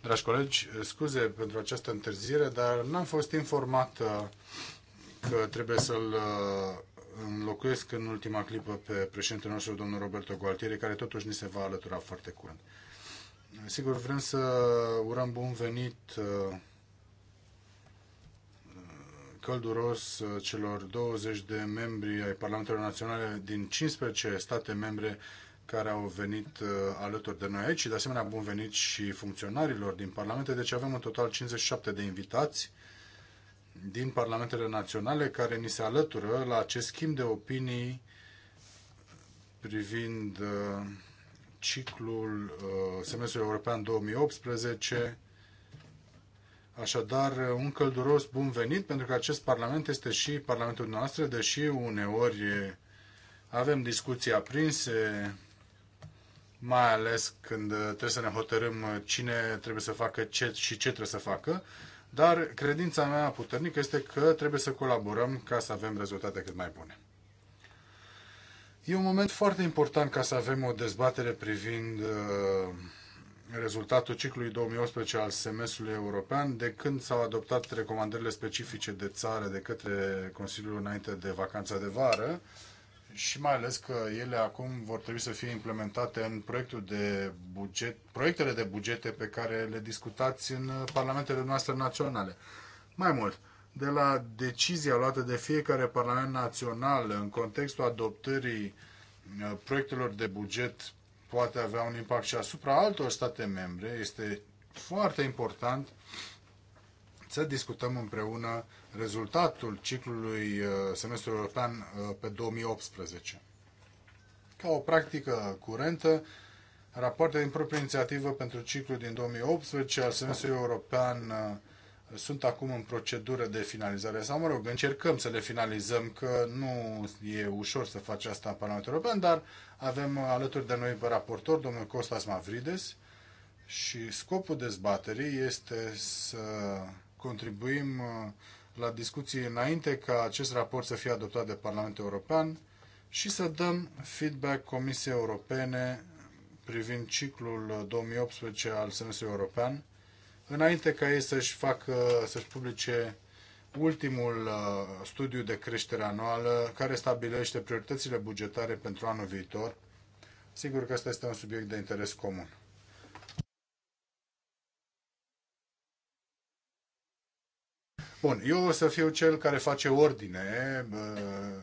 Dragi colegi, scuze pentru această întârziere, dar n-am fost informat uh, că trebuie să-l uh, înlocuiesc în ultima clipă pe președintele nostru, domnul Roberto Gualtieri, care totuși ni se va alătura foarte curând. Sigur, vrem să urăm bun venit uh, călduros celor 20 de membri ai Parlamentului Naționale din 15 state membre care au venit uh, alături de noi aici și de asemenea bun venit și funcționarilor din parlamente. Deci avem în total 57 de invitați din parlamentele naționale care ni se alătură la acest schimb de opinii privind uh, ciclul uh, semestrului european 2018. Așadar, un călduros bun venit, pentru că acest parlament este și parlamentul noastră, deși uneori avem discuții aprinse, mai ales când uh, trebuie să ne hotărâm uh, cine trebuie să facă ce și ce trebuie să facă, dar credința mea puternică este că trebuie să colaborăm ca să avem rezultate cât mai bune. E un moment foarte important ca să avem o dezbatere privind uh, rezultatul ciclului 2018 al semestrului european, de când s-au adoptat recomandările specifice de țară de către Consiliul înainte de vacanța de vară, uh, și mai ales că ele acum vor trebui să fie implementate în proiectul de buget, proiectele de bugete pe care le discutați în parlamentele noastre naționale. Mai mult, de la decizia luată de fiecare parlament național în contextul adoptării uh, proiectelor de buget poate avea un impact și asupra altor state membre. Este foarte important uh, să discutăm împreună rezultatul ciclului uh, semestrului european uh, pe 2018. Ca o practică curentă, rapoarte din proprie inițiativă pentru ciclul din 2018 al semestrului european uh, sunt acum în procedură de finalizare sau, mă rog, încercăm să le finalizăm, că nu e ușor să faci asta în Parlamentul European, dar avem alături de noi pe raportor, domnul Costas Mavrides, și scopul dezbaterii este să contribuim uh, la discuții înainte ca acest raport să fie adoptat de Parlamentul European și să dăm feedback Comisiei Europene privind ciclul 2018 uh, al semestrului european, înainte ca ei să-și facă, să-și publice ultimul uh, studiu de creștere anuală care stabilește prioritățile bugetare pentru anul viitor. Sigur că ăsta este un subiect de interes comun. Bun, eu o să fiu cel care face ordine,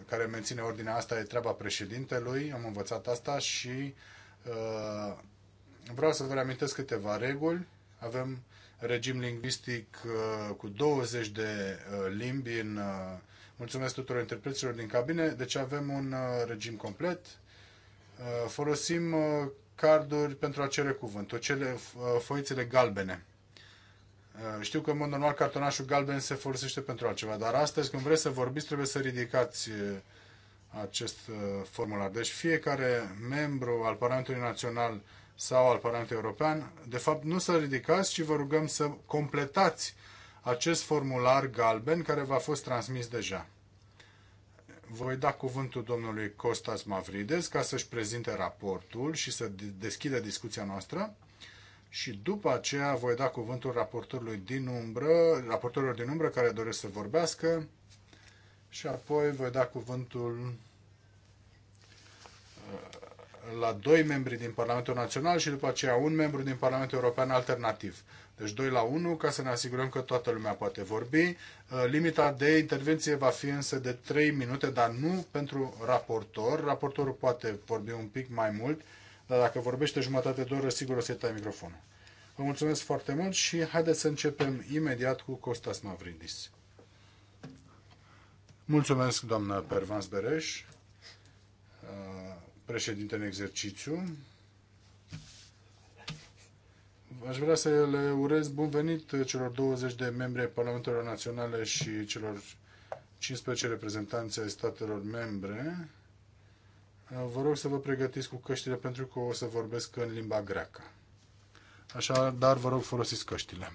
care menține ordinea asta, e treaba președintelui, am învățat asta și ă, vreau să vă reamintesc câteva reguli. Avem regim lingvistic ă, cu 20 de ă, limbi în... Mulțumesc tuturor interpreților din cabine, deci avem un regim complet. Folosim carduri pentru a cere cuvântul, cele foițele galbene. Eh, știu că, în mod normal, cartonașul galben se folosește pentru altceva, dar astăzi, când vreți să vorbiți, trebuie să ridicați eh, acest eh, formular. Deci fiecare membru al Parlamentului Național sau al Parlamentului European, de fapt, nu să ridicați, ci vă rugăm să completați acest formular galben care v-a fost transmis deja. Voi da cuvântul domnului Costas Mavrides ca să-și prezinte raportul și să deschidă discuția noastră și după aceea voi da cuvântul raportorului din umbră, raportorilor din umbră care doresc să vorbească și apoi voi da cuvântul uh, la doi membri din Parlamentul Național și după aceea un membru din Parlamentul European alternativ. Deci 2 la 1 ca să ne asigurăm că toată lumea poate vorbi. Uh, limita de intervenție va fi însă de 3 minute, dar nu pentru raportor. Raportorul poate vorbi un pic mai mult dar dacă vorbește jumătate de oră, sigur o să-i tai microfonul. Vă mulțumesc foarte mult și haideți să începem imediat cu Costas Mavridis. Mulțumesc, doamnă Pervans Bereș, uh, președinte în exercițiu. Aș vrea să le urez bun venit celor 20 de membri ai Parlamentelor Naționale și celor 15 reprezentanți ai statelor membre Uh, vă rog să vă pregătiți cu căștile pentru că o să vorbesc în limba greacă. Așa, dar vă rog folosiți căștile.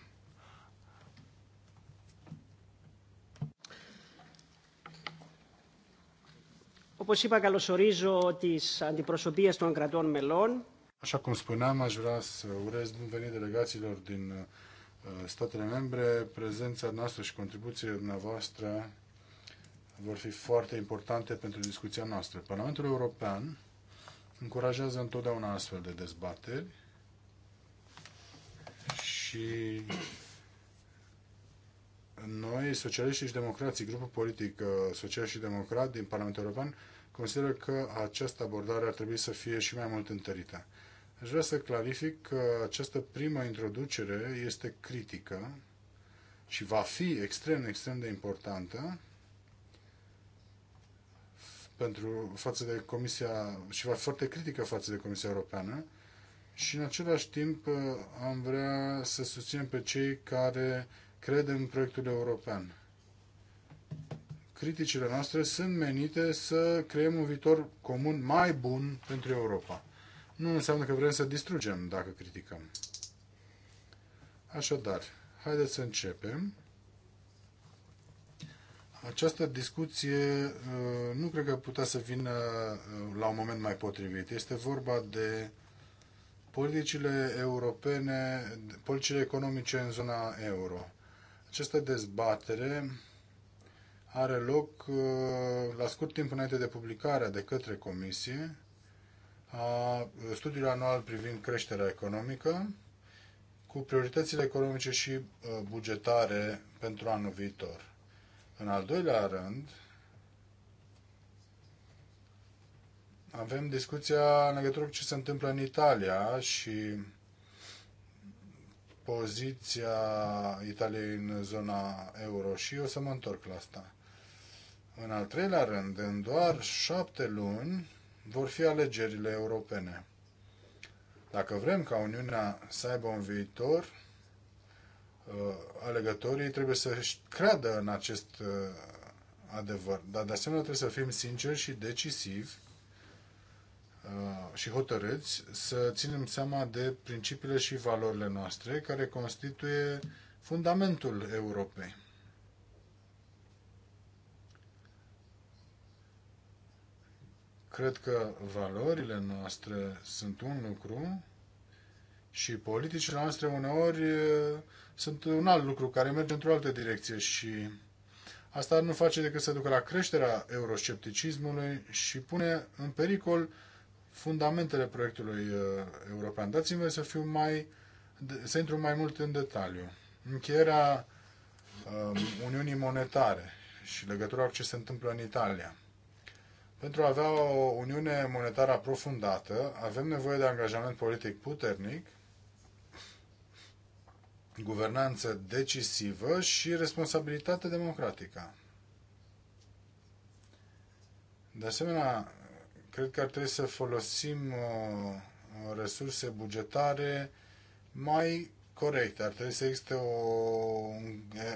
Όπως είπα, καλωσορίζω τις αντιπροσωπείες των κρατών μελών. Așa cum spuneam, aș vrea să urez bun venit delegațiilor din uh, statele membre. Prezența noastră și contribuția dumneavoastră vor fi foarte importante pentru discuția noastră. Parlamentul European încurajează întotdeauna astfel de dezbateri și noi, socialiștii și democrații, grupul politic uh, social și democrat din Parlamentul European, consideră că această abordare ar trebui să fie și mai mult întărită. Aș vrea să clarific că această primă introducere este critică și va fi extrem, extrem de importantă pentru față de Comisia și va fi foarte critică față de Comisia Europeană și în același timp uh, am vrea să susținem pe cei care cred în proiectul european. Criticile noastre sunt menite să creăm un viitor comun mai bun pentru Europa. Nu înseamnă că vrem să distrugem dacă criticăm. Așadar, haideți să începem. Această discuție uh, nu cred că putea să vină uh, la un moment mai potrivit. Este vorba de politicile europene, politicile economice în zona euro. Această dezbatere are loc uh, la scurt timp înainte de publicarea de către Comisie a studiului anual privind creșterea economică cu prioritățile economice și bugetare pentru anul viitor. În al doilea rând, avem discuția în legătură cu ce se întâmplă în Italia și poziția Italiei în zona euro și o să mă întorc la asta. În al treilea rând, în doar șapte luni vor fi alegerile europene. Dacă vrem ca Uniunea să aibă un viitor, Uh, alegătorii trebuie să creadă în acest uh, adevăr. Dar de asemenea trebuie să fim sinceri și decisivi uh, și hotărâți să ținem seama de principiile și valorile noastre care constituie fundamentul Europei. Cred că valorile noastre sunt un lucru, și politicile noastre uneori sunt un alt lucru care merge într-o altă direcție și asta nu face decât să ducă la creșterea euroscepticismului și pune în pericol fundamentele proiectului european. Dați-mi să fiu mai să intru mai mult în detaliu. Încheierea Uniunii Monetare și legătura cu ce se întâmplă în Italia. Pentru a avea o uniune monetară aprofundată, avem nevoie de angajament politic puternic guvernanță decisivă și responsabilitate democratică. De asemenea, cred că ar trebui să folosim uh, resurse bugetare mai corecte. Ar trebui să existe o,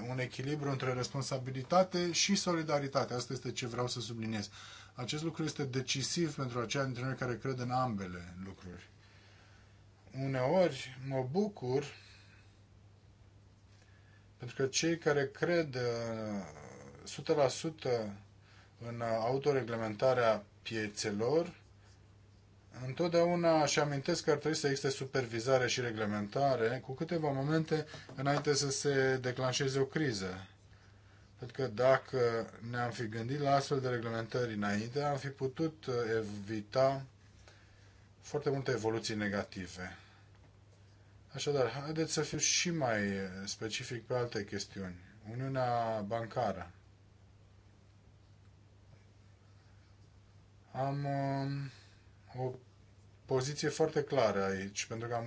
un echilibru între responsabilitate și solidaritate. Asta este ce vreau să subliniez. Acest lucru este decisiv pentru aceia dintre noi care cred în ambele lucruri. Uneori mă bucur pentru că cei care cred 100% uh, în autoreglementarea piețelor, întotdeauna și amintesc că ar trebui să existe supervizare și reglementare cu câteva momente înainte să se declanșeze o criză. Pentru că dacă ne-am fi gândit la astfel de reglementări înainte, am fi putut uh, evita foarte multe evoluții negative. Așadar, haideți să fiu și mai eh, specific pe alte chestiuni. Uniunea bancară. Am um, o poziție foarte clară aici, pentru că am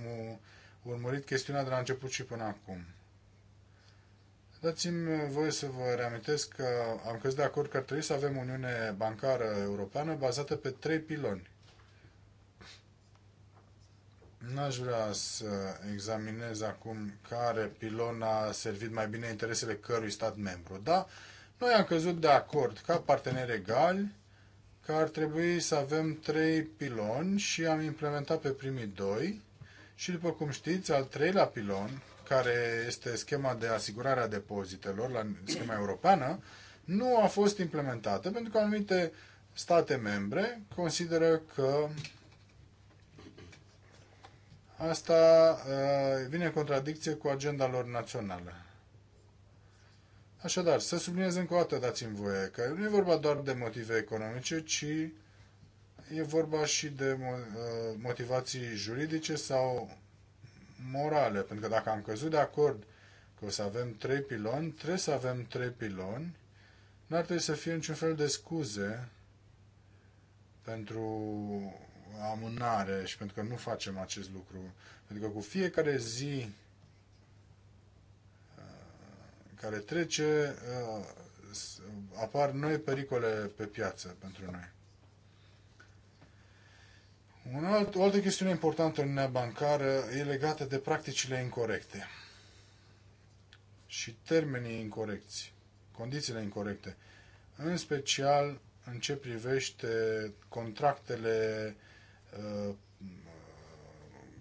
urmărit chestiunea de la început și până acum. Dați-mi eh, voie să vă reamintesc că am căzut de acord că ar trebui să avem Uniune Bancară Europeană bazată pe trei piloni. N-aș vrea să examinez acum care pilon a servit mai bine interesele cărui stat membru, da? Noi am căzut de acord ca parteneri egali că ar trebui să avem trei piloni și am implementat pe primii doi și, după cum știți, al treilea pilon, care este schema de asigurare a depozitelor la schema europeană, nu a fost implementată pentru că anumite state membre consideră că Asta uh, vine în contradicție cu agenda lor națională. Așadar, să subliniez încă o dată, dați-mi voie, că nu e vorba doar de motive economice, ci e vorba și de uh, motivații juridice sau morale. Pentru că dacă am căzut de acord că o să avem trei piloni, trebuie să avem trei piloni, n-ar trebui să fie niciun fel de scuze pentru amânare și pentru că nu facem acest lucru. Pentru că cu fiecare zi uh, care trece, uh, apar noi pericole pe piață pentru noi. Un alt, o altă chestiune importantă în lumea bancară e legată de practicile incorrecte și termenii incorrecți, condițiile incorrecte, în special în ce privește contractele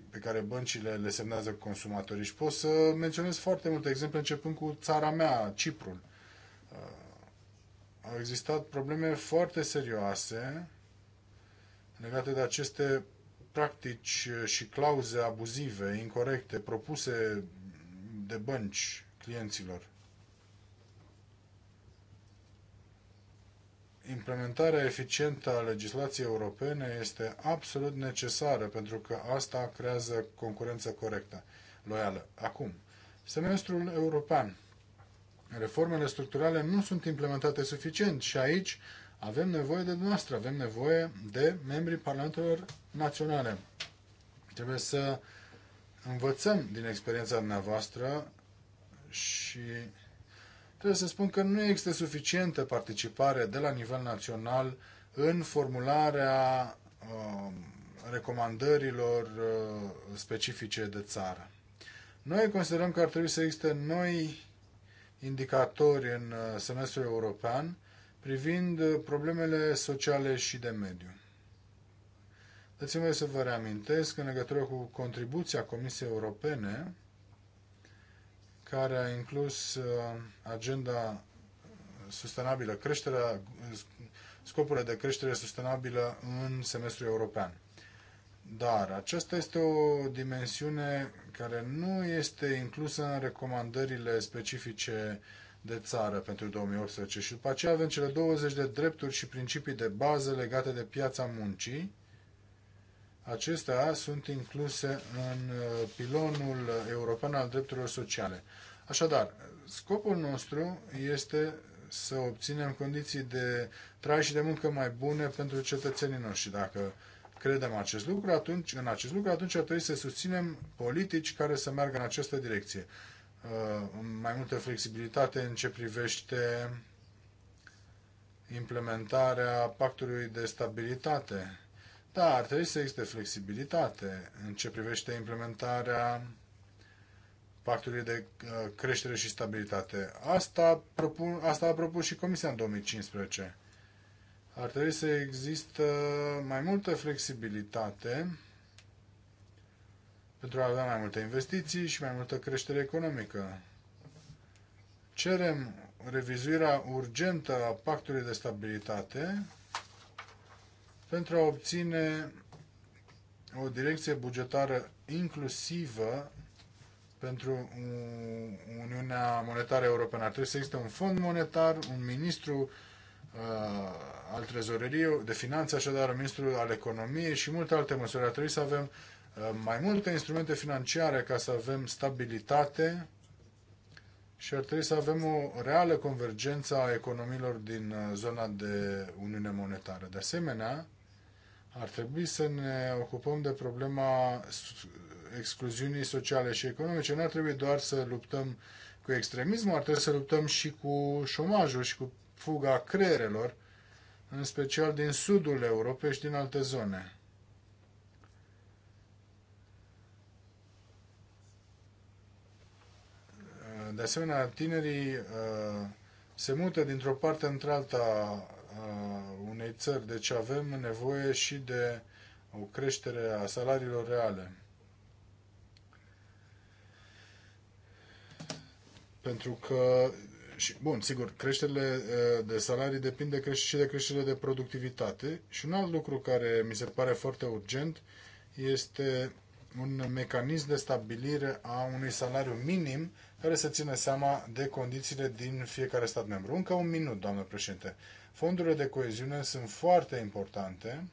pe care băncile le semnează consumatorii. Și pot să menționez foarte multe exemple, începând cu țara mea, Ciprul. Au existat probleme foarte serioase legate de aceste practici și clauze abuzive, incorrecte, propuse de bănci clienților. implementarea eficientă a legislației europene este absolut necesară pentru că asta creează concurență corectă, loială. Acum, semestrul european. Reformele structurale nu sunt implementate suficient și aici avem nevoie de noastră, avem nevoie de membrii Parlamentelor Naționale. Trebuie să învățăm din experiența dumneavoastră și Trebuie să spun că nu există suficientă participare de la nivel național în formularea uh, recomandărilor uh, specifice de țară. Noi considerăm că ar trebui să existe noi indicatori în uh, semestrul european privind uh, problemele sociale și de mediu. Dați-mi să vă reamintesc în legătură cu contribuția Comisiei Europene care a inclus uh, agenda sustenabilă, creșterea, scopurile de creștere sustenabilă în semestrul european. Dar aceasta este o dimensiune care nu este inclusă în recomandările specifice de țară pentru 2018 și după aceea avem cele 20 de drepturi și principii de bază legate de piața muncii, Acestea sunt incluse în uh, pilonul european al drepturilor sociale. Așadar, scopul nostru este să obținem condiții de trai și de muncă mai bune pentru cetățenii noștri. Dacă credem acest lucru, atunci, în acest lucru, atunci ar trebui să susținem politici care să meargă în această direcție. Uh, mai multă flexibilitate în ce privește implementarea pactului de stabilitate da, ar trebui să existe flexibilitate în ce privește implementarea pactului de uh, creștere și stabilitate. Asta, propun, asta a propus și Comisia în 2015. Ar trebui să există mai multă flexibilitate pentru a avea mai multe investiții și mai multă creștere economică. Cerem revizuirea urgentă a pactului de stabilitate pentru a obține o direcție bugetară inclusivă pentru Uniunea Monetară Europeană. Ar trebui să existe un fond monetar, un ministru uh, al trezoreriei, de finanțe, așadar, un ministru al economiei și multe alte măsuri. Ar trebui să avem uh, mai multe instrumente financiare ca să avem stabilitate și ar trebui să avem o reală convergență a economiilor din uh, zona de Uniune Monetară. De asemenea, ar trebui să ne ocupăm de problema excluziunii sociale și economice. Nu ar trebui doar să luptăm cu extremismul, ar trebui să luptăm și cu șomajul și cu fuga creierelor, în special din sudul Europei și din alte zone. De asemenea, tinerii uh, se mută dintr-o parte într-alta unei țări. Deci avem nevoie și de o creștere a salariilor reale. Pentru că, și, bun, sigur, creșterile de salarii depinde și de creșterile de productivitate. Și un alt lucru care mi se pare foarte urgent este un mecanism de stabilire a unui salariu minim care să țină seama de condițiile din fiecare stat membru. Încă un minut, doamnă președinte. Fondurile de coeziune sunt foarte importante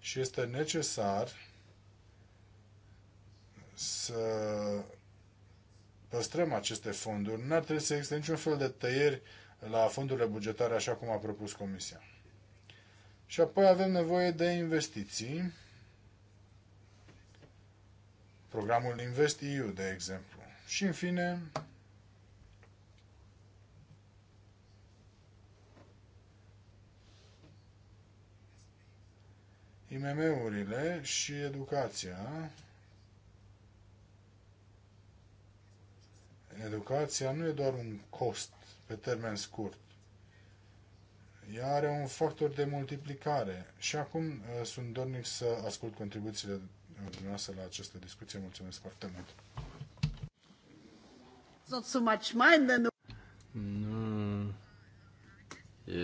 și este necesar să păstrăm aceste fonduri. Nu ar trebui să existe niciun fel de tăieri la fondurile bugetare, așa cum a propus Comisia. Și apoi avem nevoie de investiții. Programul InvestEU, de exemplu. Și, în fine, IMM-urile și educația. Educația nu e doar un cost pe termen scurt. Ea are un factor de multiplicare. Și acum uh, sunt dornic să ascult contribuțiile dumneavoastră la această discuție. Mulțumesc foarte mult! Not so much mine, then... Nu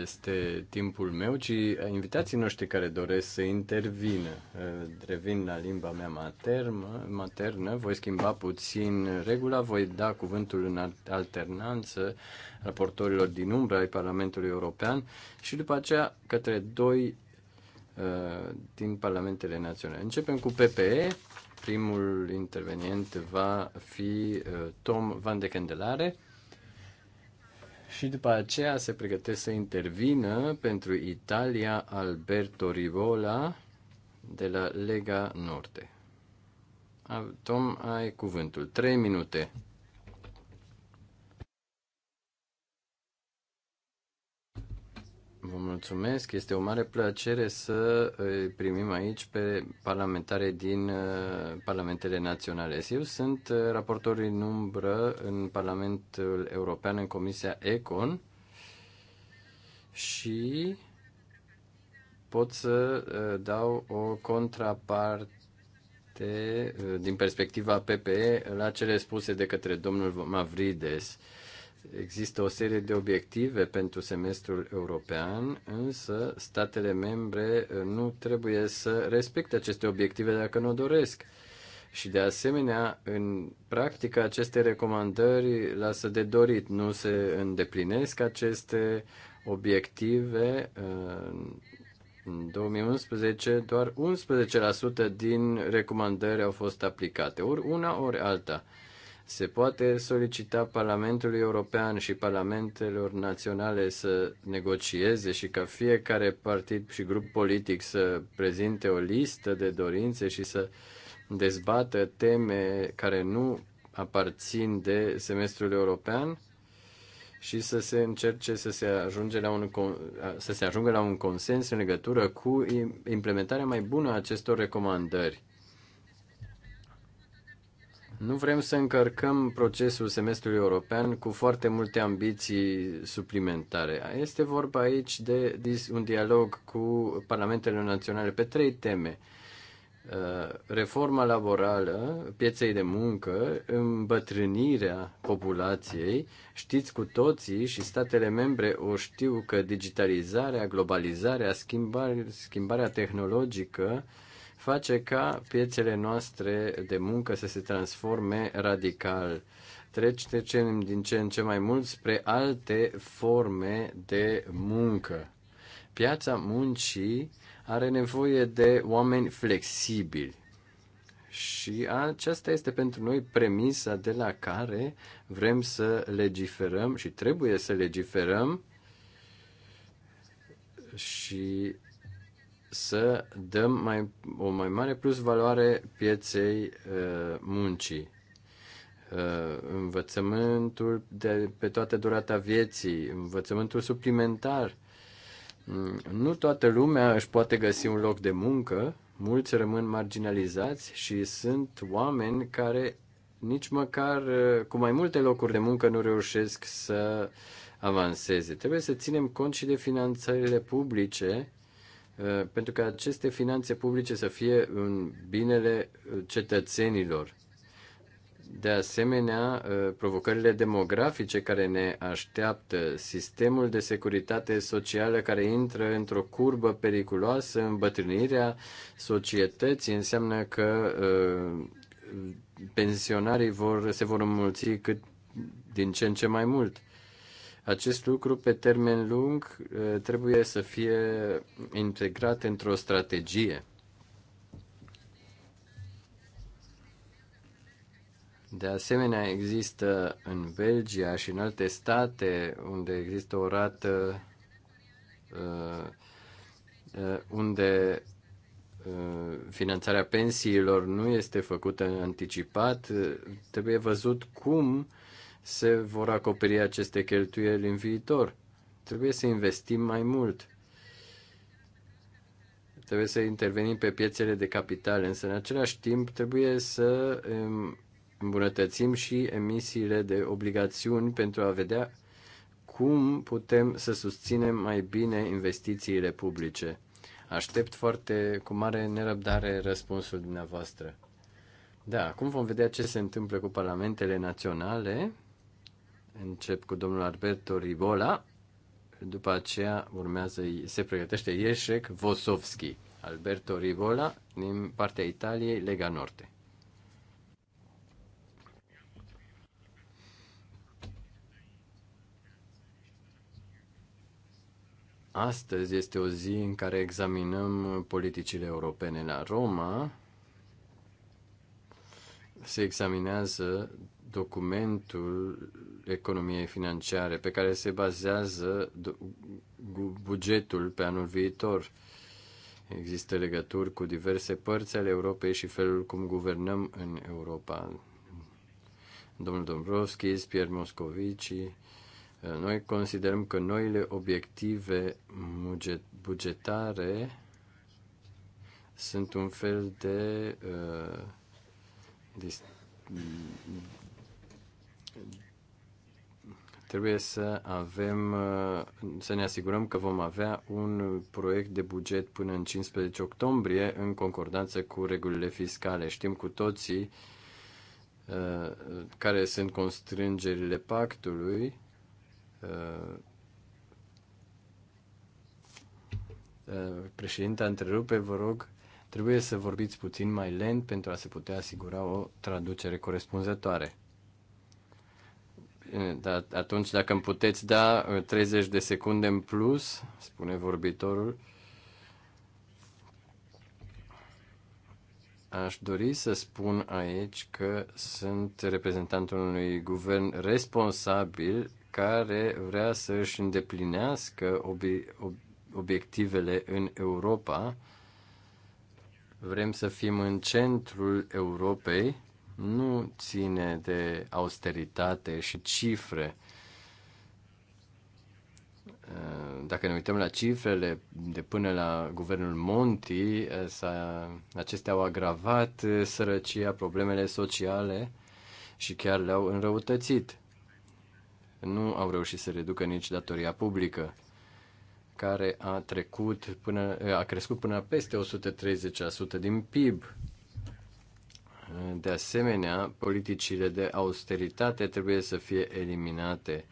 este timpul meu, ci invitații noștri care doresc să intervină. Eh, revin la limba mea maternă, maternă, voi schimba puțin regula, voi da cuvântul în alternanță raportorilor din umbra ai Parlamentului European și după aceea către doi eh, din Parlamentele Naționale. Începem cu PPE. Primul intervenient va fi eh, Tom Van de Candelare și după aceea se pregătesc să intervină pentru Italia Alberto Rivola de la Lega Norte. Tom, ai cuvântul. Trei minute. Vă mulțumesc. Este o mare plăcere să eh, primim aici pe parlamentare din eh, Parlamentele Naționale. Eu sunt eh, raportor în umbră în Parlamentul European, în Comisia ECON și pot să dau o contraparte din perspectiva PPE la cele spuse de către domnul Mavrides Există o serie de obiective pentru semestrul european, însă statele membre uh, nu trebuie să respecte aceste obiective dacă nu o doresc. Și de asemenea, în practică, aceste recomandări lasă de dorit. Nu se îndeplinesc aceste obiective. Uh, în 2011, doar 11% din recomandări au fost aplicate, ori una, ori alta. Se poate solicita Parlamentului European și Parlamentelor Naționale să negocieze și ca fiecare partid și grup politic să prezinte o listă de dorințe și să dezbată teme care nu aparțin de semestrul european și să se încerce să se, ajunge la un, să se ajungă la un consens în legătură cu implementarea mai bună a acestor recomandări nu vrem să încărcăm procesul semestrului european cu foarte multe ambiții suplimentare. Este vorba aici de un dialog cu parlamentele naționale pe trei teme. Uh, reforma laborală, pieței de muncă, îmbătrânirea populației. Știți cu toții și statele membre o știu că digitalizarea, globalizarea, schimbarea, tehnologică, face ca piețele noastre de muncă să se transforme radical. Trece din ce în ce mai mult spre alte forme de muncă. Piața muncii are nevoie de oameni flexibili. Și aceasta este pentru noi premisa de la care vrem să legiferăm și trebuie să legiferăm și să dăm mai, o mai mare plus valoare pieței uh, muncii. Uh, învățământul de, pe toată durata vieții, învățământul suplimentar. Mm, nu toată lumea își poate găsi un loc de muncă, mulți rămân marginalizați și sunt oameni care nici măcar uh, cu mai multe locuri de muncă nu reușesc să avanseze. Trebuie să ținem cont și de finanțările publice Uh, pentru că aceste finanțe publice să fie în binele uh, cetățenilor. De asemenea, uh, provocările demografice care ne așteaptă, sistemul de securitate socială care intră într-o curbă periculoasă, îmbătrânirea societății înseamnă că pensionarii vor, se vor înmulți cât din ce în ce mai mult. Acest lucru pe termen lung uh, trebuie să fie integrat într-o strategie. De asemenea, există în Belgia și în alte state unde există o rată uh, uh, unde finanțarea pensiilor nu este făcută anticipat, trebuie văzut cum se vor acoperi aceste cheltuieli în viitor. Trebuie să investim mai mult. Trebuie să intervenim pe piețele de capital, însă în același timp trebuie să îmbunătățim și emisiile de obligațiuni pentru a vedea cum putem să susținem mai bine investițiile publice. Aștept foarte cu mare nerăbdare răspunsul dumneavoastră. Da, acum vom vedea ce se întâmplă cu parlamentele naționale. Încep cu domnul Alberto Ribola, după aceea urmează, se pregătește Ieșec Vosovski, Alberto Ribola, din partea Italiei, Lega Norte. Astăzi este o zi în care examinăm politicile europene la Roma. Se examinează documentul economiei financiare pe care se bazează bugetul pe anul viitor. Există legături cu diverse părți ale Europei și felul cum guvernăm în Europa. Domnul Dombrovski, Pierre Moscovici, noi considerăm că noile obiective bugetare sunt un fel de uh, Trebuie să avem, uh, să ne asigurăm că vom avea un proiect de buget până în 15 octombrie în concordanță cu regulile fiscale. Știm cu toții uh, care sunt constrângerile pactului uh, președinte, întrerupe, vă rog, trebuie să vorbiți puțin mai lent pentru a se putea asigura o traducere corespunzătoare. Da, atunci, dacă îmi puteți da 30 uh, de secunde în plus, spune vorbitorul, Aș dori să spun aici că sunt reprezentantul unui guvern responsabil care vrea să își îndeplinească obi- obiectivele în Europa. Vrem să fim în centrul Europei nu ține de austeritate și cifre. Uh, dacă ne uităm la cifrele de până la guvernul Monti, uh, acestea au agravat uh, sărăcia, problemele sociale și chiar le-au înrăutățit. Nu au reușit să reducă nici datoria publică, care a, trecut până, a crescut până peste 130% din PIB de asemenea, politicile de austeritate trebuie să fie eliminate.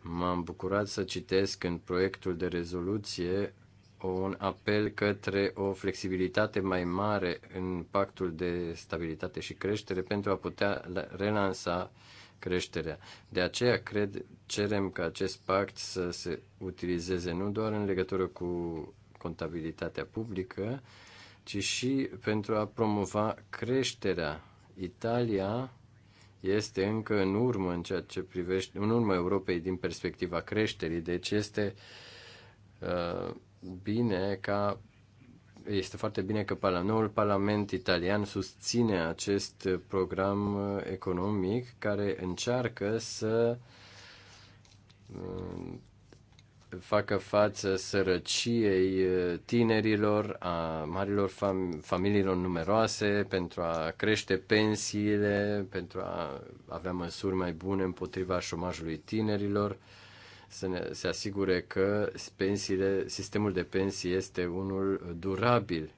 M-am bucurat să citesc în proiectul de rezoluție un apel către o flexibilitate mai mare în pactul de stabilitate și creștere pentru a putea relansa creșterea. De aceea cred, cerem ca acest pact să se utilizeze nu doar în legătură cu contabilitatea publică, ci și pentru a promova creșterea. Italia este încă în urmă în ceea ce privește, în urmă Europei din perspectiva creșterii, deci este uh, bine ca este foarte bine că noul Parlament italian susține acest program economic care încearcă să uh, facă față sărăciei uh, tinerilor, a marilor fam- familiilor numeroase, pentru a crește pensiile, pentru a avea măsuri mai bune împotriva șomajului tinerilor, să ne, se asigure că pensiile, sistemul de pensii este unul durabil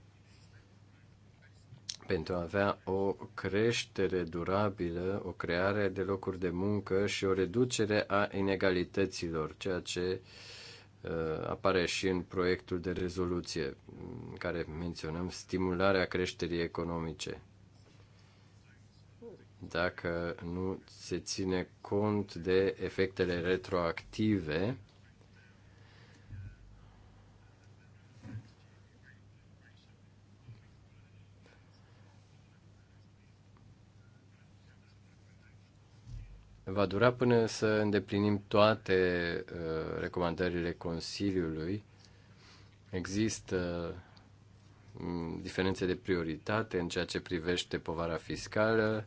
pentru a avea o creștere durabilă, o creare de locuri de muncă și o reducere a inegalităților, ceea ce uh, Uh, apare și în proiectul de rezoluție în care menționăm stimularea creșterii economice. Dacă nu se ține cont de efectele retroactive, Va dura până să îndeplinim toate uh, recomandările Consiliului. Există um, diferențe de prioritate în ceea ce privește povara fiscală.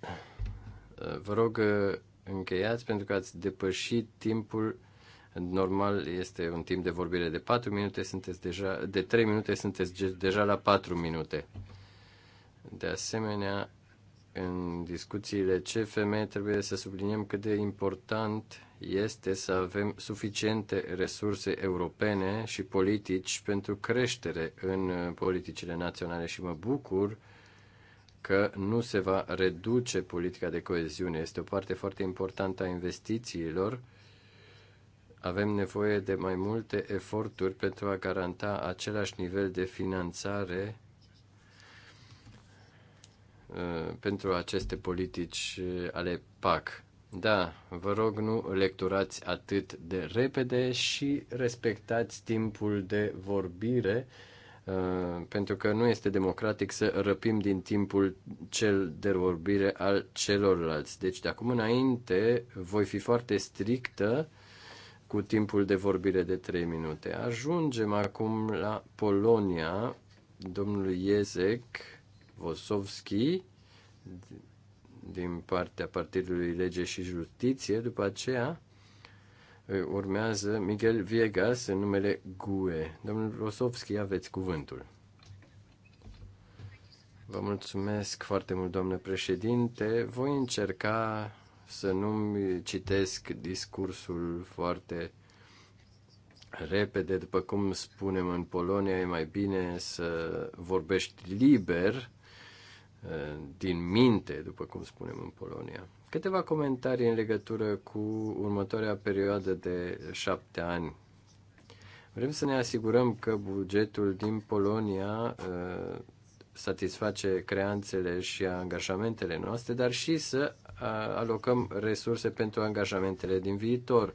Uh, vă rog, uh, încheiați pentru că ați depășit timpul normal este un timp de vorbire de 4 minute, sunteți deja, de 3 minute sunteți deja la 4 minute. De asemenea, în discuțiile CFM trebuie să subliniem cât de important este să avem suficiente resurse europene și politici pentru creștere în uh, politicile naționale și mă bucur că nu se va reduce politica de coeziune. Este o parte foarte importantă a investițiilor. Avem nevoie de mai multe eforturi pentru a garanta același nivel de finanțare Uh, pentru aceste politici uh, ale PAC. Da, vă rog, nu lecturați atât de repede și respectați timpul de vorbire, uh, pentru că nu este democratic să răpim din timpul cel de vorbire al celorlalți. Deci, de acum înainte, voi fi foarte strictă cu timpul de vorbire de 3 minute. Ajungem acum la Polonia, domnul Iezec Vosovski din partea Partidului Lege și Justiție, după aceea urmează Miguel Viegas în numele GUE. Domnul Vosovski, aveți cuvântul. Vă mulțumesc foarte mult, domnule președinte. Voi încerca să nu-mi citesc discursul foarte repede. După cum spunem în Polonia, e mai bine să vorbești liber Eh, din minte, după cum spunem în Polonia. Câteva comentarii în legătură cu următoarea perioadă de șapte ani. Vrem să ne asigurăm că bugetul din Polonia eh, satisface creanțele și angajamentele noastre, dar și să eh, alocăm resurse pentru angajamentele din viitor.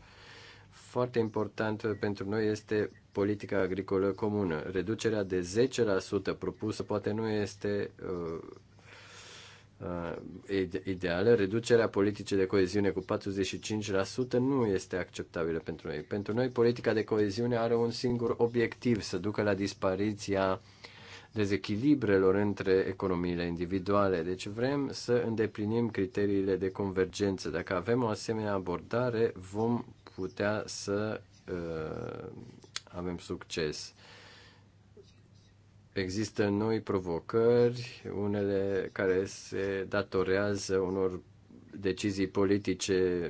Foarte important pentru noi este politica agricolă comună. Reducerea de 10% propusă poate nu este Uh, ideală, reducerea politicii de coeziune cu 45% nu este acceptabilă pentru noi. Pentru noi, politica de coeziune are un singur obiectiv, să ducă la dispariția dezechilibrelor între economiile individuale. Deci vrem să îndeplinim criteriile de convergență. Dacă avem o asemenea abordare, vom putea să uh, avem succes. Uh, există noi provocări, unele care se datorează unor decizii politice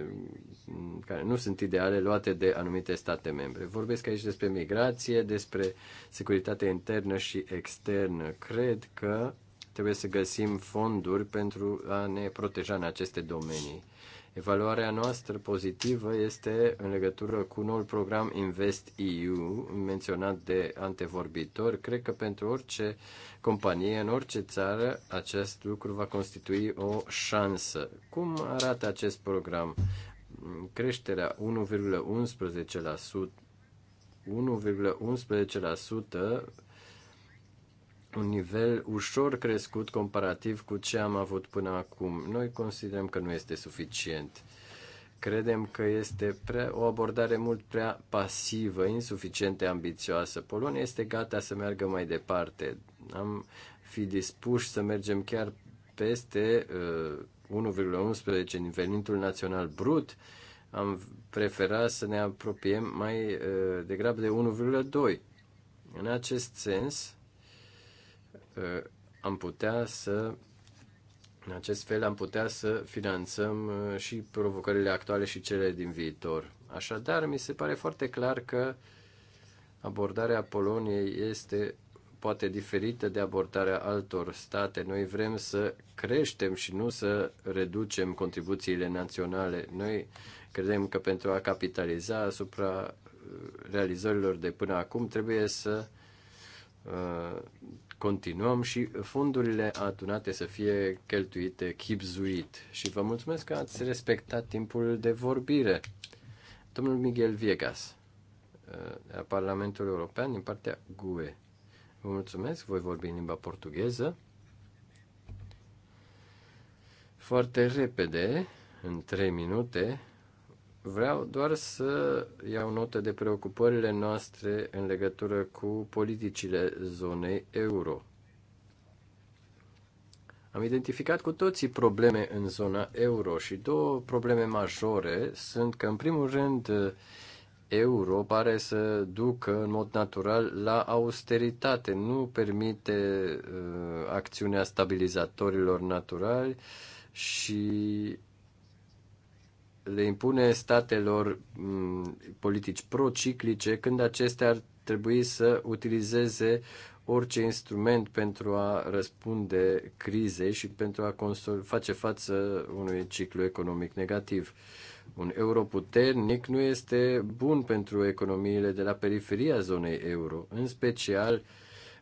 care nu sunt ideale luate de anumite state membre. Vorbesc aici despre migrație, despre securitate internă și externă. Cred că trebuie să găsim fonduri pentru a ne proteja în aceste domenii. Evaluarea noastră pozitivă este în legătură cu noul program Invest EU, menționat de antevorbitor. Cred că pentru orice companie, în orice țară, acest lucru va constitui o șansă. Cum arată acest program? Creșterea 1,11%, 1,11% un nivel ușor crescut comparativ cu ce am avut până acum. Noi considerăm că nu este suficient. Credem că este prea, o abordare mult prea pasivă, insuficient de ambițioasă. Polonia este gata să meargă mai departe. Am fi dispuși să mergem chiar peste uh, 1,11 din venitul național brut. Am preferat să ne apropiem mai uh, degrabă de 1,2. În acest sens, Uh, am putea să în acest fel am putea să finanțăm uh, și provocările actuale și cele din viitor. Așadar, mi se pare foarte clar că abordarea Poloniei este poate diferită de abordarea altor state. Noi vrem să creștem și nu să reducem contribuțiile naționale. Noi credem că pentru a capitaliza asupra uh, realizărilor de până acum trebuie să continuăm și fondurile adunate să fie cheltuite chipzuit. Și vă mulțumesc că ați respectat timpul de vorbire. Domnul Miguel Viegas, de la Parlamentul European, din partea GUE. Vă mulțumesc, voi vorbi în limba portugheză. Foarte repede, în 3 minute, Vreau doar să iau notă de preocupările noastre în legătură cu politicile zonei euro. Am identificat cu toții probleme în zona euro și două probleme majore sunt că, în primul rând, euro pare să ducă în mod natural la austeritate, nu permite uh, acțiunea stabilizatorilor naturali și le impune statelor mm, politici prociclice când acestea ar trebui să utilizeze orice instrument pentru a răspunde crizei și pentru a face față unui ciclu economic negativ. Un euro puternic nu este bun pentru economiile de la periferia zonei euro, în special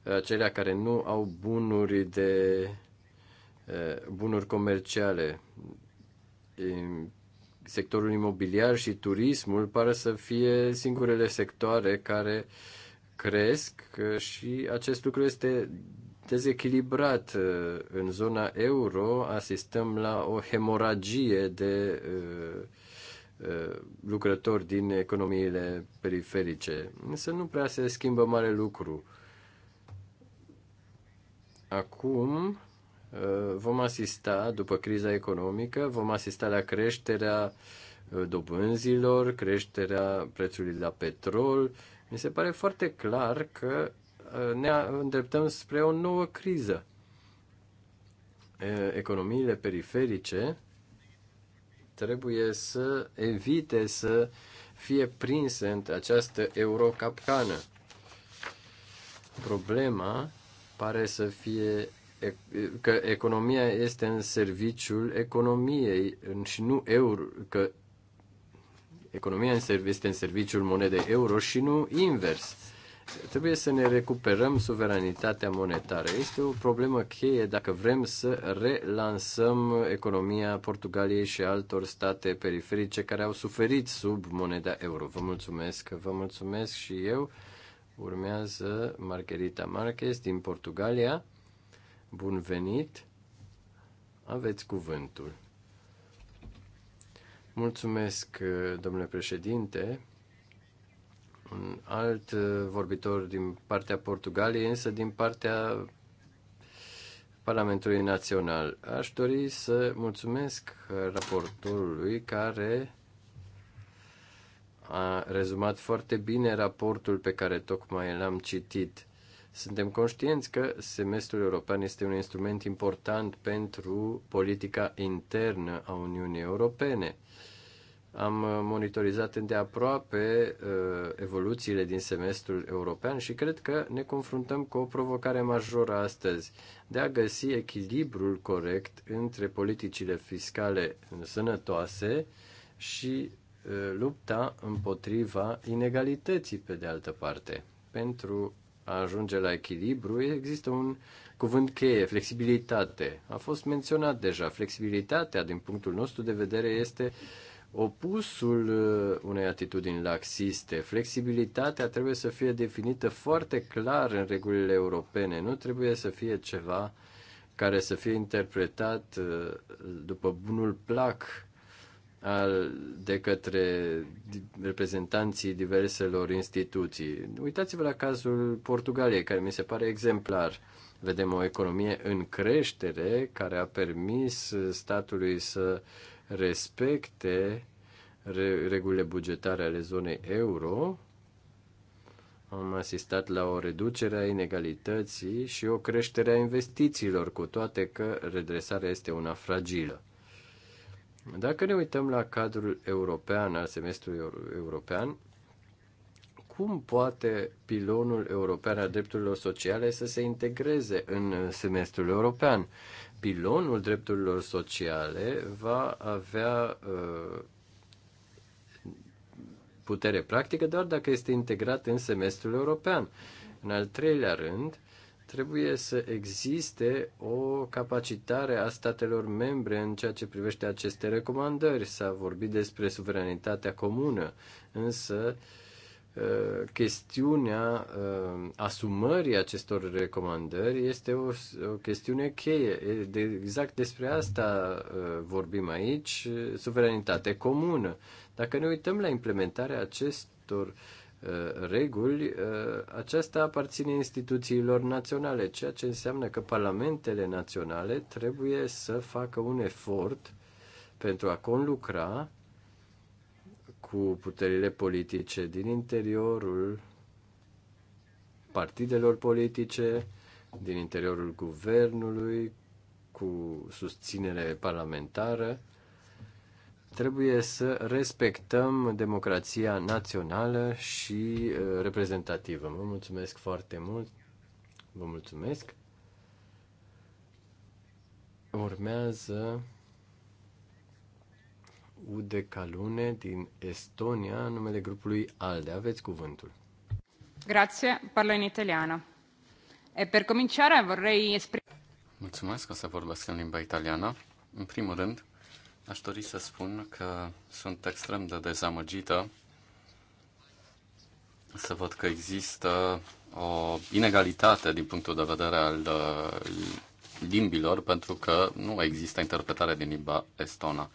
uh, acelea care nu au bunuri de uh, bunuri comerciale sectorul imobiliar și turismul pare să fie singurele sectoare care cresc și acest lucru este dezechilibrat. Uh, în zona euro asistăm la o hemoragie de uh, uh, lucrători din economiile periferice. Însă nu prea se schimbă mare lucru. Acum, Uh, vom asista, după criza economică, vom asista la creșterea uh, dobânzilor, creșterea prețului la petrol. Mi se pare foarte clar că uh, ne îndreptăm spre o nouă criză. Economiile periferice trebuie să evite să fie prinse în această eurocapcană. Problema pare să fie că economia este în serviciul economiei și nu euro, că economia este în serviciul monedei euro și nu invers. Trebuie să ne recuperăm suveranitatea monetară. Este o problemă cheie dacă vrem să relansăm economia Portugaliei și altor state periferice care au suferit sub moneda euro. Vă mulțumesc, vă mulțumesc și eu. Urmează Margherita Marques din Portugalia Bun venit! Aveți cuvântul. Mulțumesc, domnule președinte. Un alt vorbitor din partea Portugaliei, însă din partea Parlamentului Național. Aș dori să mulțumesc raportorului care a rezumat foarte bine raportul pe care tocmai l-am citit. Suntem conștienți că semestrul european este un instrument important pentru politica internă a Uniunii Europene. Am monitorizat îndeaproape uh, evoluțiile din semestrul european și cred că ne confruntăm cu o provocare majoră astăzi de a găsi echilibrul corect între politicile fiscale sănătoase și uh, lupta împotriva inegalității pe de altă parte pentru a ajunge la echilibru, există un cuvânt cheie, flexibilitate. A fost menționat deja. Flexibilitatea, din punctul nostru de vedere, este opusul uh, unei atitudini laxiste. Flexibilitatea trebuie să fie definită foarte clar în regulile europene. Nu trebuie să fie ceva care să fie interpretat uh, după bunul plac al, de către reprezentanții diverselor instituții. Uitați-vă la cazul Portugaliei, care mi se pare exemplar. Vedem o economie în creștere care a permis statului să respecte regulile bugetare ale zonei euro. Am asistat la o reducere a inegalității și o creștere a investițiilor, cu toate că redresarea este una fragilă dacă ne uităm la cadrul european, al semestrului european, cum poate pilonul european al drepturilor sociale să se integreze în semestrul european? Pilonul drepturilor sociale va avea uh, putere practică doar dacă este integrat în semestrul european. În al treilea rând, Trebuie să existe o capacitare a statelor membre în ceea ce privește aceste recomandări. S-a vorbit despre suveranitatea comună, însă ă, chestiunea ă, asumării acestor recomandări este o, o chestiune cheie. De, exact despre asta ă, vorbim aici, suveranitate comună. Dacă ne uităm la implementarea acestor uh, Uh, reguli, uh, aceasta aparține instituțiilor naționale, ceea ce înseamnă că parlamentele naționale trebuie să facă un efort pentru a conlucra cu puterile politice din interiorul partidelor politice, din interiorul guvernului, cu susținere parlamentară Trebuie să respectăm democrația națională și uh, reprezentativă. Vă mulțumesc foarte mult. Vă mulțumesc. Urmează Ude Calune din Estonia, numele grupului ALDE. Aveți cuvântul. Grazie, parlo in italiano. E per cominciare vorrei esprimere... Mulțumesc, o să vorbesc în limba italiană. În primul rând, Aș dori să spun că sunt extrem de dezamăgită să văd că există o inegalitate din punctul de vedere al uh, limbilor, pentru că nu există interpretare din limba estona.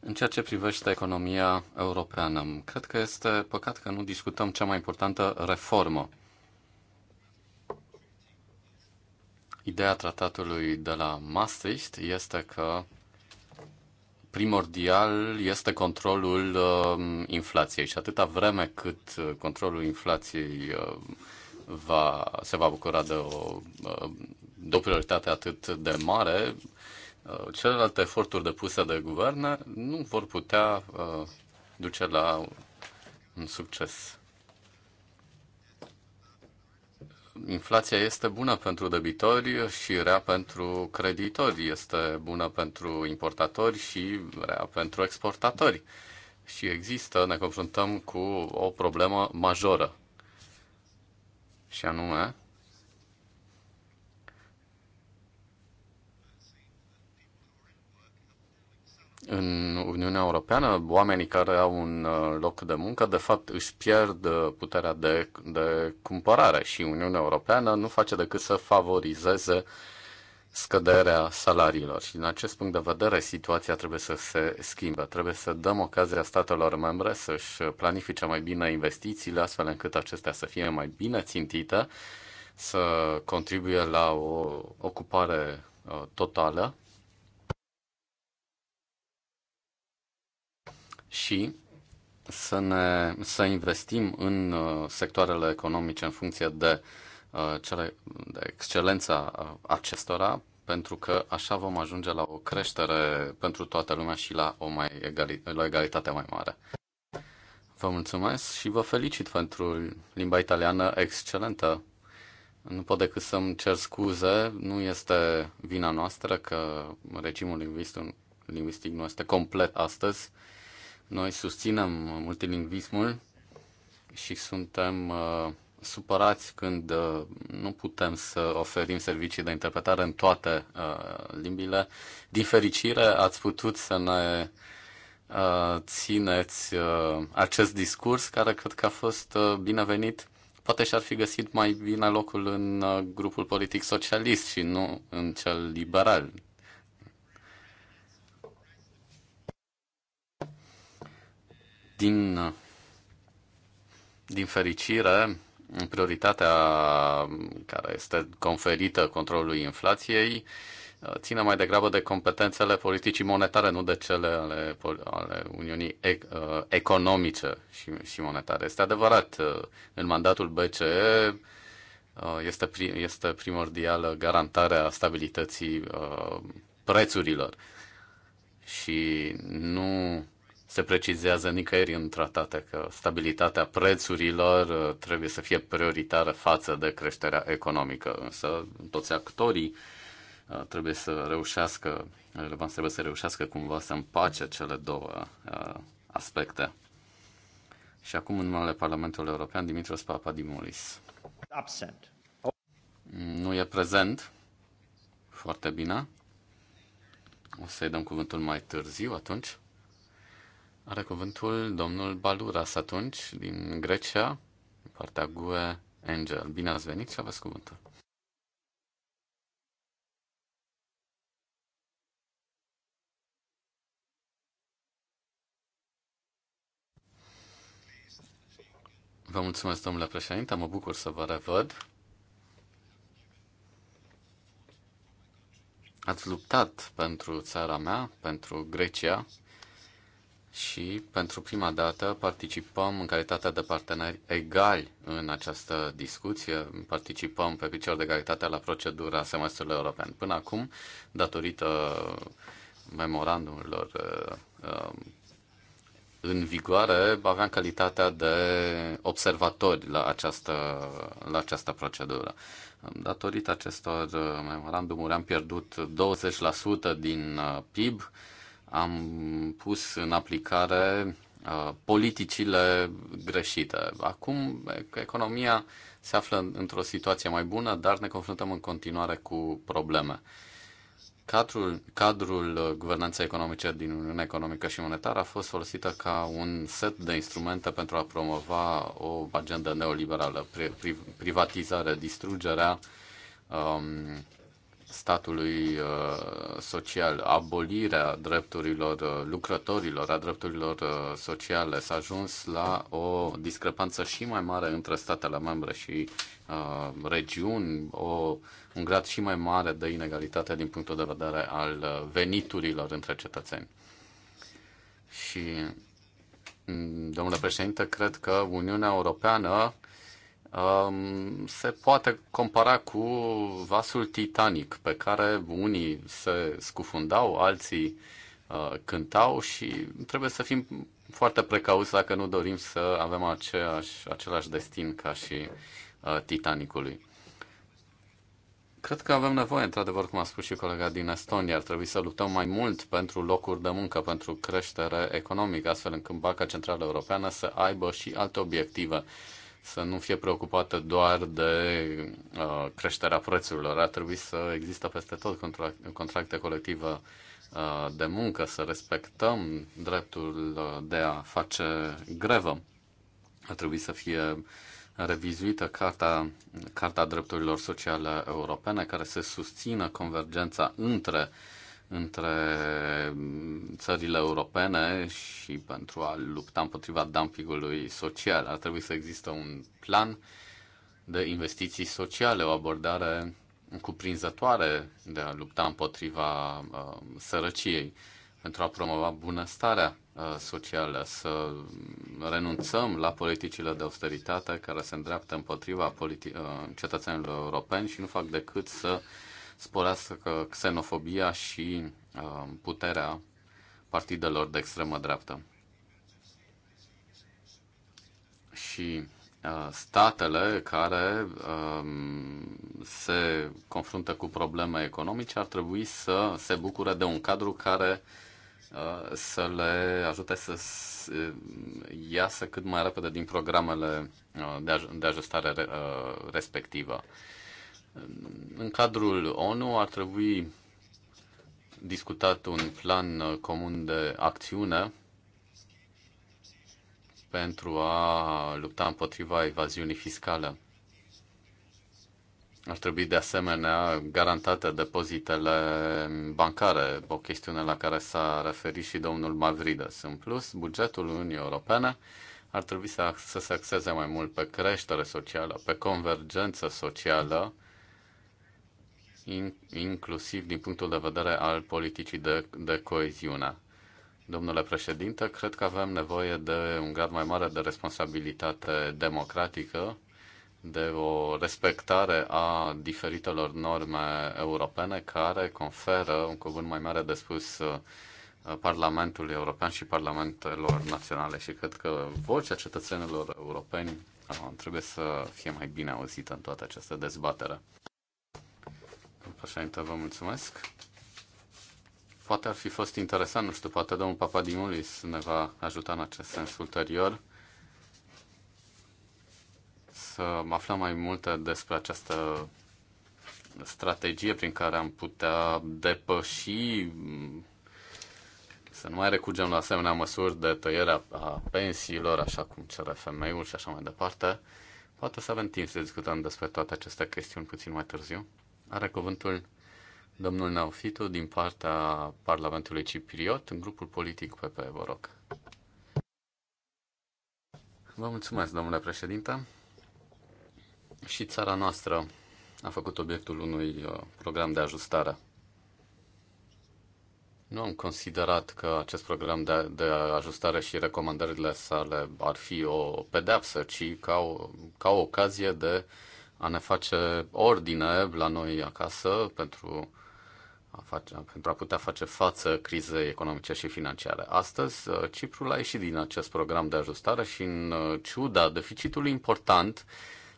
În ceea ce privește economia europeană, cred că este păcat că nu discutăm cea mai importantă reformă. Ideea tratatului de la Maastricht este că primordial este controlul uh, inflației și atâta vreme cât uh, controlul inflației uh, va, se va bucura de o, uh, de o prioritate atât de mare, uh, celelalte eforturi depuse de guverne nu vor putea uh, duce la un succes. inflația este bună pentru debitori și rea pentru creditori, este bună pentru importatori și rea pentru exportatori. Și există, ne confruntăm cu o problemă majoră. Și anume, În Uniunea Europeană, oamenii care au un uh, loc de muncă, de fapt, își pierd uh, puterea de, de cumpărare și Uniunea Europeană nu face decât să favorizeze scăderea salariilor. Și din acest punct de vedere, situația trebuie să se schimbe. Trebuie să dăm ocazia statelor membre să-și planifice mai bine investițiile, astfel încât acestea să fie mai bine țintite, să contribuie la o ocupare uh, totală și să, ne, să investim în uh, sectoarele economice în funcție de, uh, cele, de excelența uh, acestora, pentru că așa vom ajunge la o creștere pentru toată lumea și la o, mai egali, la egalitate mai mare. Vă mulțumesc și vă felicit pentru limba italiană excelentă. Nu pot decât să-mi cer scuze, nu este vina noastră că regimul lingvistic nu este complet astăzi. Noi susținem uh, multilingvismul și suntem uh, supărați când uh, nu putem să oferim servicii de interpretare în toate uh, limbile. Din fericire, ați putut să ne uh, țineți uh, acest discurs care cred că a fost uh, binevenit. Poate și-ar fi găsit mai bine locul în uh, grupul politic socialist și nu în cel liberal, Din, din fericire, prioritatea care este conferită controlului inflației uh, ține mai degrabă de competențele politicii monetare, nu de cele ale, ale Uniunii uh, Economice și, și Monetare. Este adevărat, uh, în mandatul BCE este, prim, este primordială garantarea stabilității prețurilor și nu se precizează nicăieri în tratate că stabilitatea prețurilor uh, trebuie să fie prioritară față de creșterea economică, însă toți actorii uh, trebuie să reușească, relevant trebuie să reușească cumva să împace cele două uh, aspecte. Și acum în numele Parlamentului European, Dimitros Papadimulis. Absent. Nu e prezent. Foarte bine. O să-i dăm cuvântul mai târziu atunci. Are cuvântul domnul Baluras atunci, din Grecia, din partea GUE Angel. Bine ați venit și aveți cuvântul. Vă mulțumesc, domnule președinte, mă bucur să vă revăd. Ați luptat pentru țara mea, pentru Grecia, și pentru prima dată participăm în calitatea de parteneri egali în această discuție, participăm pe picior de egalitate la procedura semestrului european. Până acum, datorită memorandumurilor uh, uh, în vigoare, aveam calitatea de observatori la această, la această procedură. Datorită acestor uh, memorandumuri am pierdut 20% din PIB, am pus în aplicare uh, politicile greșite. Acum economia se află într-o situație mai bună, dar ne confruntăm în continuare cu probleme. Cadrul, cadrul uh, guvernanței economice din Uniunea Economică și Monetară a fost folosită ca un set de instrumente pentru a promova o agendă neoliberală, pri, pri, privatizare, distrugerea um, statului uh, social, abolirea drepturilor uh, lucrătorilor, a drepturilor uh, sociale, s-a ajuns la o discrepanță și mai mare între statele membre și regiuni, o, un grad și mai mare de inegalitate din punctul de vedere al veniturilor între cetățeni. Și, mm, domnule președinte, cred că Uniunea Europeană Um, se poate compara cu vasul Titanic, pe care unii se scufundau, alții uh, cântau și trebuie să fim foarte precauți dacă nu dorim să avem aceeași, același destin ca și uh, Titanicului. Cred că avem nevoie, într-adevăr, cum a spus și colega din Estonia, ar trebui să luptăm mai mult pentru locuri de muncă, pentru creștere economică, astfel încât Banca Centrală Europeană să aibă și alte obiective să nu fie preocupată doar de uh, creșterea prețurilor. Ar trebui să există peste tot contract, contracte colective uh, de muncă, să respectăm dreptul uh, de a face grevă. Ar trebui să fie revizuită Carta, Carta Drepturilor Sociale Europene, care să susțină convergența între uh, între țările europene și pentru a lupta împotriva dumpingului social. Ar trebui să există un plan de investiții sociale, o abordare cuprinzătoare de a lupta împotriva uh, sărăciei, pentru a promova bunăstarea uh, socială, să renunțăm la politicile de austeritate care se îndreaptă împotriva politi- uh, cetățenilor europeni și nu fac decât să uh, sporească xenofobia și uh, puterea partidelor de extremă dreaptă. Și uh, statele care um, se confruntă cu probleme economice ar trebui să se bucure de un cadru care uh, să le ajute să iasă cât mai repede din programele de ajustare respectivă. În cadrul ONU ar trebui discutat un plan comun de acțiune pentru a lupta împotriva evaziunii fiscale. Ar trebui de asemenea garantate depozitele bancare, o chestiune la care s-a referit și domnul Mavrides. În plus, bugetul Uniunii Europene ar trebui să, să se axeze mai mult pe creștere socială, pe convergență socială, inclusiv din punctul de vedere al politicii de, de coeziune. Domnule președinte, cred că avem nevoie de un grad mai mare de responsabilitate democratică, de o respectare a diferitelor norme europene care conferă un cuvânt mai mare de spus uh, Parlamentului European și Parlamentelor Naționale și cred că vocea cetățenilor europeni uh, trebuie să fie mai bine auzită în toată această dezbatere. Președinte, vă mulțumesc. Poate ar fi fost interesant, nu știu, poate domnul Papadimulis ne va ajuta în acest sens ulterior să aflăm mai multe despre această strategie prin care am putea depăși să nu mai recurgem la asemenea măsuri de tăiere a pensiilor, așa cum cere femeiul și așa mai departe. Poate să avem timp să discutăm despre toate aceste chestiuni puțin mai târziu. Are cuvântul domnul Naufito din partea Parlamentului Cipriot în grupul politic PP, vă rog. Vă mulțumesc, domnule președinte. Și țara noastră a făcut obiectul unui uh, program de ajustare. Nu am considerat că acest program de, de ajustare și recomandările sale ar fi o pedeapsă, ci ca o, ca o ocazie de a ne face ordine la noi acasă pentru a, face, pentru a putea face față crizei economice și financiare. Astăzi, uh, Ciprul a ieșit din acest program de ajustare și, în uh, ciuda deficitului important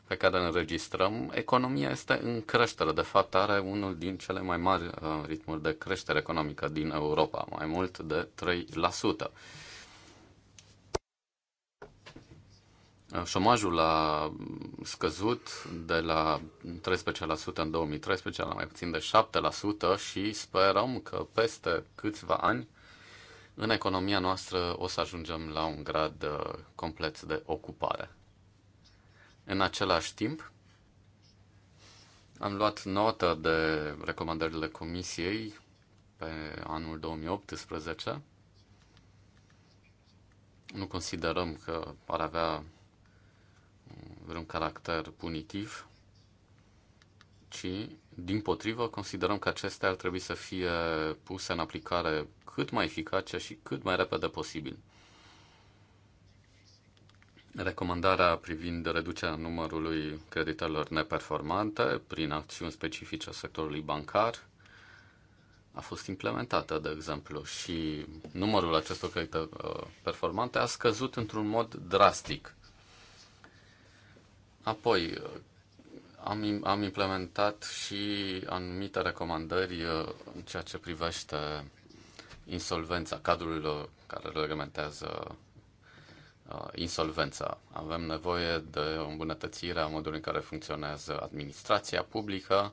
pe care îl înregistrăm, economia este în creștere. De fapt, are unul din cele mai mari uh, ritmuri de creștere economică din Europa, mai mult de 3%. Uh, șomajul a scăzut de la 13% în 2013 la mai puțin de 7% și sperăm că peste câțiva ani în economia noastră o să ajungem la un grad uh, complet de ocupare. În același timp, am luat notă de recomandările Comisiei pe anul 2018. Nu considerăm că ar avea vreun caracter punitiv, ci, din potrivă, considerăm că acestea ar trebui să fie puse în aplicare cât mai eficace și cât mai repede posibil. Recomandarea privind reducerea numărului creditelor neperformante prin acțiuni specifice sectorului bancar a fost implementată, de exemplu, și numărul acestor credite uh, performante a scăzut într-un mod drastic. Apoi, am, am implementat și anumite recomandări uh, în ceea ce privește insolvența, cadrul uh, care reglementează uh, insolvența. Avem nevoie de o îmbunătățire a modului în care funcționează administrația publică,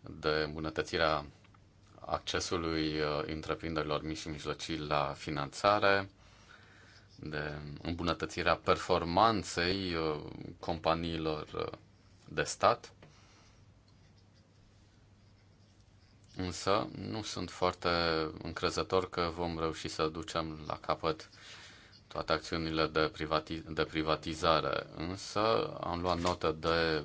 de îmbunătățirea accesului întreprinderilor mici și mijlocii la finanțare, de îmbunătățirea performanței uh, companiilor uh, de stat, însă nu sunt foarte încrezător că vom reuși să ducem la capăt toate acțiunile de, privati- de privatizare, însă am luat notă de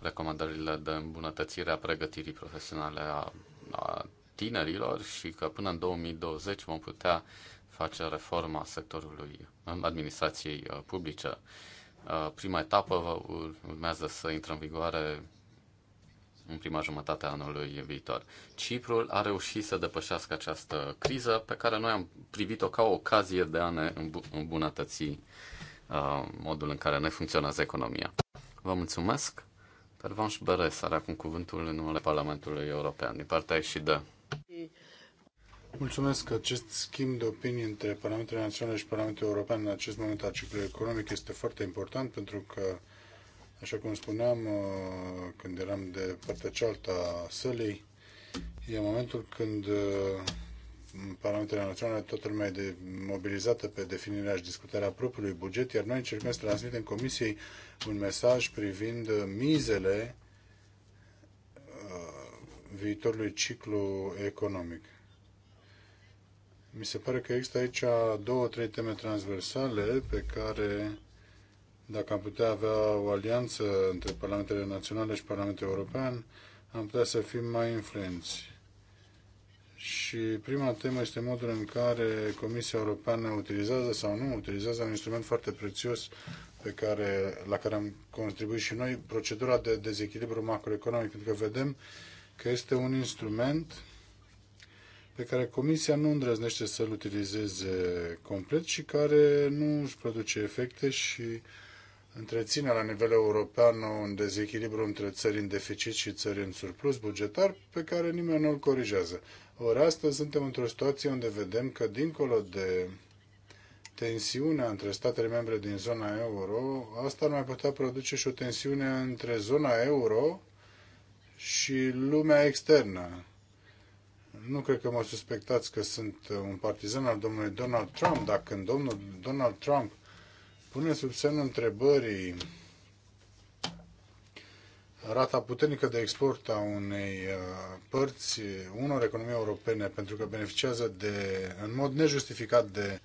recomandările de îmbunătățire a pregătirii profesionale a, a tinerilor și că până în 2020 vom putea face reforma sectorului administrației uh, publice. Uh, prima etapă urmează să intre în vigoare în prima jumătate a anului viitor. Ciprul a reușit să depășească această criză pe care noi am privit-o ca o ocazie de a ne îmbunătăți uh, modul în care ne funcționează economia. Vă mulțumesc! Pervanș Beres are acum cuvântul în numele Parlamentului European, din partea și de. Mulțumesc că acest schimb de opinii între Parlamentul Național și Parlamentul European în acest moment al ciclului economic este foarte important pentru că, așa cum spuneam uh, când eram de partea cealaltă a sălii, e momentul când în uh, național Naționale toată lumea e de, mobilizată pe definirea și discutarea propriului buget, iar noi încercăm să transmitem Comisiei un mesaj privind uh, mizele viitorului ciclu economic. Mi se pare că există aici două, trei teme transversale pe care, dacă am putea avea o alianță între Parlamentele Naționale și Parlamentul European, am putea să fim mai influenți. Și prima temă este modul în care Comisia Europeană utilizează sau nu utilizează un instrument foarte prețios pe care, la care am contribuit și noi, procedura de dezechilibru macroeconomic, pentru că vedem că este un instrument pe care Comisia nu îndrăznește să-l utilizeze complet și care nu își produce efecte și întreține la nivel european un dezechilibru între țări în deficit și țări în surplus bugetar pe care nimeni nu îl corigează. Ori astăzi suntem într-o situație unde vedem că dincolo de tensiunea între statele membre din zona euro, asta ar mai putea produce și o tensiune între zona euro și lumea externă nu cred că mă suspectați că sunt uh, un partizan al domnului Donald Trump, dar când domnul Donald Trump pune sub semnul întrebării rata puternică de export a unei uh, părți, unor economii europene, pentru că beneficiază de, în mod nejustificat de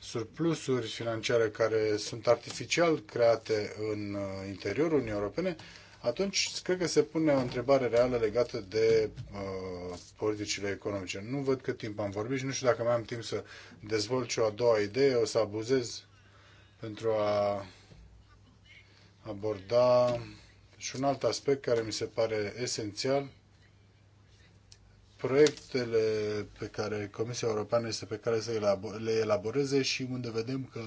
surplusuri financiare care sunt artificial create în uh, interiorul Uniunii Europene, atunci cred că se pune o întrebare reală legată de uh, politicile economice. Nu văd cât timp am vorbit și nu știu dacă mai am timp să dezvolt și o a doua idee, o să abuzez pentru a aborda și un alt aspect care mi se pare esențial, proiectele pe care Comisia Europeană este pe care să le elaboreze și unde vedem că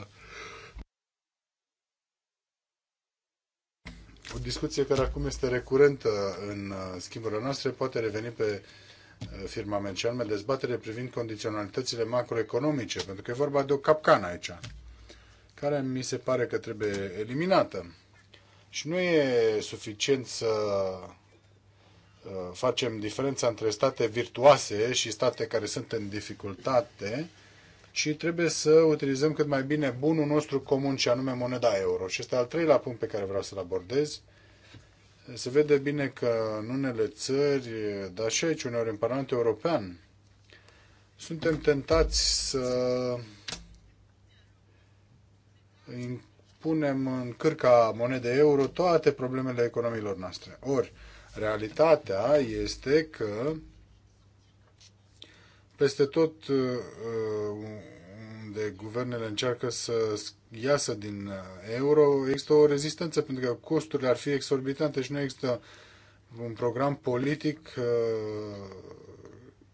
o discuție care acum este recurentă în uh, schimburile noastre, poate reveni pe uh, firmament și anume dezbatere privind condiționalitățile macroeconomice, pentru că e vorba de o capcană aici, care mi se pare că trebuie eliminată. Și nu e suficient să uh, facem diferența între state virtuoase și state care sunt în dificultate, și trebuie să utilizăm cât mai bine bunul nostru comun și anume moneda euro. Și este al treilea punct pe care vreau să-l abordez. Se vede bine că în unele țări, dar și aici uneori în Parlamentul European, suntem tentați să punem în cârca monedei euro toate problemele economiilor noastre. Ori, realitatea este că peste tot uh, uh, unde guvernele încearcă să iasă din uh, euro, există o rezistență pentru că costurile ar fi exorbitante și nu există un program politic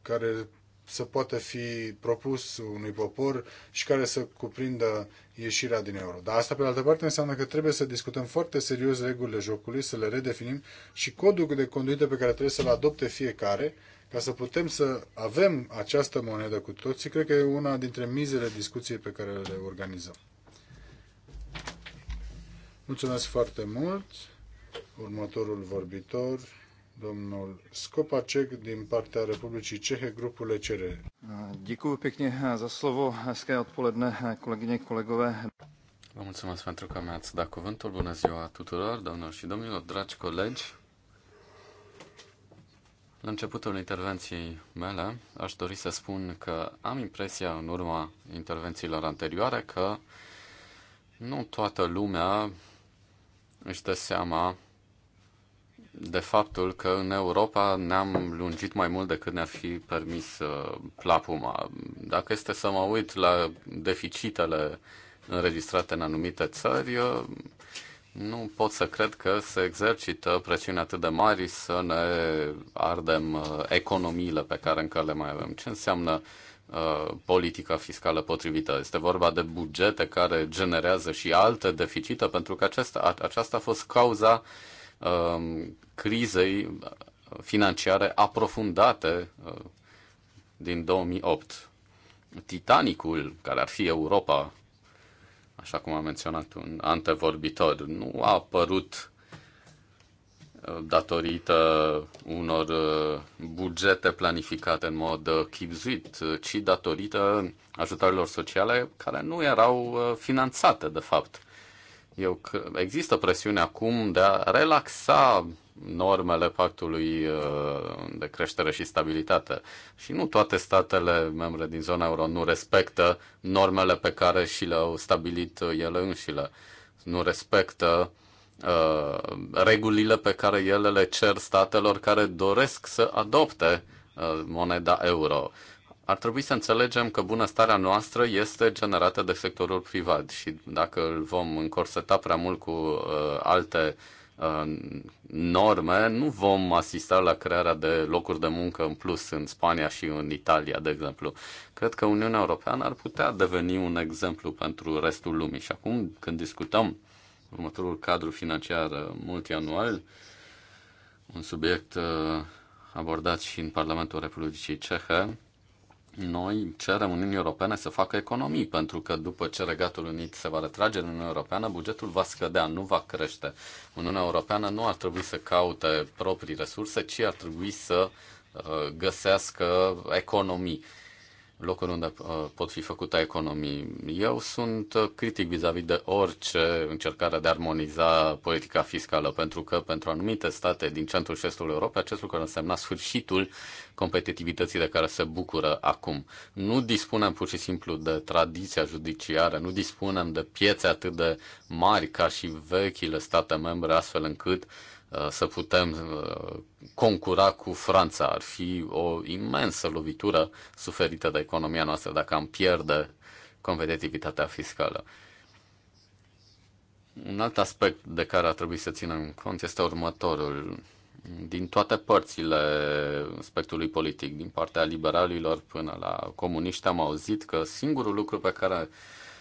care să poată fi propus unui popor și care să cuprindă ieșirea din euro. Dar asta, pe de altă parte, înseamnă că trebuie să discutăm foarte serios regulile jocului, să le redefinim și codul de conduită pe care trebuie să-l adopte fiecare ca să putem să avem această monedă cu toții, cred că e una dintre mizele discuției pe care le organizăm. Mulțumesc foarte mult. Următorul vorbitor, domnul Skopacek din partea Republicii Cehe, grupul ECR. Děkuji pěkně za slovo. Hezké odpoledne, kolegyně, kolegové. Vă mulțumesc pentru că mi-ați dat cuvântul. Bună ziua tuturor, domnilor și domnilor, dragi colegi. La începutul intervenției mele, aș dori să spun că am impresia, în urma intervențiilor anterioare, că nu toată lumea își dă seama de faptul că în Europa ne-am lungit mai mult decât ne-ar fi permis uh, plapuma. Dacă este să mă uit la deficitele înregistrate în anumite țări, uh, nu pot să cred că se exercită presiuni atât de mari să ne ardem uh, economiile pe care încă le mai avem. Ce înseamnă uh, politica fiscală potrivită? Este vorba de bugete care generează și alte deficite, pentru că acesta, aceasta a fost cauza uh, crizei financiare aprofundate uh, din 2008. Titanicul, care ar fi Europa așa cum a menționat un antevorbitor, nu a apărut uh, datorită unor uh, bugete planificate în mod uh, chipzuit, ci datorită ajutoarelor sociale care nu erau finanțate, de fapt. Eu, există presiune acum de a relaxa normele pactului uh, de creștere și stabilitate. Și nu toate statele membre din zona euro nu respectă normele pe care și le-au stabilit uh, ele înșile. Nu respectă uh, regulile pe care ele le cer statelor care doresc să adopte uh, moneda euro. Ar trebui să înțelegem că bunăstarea noastră este generată de sectorul privat și dacă îl vom încorseta prea mult cu uh, alte uh, norme, nu vom asista la crearea de locuri de muncă în plus în Spania și în Italia, de exemplu. Cred că Uniunea Europeană ar putea deveni un exemplu pentru restul lumii. Și acum, când discutăm următorul cadru financiar uh, multianual, un subiect uh, abordat și în Parlamentul Republicii Cehe, noi cerem Uniunii Europene să facă economii, pentru că după ce Regatul Unit se va retrage în Uniunea Europeană, bugetul va scădea, nu va crește. Uniunea Europeană nu ar trebui să caute proprii resurse, ci ar trebui să uh, găsească economii locuri unde uh, pot fi făcute economii. Eu sunt uh, critic vis-a-vis -vis de orice încercare de a armoniza politica fiscală, pentru că pentru anumite state din centrul și estul Europei acest lucru însemna sfârșitul competitivității de care se bucură acum. Nu dispunem pur și simplu de tradiția judiciară, nu dispunem de piețe atât de mari ca și vechile state membre, astfel încât uh, Uh, să putem uh, concura cu Franța. Ar fi o imensă lovitură suferită de economia noastră dacă am pierde competitivitatea fiscală. Un alt aspect de care ar trebui să ținem cont este următorul. Din toate părțile spectrului politic, din partea liberalilor până la comuniști, am auzit că singurul lucru pe care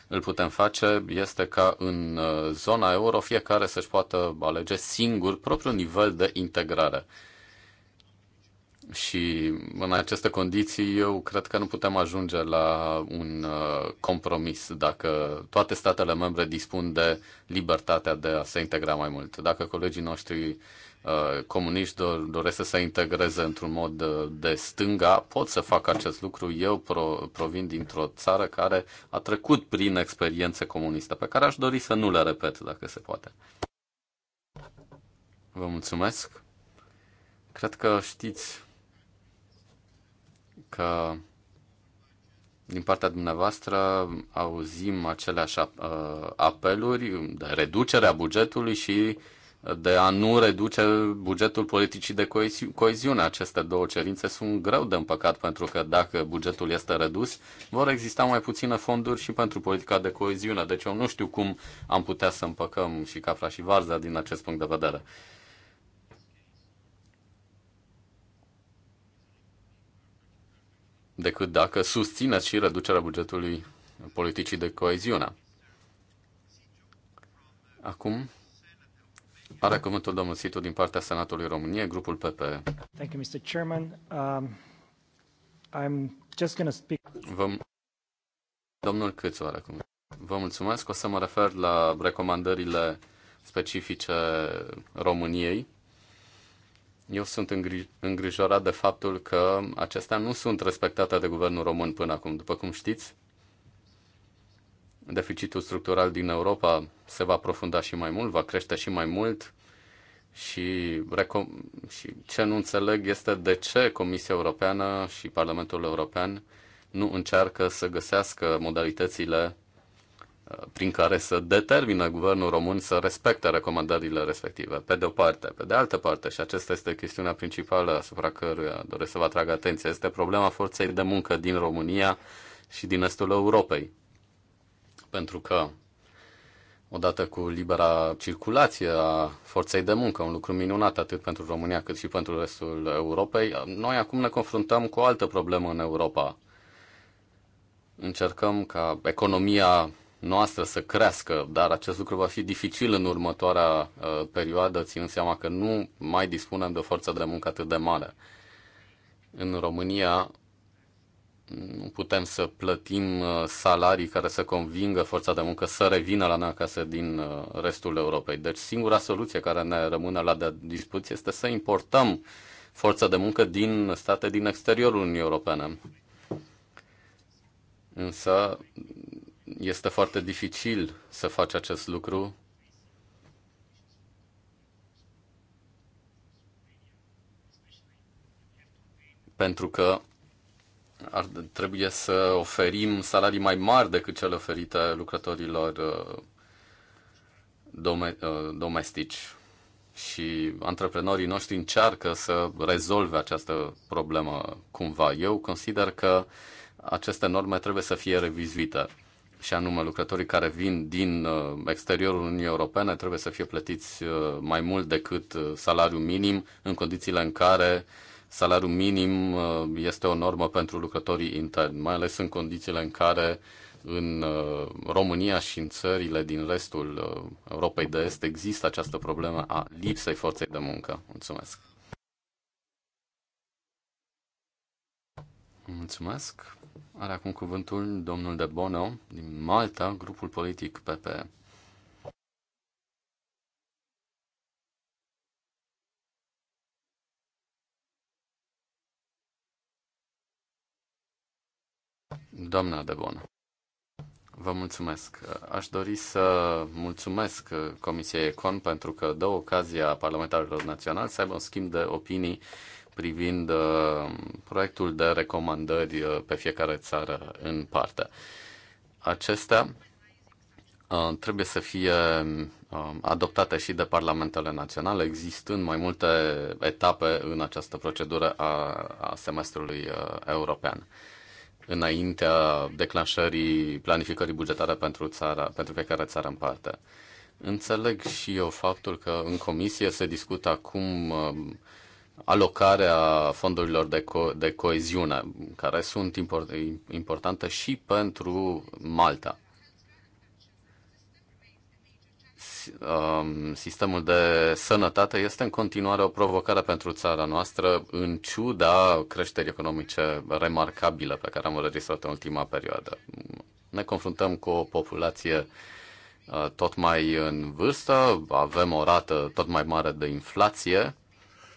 îl putem face este ca în uh, zona euro fiecare să-și poată alege singur propriul nivel de integrare. Și în aceste condiții eu cred că nu putem ajunge la un uh, compromis dacă toate statele membre dispun de libertatea de a se integra mai mult. Dacă colegii noștri Uh, comuniști doresc să se integreze într-un mod uh, de stânga, pot să fac acest lucru. Eu pro, provin dintr-o țară care a trecut prin experiențe comuniste, pe care aș dori să nu le repet, dacă se poate. Vă mulțumesc. Cred că știți că din partea dumneavoastră auzim aceleași uh, apeluri de reducere a bugetului și uh, de a nu reduce bugetul politicii de coeziune. Aceste două cerințe sunt greu de împăcat pentru că dacă bugetul este redus, vor exista mai puține fonduri și pentru politica de coeziune. Deci eu nu știu cum am putea să împăcăm și capra și varza din acest punct de vedere. decât dacă susțineți și reducerea bugetului politicii de coeziune. Acum, are cuvântul domnul Situ din partea Senatului României, grupul PP. Thank you, Mr. Chairman. Um, I'm just going to speak... Vă... Domnul Câțu are cuvântul. Vă mulțumesc. O să mă refer la recomandările specifice României. Eu sunt îngrijorat de faptul că acestea nu sunt respectate de guvernul român până acum. După cum știți, deficitul structural din Europa se va profunda și mai mult, va crește și mai mult și, recom- și ce nu înțeleg este de ce Comisia Europeană și Parlamentul European nu încearcă să găsească modalitățile uh, prin care să determină guvernul român să respecte recomandările respective, pe de o parte. Pe de altă parte, și aceasta este chestiunea principală asupra căruia doresc să vă atrag atenția, este problema forței de muncă din România și din estul Europei pentru că odată cu libera circulație a forței de muncă, un lucru minunat atât pentru România cât și pentru restul Europei, noi acum ne confruntăm cu o altă problemă în Europa. Încercăm ca economia noastră să crească, dar acest lucru va fi dificil în următoarea uh, perioadă, ținând seama că nu mai dispunem de o forță de muncă atât de mare. În România, nu putem să plătim uh, salarii care să convingă forța de muncă să revină la noi acasă din uh, restul Europei. Deci singura soluție care ne rămâne la dispoziție este să importăm forța de muncă din state din exteriorul Uniunii Europene. Însă este foarte dificil să faci acest lucru pentru că ar, trebuie să oferim salarii mai mari decât cele oferite lucrătorilor uh, dome, uh, domestici. Și antreprenorii noștri încearcă să rezolve această problemă cumva. Eu consider că aceste norme trebuie să fie revizuite și anume lucrătorii care vin din uh, exteriorul Uniunii Europene trebuie să fie plătiți mai mult decât salariul minim în condițiile în care uh, salariul minim uh, este o normă pentru lucrătorii interni, mai ales în condițiile în care în uh, România și în țările din restul uh, Europei de Est există această problemă a lipsei forței de muncă. Mulțumesc! Mulțumesc! Are acum cuvântul domnul de Bono din Malta, grupul politic PPE. Doamna de bună. Vă mulțumesc. Aș dori să mulțumesc Comisiei Econ pentru că dă ocazia parlamentarilor naționali să aibă un schimb de opinii privind uh, proiectul de recomandări uh, pe fiecare țară în parte. Acestea uh, trebuie să fie adoptate și de parlamentele naționale, existând mai multe etape în această procedură a semestrului european înaintea declanșării planificării bugetare pentru, țara, pentru fiecare țară în parte. Înțeleg și eu faptul că în comisie se discută acum um, alocarea fondurilor de, co- de coeziune, care sunt import- importante și pentru Malta. Um, sistemul de sănătate este în continuare o provocare pentru țara noastră, în ciuda creșterii economice remarcabile pe care am înregistrat în ultima perioadă. Ne confruntăm cu o populație uh, tot mai în vârstă, avem o rată tot mai mare de inflație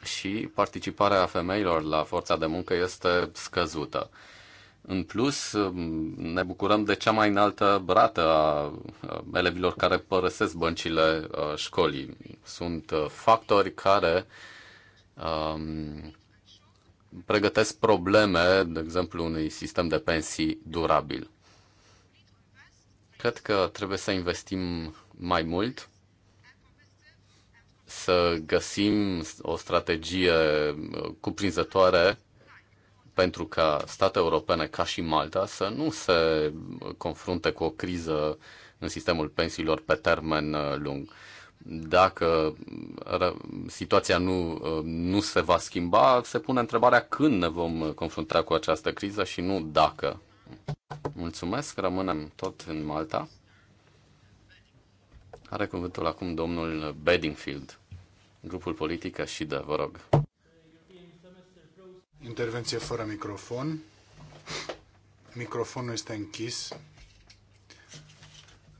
și participarea femeilor la forța de muncă este scăzută. În plus, um, ne bucurăm de cea mai înaltă rată a elevilor care părăsesc băncile uh, școlii. Sunt uh, factori care um, pregătesc probleme, de exemplu, unui sistem de pensii durabil. Cred că trebuie să investim mai mult, să găsim o strategie uh, cuprinzătoare pentru ca state europene ca și Malta să nu se confrunte cu o criză în sistemul pensiilor pe termen uh, lung. Dacă uh, situația nu, uh, nu se va schimba, se pune întrebarea când ne vom confrunta cu această criză și nu dacă. Mulțumesc, rămânem tot în Malta. Are cuvântul acum domnul Bedingfield, grupul politică și de, vă rog. Intervenție fără microfon. Microfonul este închis.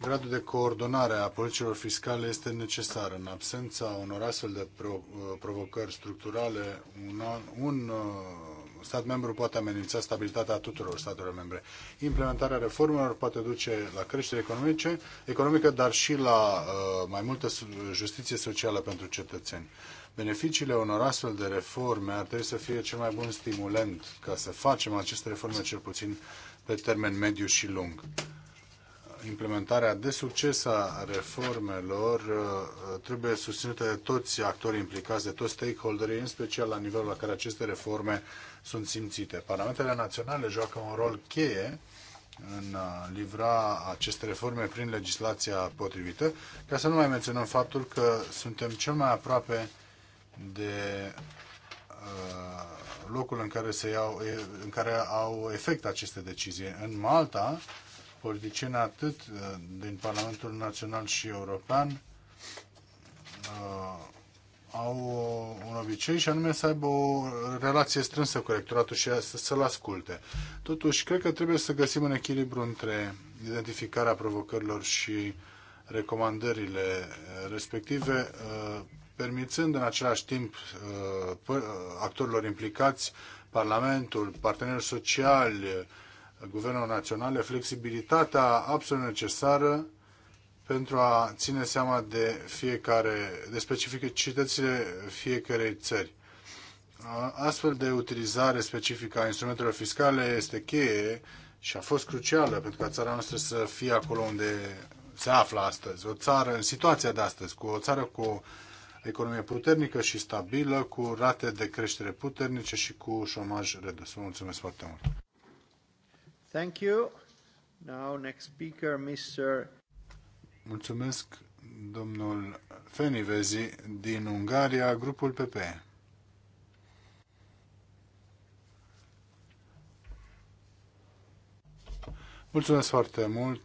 Gradul de coordonare a politicilor fiscale este necesar. În absența unor astfel de uh, provocări structurale, un, un uh, stat membru poate amenința stabilitatea tuturor statelor membre. Implementarea reformelor poate duce la creștere economice, economică, dar și la uh, mai multă justiție socială pentru cetățeni. Beneficiile unor astfel de reforme ar trebui să fie cel mai bun stimulent ca să facem aceste reforme cel puțin pe termen mediu și lung. Implementarea de succes a reformelor uh, trebuie susținută de toți actorii implicați, de toți stakeholderii, în special la nivelul la care aceste reforme sunt simțite. Parlamentele naționale joacă un rol cheie în a livra aceste reforme prin legislația potrivită, ca să nu mai menționăm faptul că suntem cel mai aproape de uh, locul în care, se iau, în care au efect aceste decizii. În Malta, politicieni atât uh, din Parlamentul Național și European uh, au un obicei și anume să aibă o relație strânsă cu electoratul și să-l asculte. Totuși, cred că trebuie să găsim un echilibru între identificarea provocărilor și recomandările respective permițând în același timp uh, uh, actorilor implicați, Parlamentul, partenerii sociali, guvernul național, flexibilitatea absolut necesară pentru a ține seama de fiecare, de specificitățile fiecarei țări. Astfel de utilizare specifică a instrumentelor fiscale este cheie și a fost crucială pentru ca țara noastră să fie acolo unde se află astăzi. O țară, în situația de astăzi, cu o țară cu economie puternică și stabilă, cu rate de creștere puternice și cu șomaj redus. Vă mulțumesc foarte mult! Thank you. Now next speaker, Mr. Mulțumesc, domnul Fenivezi din Ungaria, grupul PP. Mulțumesc foarte mult,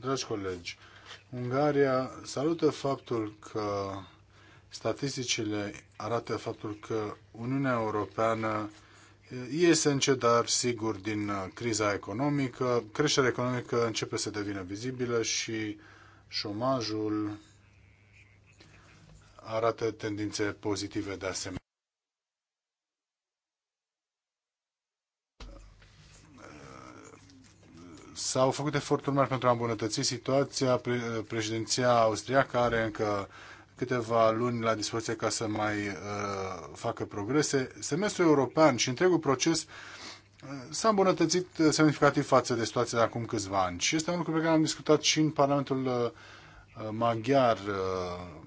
dragi colegi. Ungaria salută faptul că Statisticile arată faptul că Uniunea Europeană iese încet, dar sigur, din uh, criza economică. Creșterea economică începe să devină vizibilă și șomajul arată tendințe pozitive de asemenea. S-au făcut eforturi mari pentru a îmbunătăți situația. Președinția austriacă are încă câteva luni la dispoziție ca să mai uh, facă progrese. Semestrul european și întregul proces uh, s-a îmbunătățit uh, semnificativ față de situația de acum câțiva ani și este un lucru pe care am discutat și în Parlamentul uh, uh, maghiar. Uh,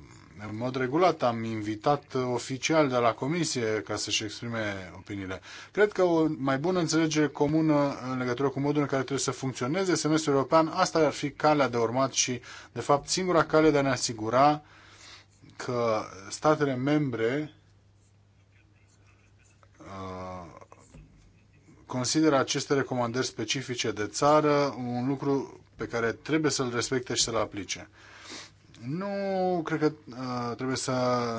în mod regulat am invitat oficial de la comisie ca să-și exprime opiniile. Cred că o mai bună înțelegere comună în legătură cu modul în care trebuie să funcționeze semestrul european, asta ar fi calea de urmat și, de fapt, singura cale de a ne asigura uh, că statele membre uh, consideră aceste recomandări specifice de țară un lucru pe care trebuie să-l respecte și să-l aplice. Nu cred că uh, trebuie să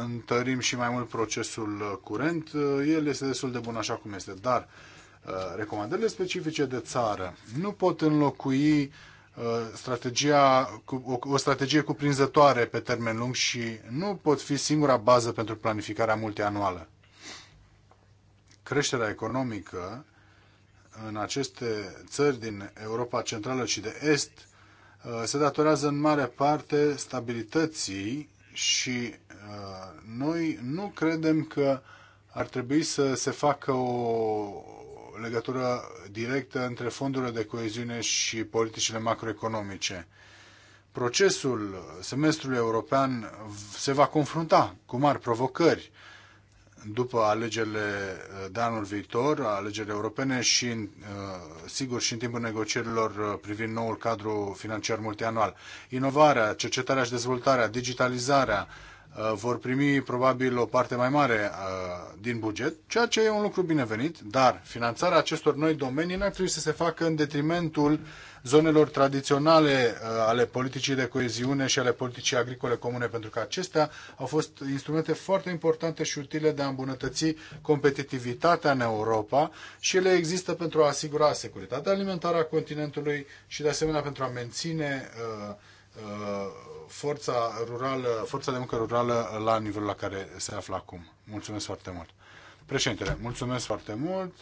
întărim și mai mult procesul curent. Uh, el este destul de bun așa cum este, dar uh, recomandările specifice de țară nu pot înlocui strategia, o strategie cuprinzătoare pe termen lung și nu pot fi singura bază pentru planificarea multianuală. Creșterea economică în aceste țări din Europa Centrală și de Est uh, se datorează în mare parte stabilității și uh, noi nu credem că ar trebui să se facă o legătură directă între fondurile de coeziune și politicile macroeconomice. Procesul semestrului european se va confrunta cu mari provocări după alegerile uh, de anul viitor, alegerile europene și, uh, sigur, și în timpul negocierilor uh, privind noul cadru financiar multianual. Inovarea, cercetarea și dezvoltarea, digitalizarea, Uh, vor primi probabil o parte mai mare uh, din buget, ceea ce e un lucru binevenit, dar finanțarea acestor noi domenii n-ar trebui să se facă în detrimentul zonelor tradiționale uh, ale politicii de coeziune și ale politicii agricole comune, pentru că acestea au fost instrumente foarte importante și utile de a îmbunătăți competitivitatea în Europa și ele există pentru a asigura securitatea alimentară a continentului și de asemenea pentru a menține uh, Uh, forța rurală, forța de muncă rurală la nivelul la care se află acum. Mulțumesc foarte mult. Președintele, mulțumesc foarte mult.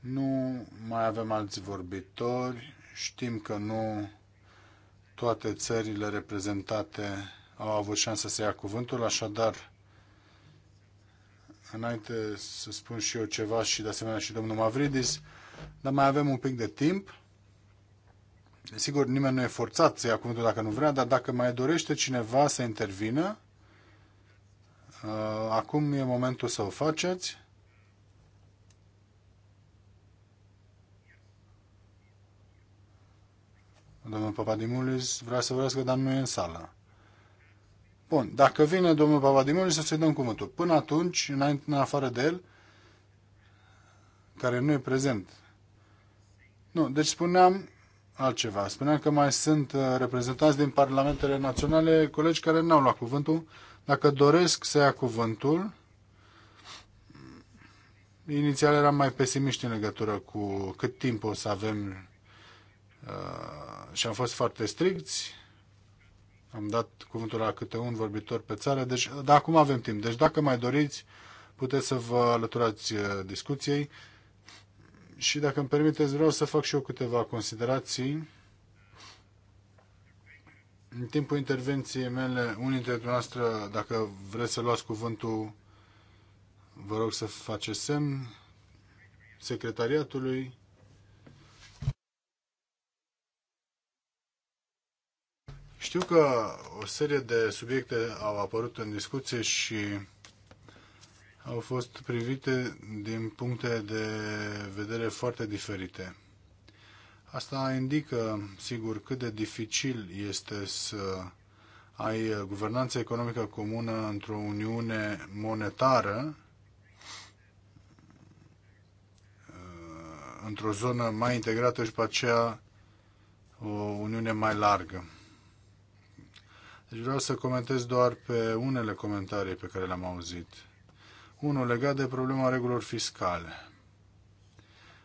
Nu mai avem alți vorbitori. Știm că nu toate țările reprezentate au avut șansa să ia cuvântul, așadar, înainte să spun și eu ceva și de asemenea și domnul Mavridis, dar mai avem un pic de timp. Sigur, nimeni nu e forțat să ia cuvântul dacă nu vrea, dar dacă mai dorește cineva să intervină, uh, acum e momentul să o faceți. Domnul Papadimulis vrea să vorbească, dar nu e în sală. Bun, dacă vine domnul Papadimulis, să-i dăm cuvântul. Până atunci, înainte, în afară de el, care nu e prezent. Nu, deci spuneam altceva. Spuneam că mai sunt uh, reprezentanți din parlamentele naționale, colegi care n-au luat cuvântul. Dacă doresc să ia cuvântul, inițial eram mai pesimiști în legătură cu cât timp o să avem uh, și am fost foarte stricți. Am dat cuvântul la câte un vorbitor pe țară, deci dar acum avem timp. Deci dacă mai doriți, puteți să vă alăturați uh, discuției și dacă îmi permiteți, vreau să fac și eu câteva considerații. În timpul intervenției mele, unii dintre dumneavoastră, dacă vreți să luați cuvântul, vă rog să faceți semn secretariatului. Știu că o serie de subiecte au apărut în discuție și au fost privite din puncte de vedere foarte diferite. Asta indică, sigur, cât de dificil este să ai guvernanță economică comună într-o uniune monetară, uh, într-o zonă mai integrată și pe aceea o uniune mai largă. Deci vreau să comentez doar pe unele comentarii pe care le-am auzit. Unul legat de problema regulilor fiscale,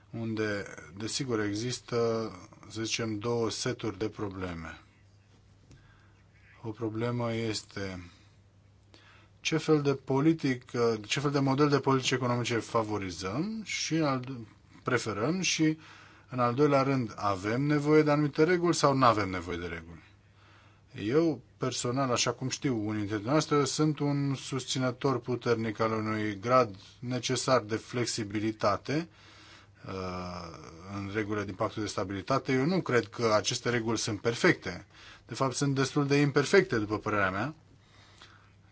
unde, desigur, există, să zicem, două seturi de probleme. O problemă este ce fel de politic, ce fel de model de politici economice favorizăm și preferăm și, în al doilea rând, avem nevoie de anumite reguli sau nu avem nevoie de reguli. Eu, personal, așa cum știu unii dintre dumneavoastră, sunt un susținător puternic al unui grad necesar de flexibilitate uh, în regulile din pactul de stabilitate. Eu nu cred că aceste reguli sunt perfecte. De fapt, sunt destul de imperfecte, după părerea mea.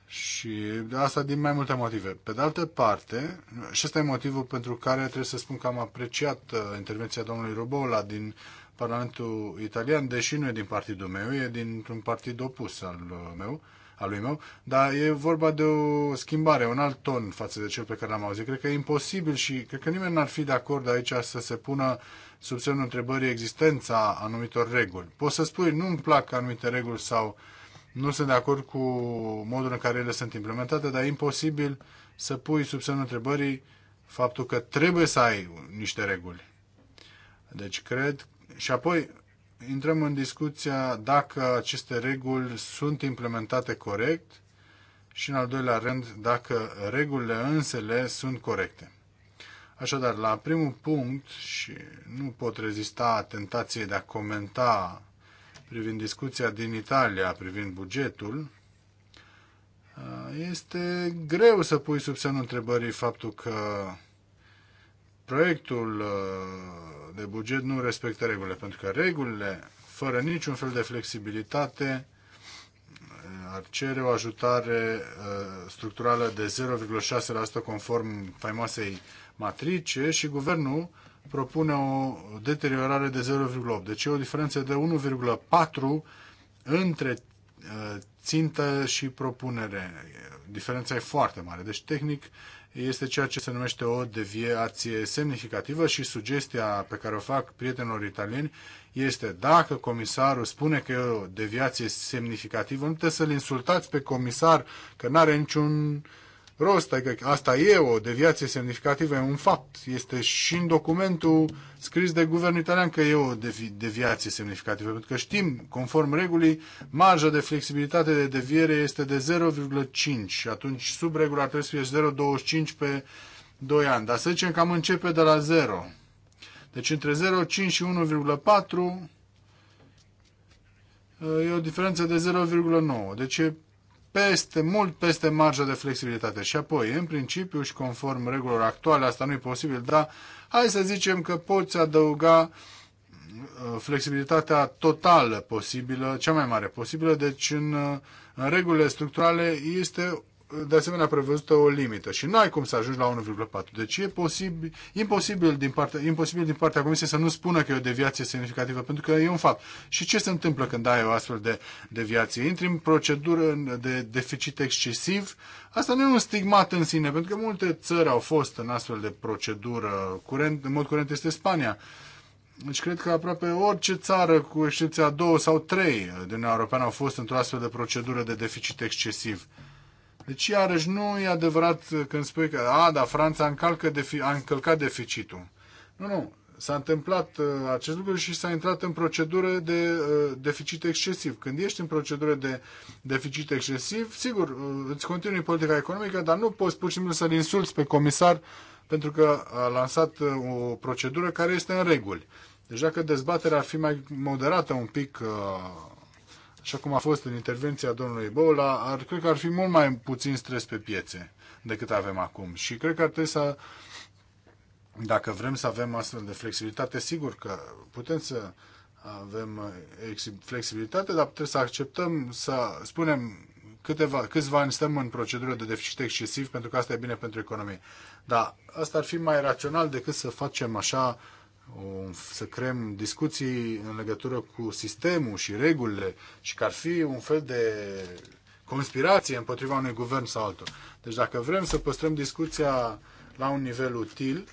Și asta din mai multe motive. Pe de altă parte, și ăsta e motivul pentru care trebuie să spun că am apreciat uh, intervenția domnului Robola din Parlamentul Italian, deși nu e din partidul meu, e dintr-un partid opus al meu, al lui meu, dar e vorba de o schimbare, un alt ton față de cel pe care l-am auzit. Cred că e imposibil și cred că nimeni n-ar fi de acord aici să se pună sub semnul întrebării existența anumitor reguli. Poți să spui, nu-mi plac anumite reguli sau nu sunt de acord cu modul în care ele sunt implementate, dar e imposibil să pui sub semnul întrebării faptul că trebuie să ai niște reguli. Deci cred și apoi intrăm în discuția dacă aceste reguli sunt implementate corect și, în al doilea rând, dacă regulile însele sunt corecte. Așadar, la primul punct, și nu pot rezista tentației de a comenta privind discuția din Italia, privind bugetul, este greu să pui sub semnul întrebării faptul că proiectul de buget nu respectă regulile, pentru că regulile, fără niciun fel de flexibilitate, ar cere o ajutare uh, structurală de 0,6% conform faimoasei matrice și guvernul propune o deteriorare de 0,8%. Deci e o diferență de 1,4% între uh, țintă și propunere. Diferența e foarte mare. Deci, tehnic, este ceea ce se numește o deviație semnificativă și sugestia pe care o fac prietenilor italieni este dacă comisarul spune că e o deviație semnificativă, nu trebuie să-l insultați pe comisar că nu are niciun rost, adică asta e o deviație semnificativă, e un fapt. Este și în documentul scris de guvernul italian că e o devi- deviație semnificativă, pentru că știm, conform regulii, marja de flexibilitate de deviere este de 0,5 și atunci sub regulă ar trebui să fie 0,25 pe 2 ani. Dar să zicem că am începe de la 0. Deci între 0,5 și 1,4 e o diferență de 0,9. Deci e peste, mult peste marja de flexibilitate. Și apoi, în principiu și conform regulilor actuale, asta nu e posibil, dar hai să zicem că poți adăuga uh, flexibilitatea totală posibilă, cea mai mare posibilă, deci în, uh, în regulile structurale este de asemenea prevăzută o limită și nu ai cum să ajungi la 1,4. Deci e posibil, imposibil, din partea, imposibil din partea Comisiei să nu spună că e o deviație semnificativă, pentru că e un fapt. Și ce se întâmplă când ai o astfel de deviație? Intri în procedură de deficit excesiv. Asta nu e un stigmat în sine, pentru că multe țări au fost în astfel de procedură. Curent, în mod curent este Spania. Deci cred că aproape orice țară, cu excepția două sau trei din Uniunea Europeană, au fost într-o astfel de procedură de deficit excesiv. Deci, iarăși, nu e adevărat când spui că, a, da, Franța încalcă defi- a încălcat deficitul. Nu, nu. S-a întâmplat uh, acest lucru și s-a intrat în procedură de uh, deficit excesiv. Când ești în procedură de deficit excesiv, sigur, uh, îți continui politica economică, dar nu poți pur și simplu să-l insulți pe comisar pentru că a lansat o procedură care este în reguli. Deci dacă dezbaterea ar fi mai moderată un pic uh, așa cum a fost în intervenția domnului Bola, ar, cred că ar fi mult mai puțin stres pe piețe decât avem acum. Și cred că ar trebui să, dacă vrem să avem astfel de flexibilitate, sigur că putem să avem flexibilitate, dar trebuie să acceptăm, să spunem câteva, câțiva ani stăm în procedură de deficit excesiv pentru că asta e bine pentru economie. Dar asta ar fi mai rațional decât să facem așa să creăm discuții în legătură cu sistemul și regulile și că ar fi un fel de conspirație împotriva unui guvern sau altul. Deci dacă vrem să păstrăm discuția la un nivel util,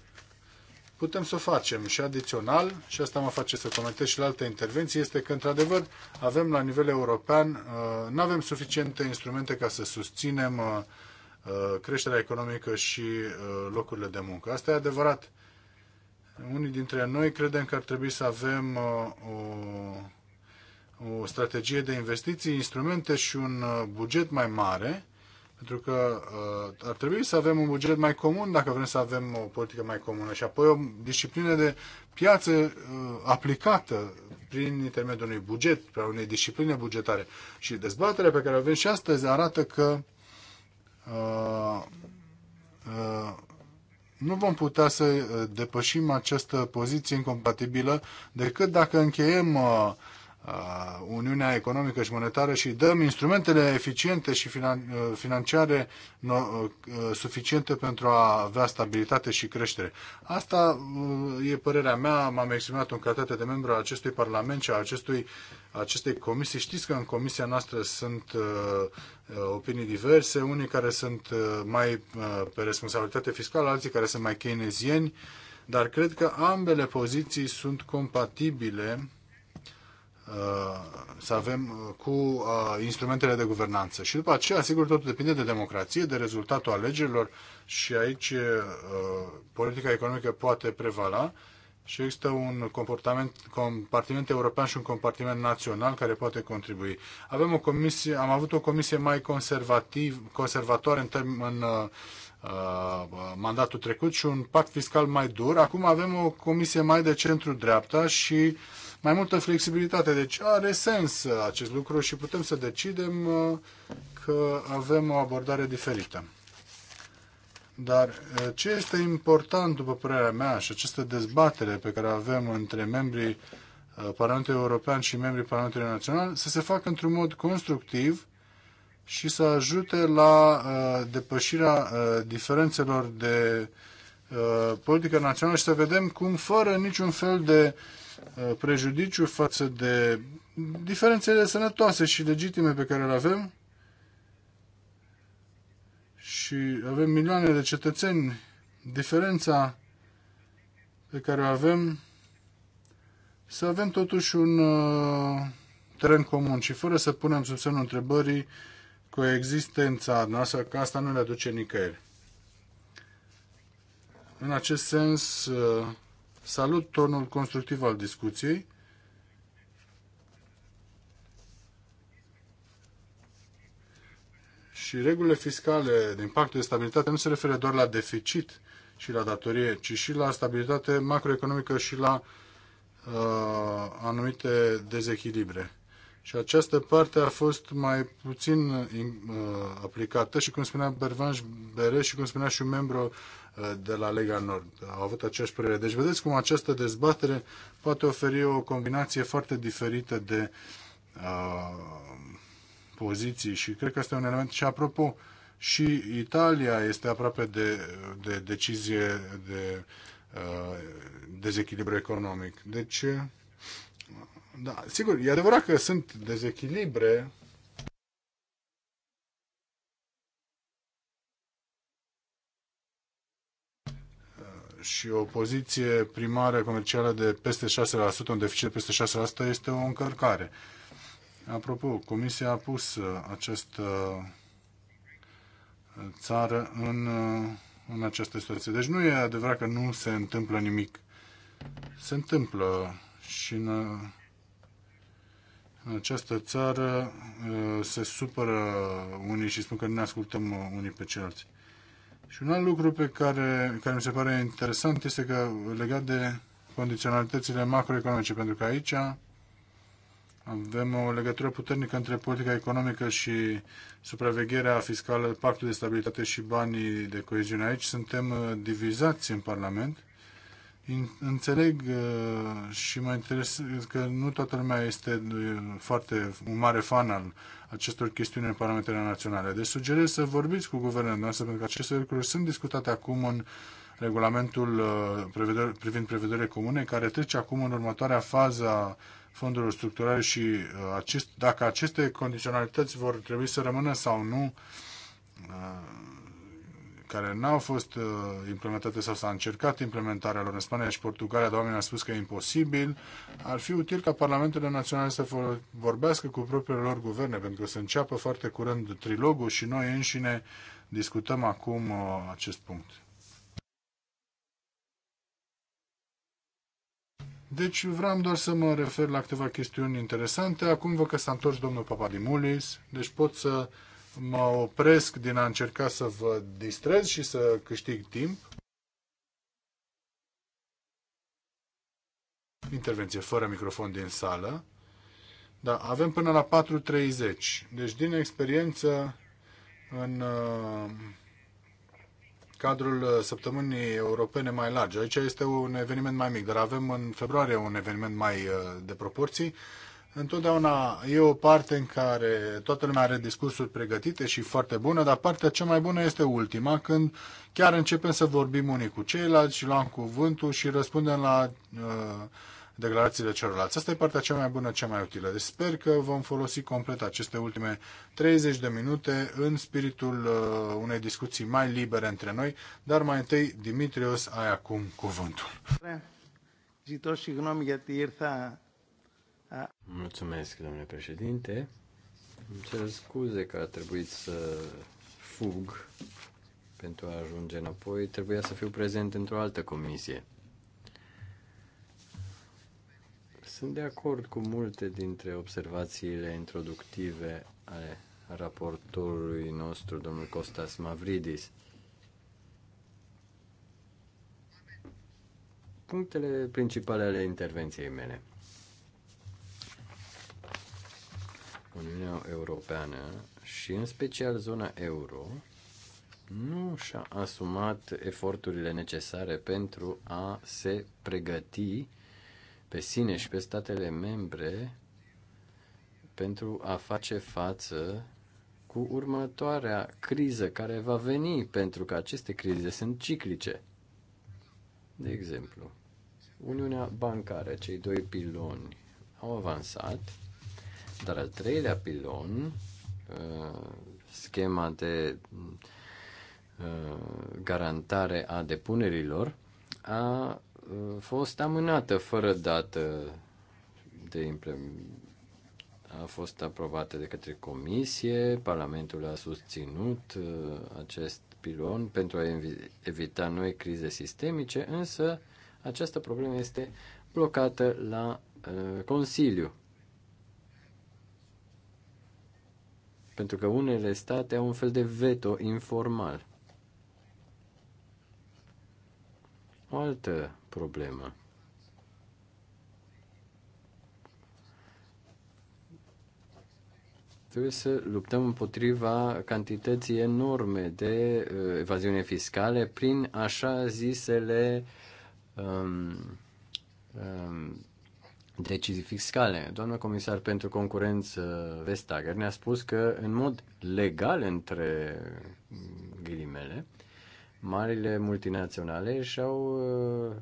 putem să o facem și adițional, și asta mă face să comentez și la alte intervenții, este că, într-adevăr, avem la nivel european, uh, nu avem suficiente instrumente ca să susținem uh, uh, creșterea economică și locurile de muncă. Asta e adevărat unii dintre noi credem că ar trebui să avem uh, o, o strategie de investiții, instrumente și un uh, buget mai mare, pentru că uh, ar trebui să avem un buget mai comun dacă vrem să avem o politică mai comună și apoi o disciplină de piață aplicată prin intermediul unui buget, prin unei discipline bugetare. Și dezbaterea pe care o avem și astăzi arată că uh, uh, nu vom putea să eh, depășim această poziție incompatibilă decât dacă încheiem eh, Uh, Uniunea Economică și Monetară și dăm instrumentele eficiente și uh, financiare uh, suficiente pentru a avea stabilitate și creștere. Asta e părerea mea, m-am exprimat în calitate de membru al acestui Parlament și a acestui, acestei comisii. Știți că în comisia noastră sunt opinii diverse, unii care sunt mai pe responsabilitate fiscală, alții care sunt mai keynesieni, dar cred că ambele poziții sunt compatibile să avem uh, cu uh, instrumentele de guvernanță. Și după aceea, sigur, totul depinde de democrație, de rezultatul alegerilor și aici uh, politica economică poate prevala și există un comportament, compartiment european și un compartiment național care poate contribui. Avem o comisie, am avut o comisie mai conservativ, conservatoare în, term, în uh, mandatul trecut și un pact fiscal mai dur. Acum avem o comisie mai de centru-dreapta și uh, mai multă flexibilitate. Deci are sens uh, acest lucru și putem să decidem uh, că avem o abordare diferită. Dar uh, ce este important, după părerea mea, și această dezbatere pe care avem între membrii Parlamentului European și membrii Parlamentului Național, să se facă într-un mod constructiv și să ajute la depășirea diferențelor de politică națională și să vedem cum, fără niciun fel de uh, Uh, prejudiciu față de diferențele sănătoase și legitime pe care le avem și avem milioane de cetățeni, diferența pe care o avem, să avem totuși un uh, teren comun și fără să punem sub semnul întrebării coexistența noastră, că asta nu ne aduce nicăieri. În acest sens, uh, Salut tonul constructiv al discuției. Și regulile fiscale din pactul de stabilitate nu se referă doar la deficit și la datorie, ci și la stabilitate macroeconomică și la uh, anumite dezechilibre. Și această parte a fost mai puțin uh, aplicată și, cum spunea Bervanș Bere și cum spunea și un membru de la Lega Nord au avut aceeași părere. Deci vedeți cum această dezbatere poate oferi o combinație foarte diferită de uh, poziții și cred că este un element și apropo și Italia este aproape de, de decizie de uh, dezechilibru economic. Deci, uh, da, sigur, e adevărat că sunt dezechilibre și o poziție primară comercială de peste 6%, un deficit de peste 6%, este o încălcare. Apropo, Comisia a pus uh, această uh, țară în, uh, în această situație. Deci nu e adevărat că nu se întâmplă nimic. Se întâmplă și în, în această țară se supără unii și spun că nu ne ascultăm unii pe ceilalți. Și un alt lucru pe care, care mi se pare interesant este că legat de condiționalitățile macroeconomice, pentru că aici avem o legătură puternică între politica economică și supravegherea fiscală, pactul de stabilitate și banii de coeziune. Aici suntem uh, divizați în Parlament Înțeleg uh, și mă interesează că nu toată lumea este uh, foarte un mare fan al acestor chestiuni în parametrele naționale. Deci sugerez să vorbiți cu guvernul noastră pentru că aceste lucruri sunt discutate acum în regulamentul uh, privind prevederile comune, care trece acum în următoarea fază a fondurilor structurale și acest, dacă aceste condiționalități vor trebui să rămână sau nu, care n-au fost uh, implementate sau s-a încercat implementarea lor în Spania și Portugalia, dar oamenii au spus că e imposibil, ar fi util ca parlamentele naționale să vorbească cu propriile lor guverne, pentru că se înceapă foarte curând trilogul și noi înșine discutăm acum uh, acest punct. Deci vreau doar să mă refer la câteva chestiuni interesante. Acum văd că s-a întors domnul Papadimulis, deci pot să mă opresc din a încerca să vă distrez și să câștig timp. Intervenție fără microfon din sală. Da, avem până la 4.30. Deci, din experiență, în uh, cadrul săptămânii europene mai largi. Aici este un eveniment mai mic, dar avem în februarie un eveniment mai uh, de proporții. Întotdeauna e o parte în care toată lumea are discursuri pregătite și foarte bună, dar partea cea mai bună este ultima, când chiar începem să vorbim unii cu ceilalți și luăm cuvântul și răspundem la uh, declarațiile celorlalți. Asta e partea cea mai bună, cea mai utilă. Deci sper că vom folosi complet aceste ultime 30 de minute în spiritul uh, unei discuții mai libere între noi, dar mai întâi, Dimitrios, ai acum cuvântul. Ζητώ συγγνώμη γιατί Mulțumesc, domnule președinte. Îmi cer scuze că a trebuit să fug pentru a ajunge înapoi. Trebuia să fiu prezent într-o altă comisie. Sunt de acord cu multe dintre observațiile introductive ale raportorului nostru, domnul Costas Mavridis. Punctele principale ale intervenției mele. Uniunea Europeană și în special zona euro nu și-a asumat eforturile necesare pentru a se pregăti pe sine și pe statele membre pentru a face față cu următoarea criză care va veni, pentru că aceste crize sunt ciclice. De exemplu, Uniunea Bancară, cei doi piloni, au avansat, dar al treilea pilon, uh, schema de uh, garantare a depunerilor, a uh, fost amânată fără dată de implementare. A fost aprobată de către Comisie, Parlamentul a susținut acest pilon pentru a evita noi crize sistemice, însă această problemă este blocată la Consiliu. Pentru că unele state au un fel de veto informal. O altă problemă. Trebuie să luptăm împotriva cantității enorme de uh, evaziune fiscale prin așa zisele um, um, decizii fiscale. Doamna comisar pentru concurență Vestager ne-a spus că în mod legal între ghilimele, marile multinaționale și-au uh,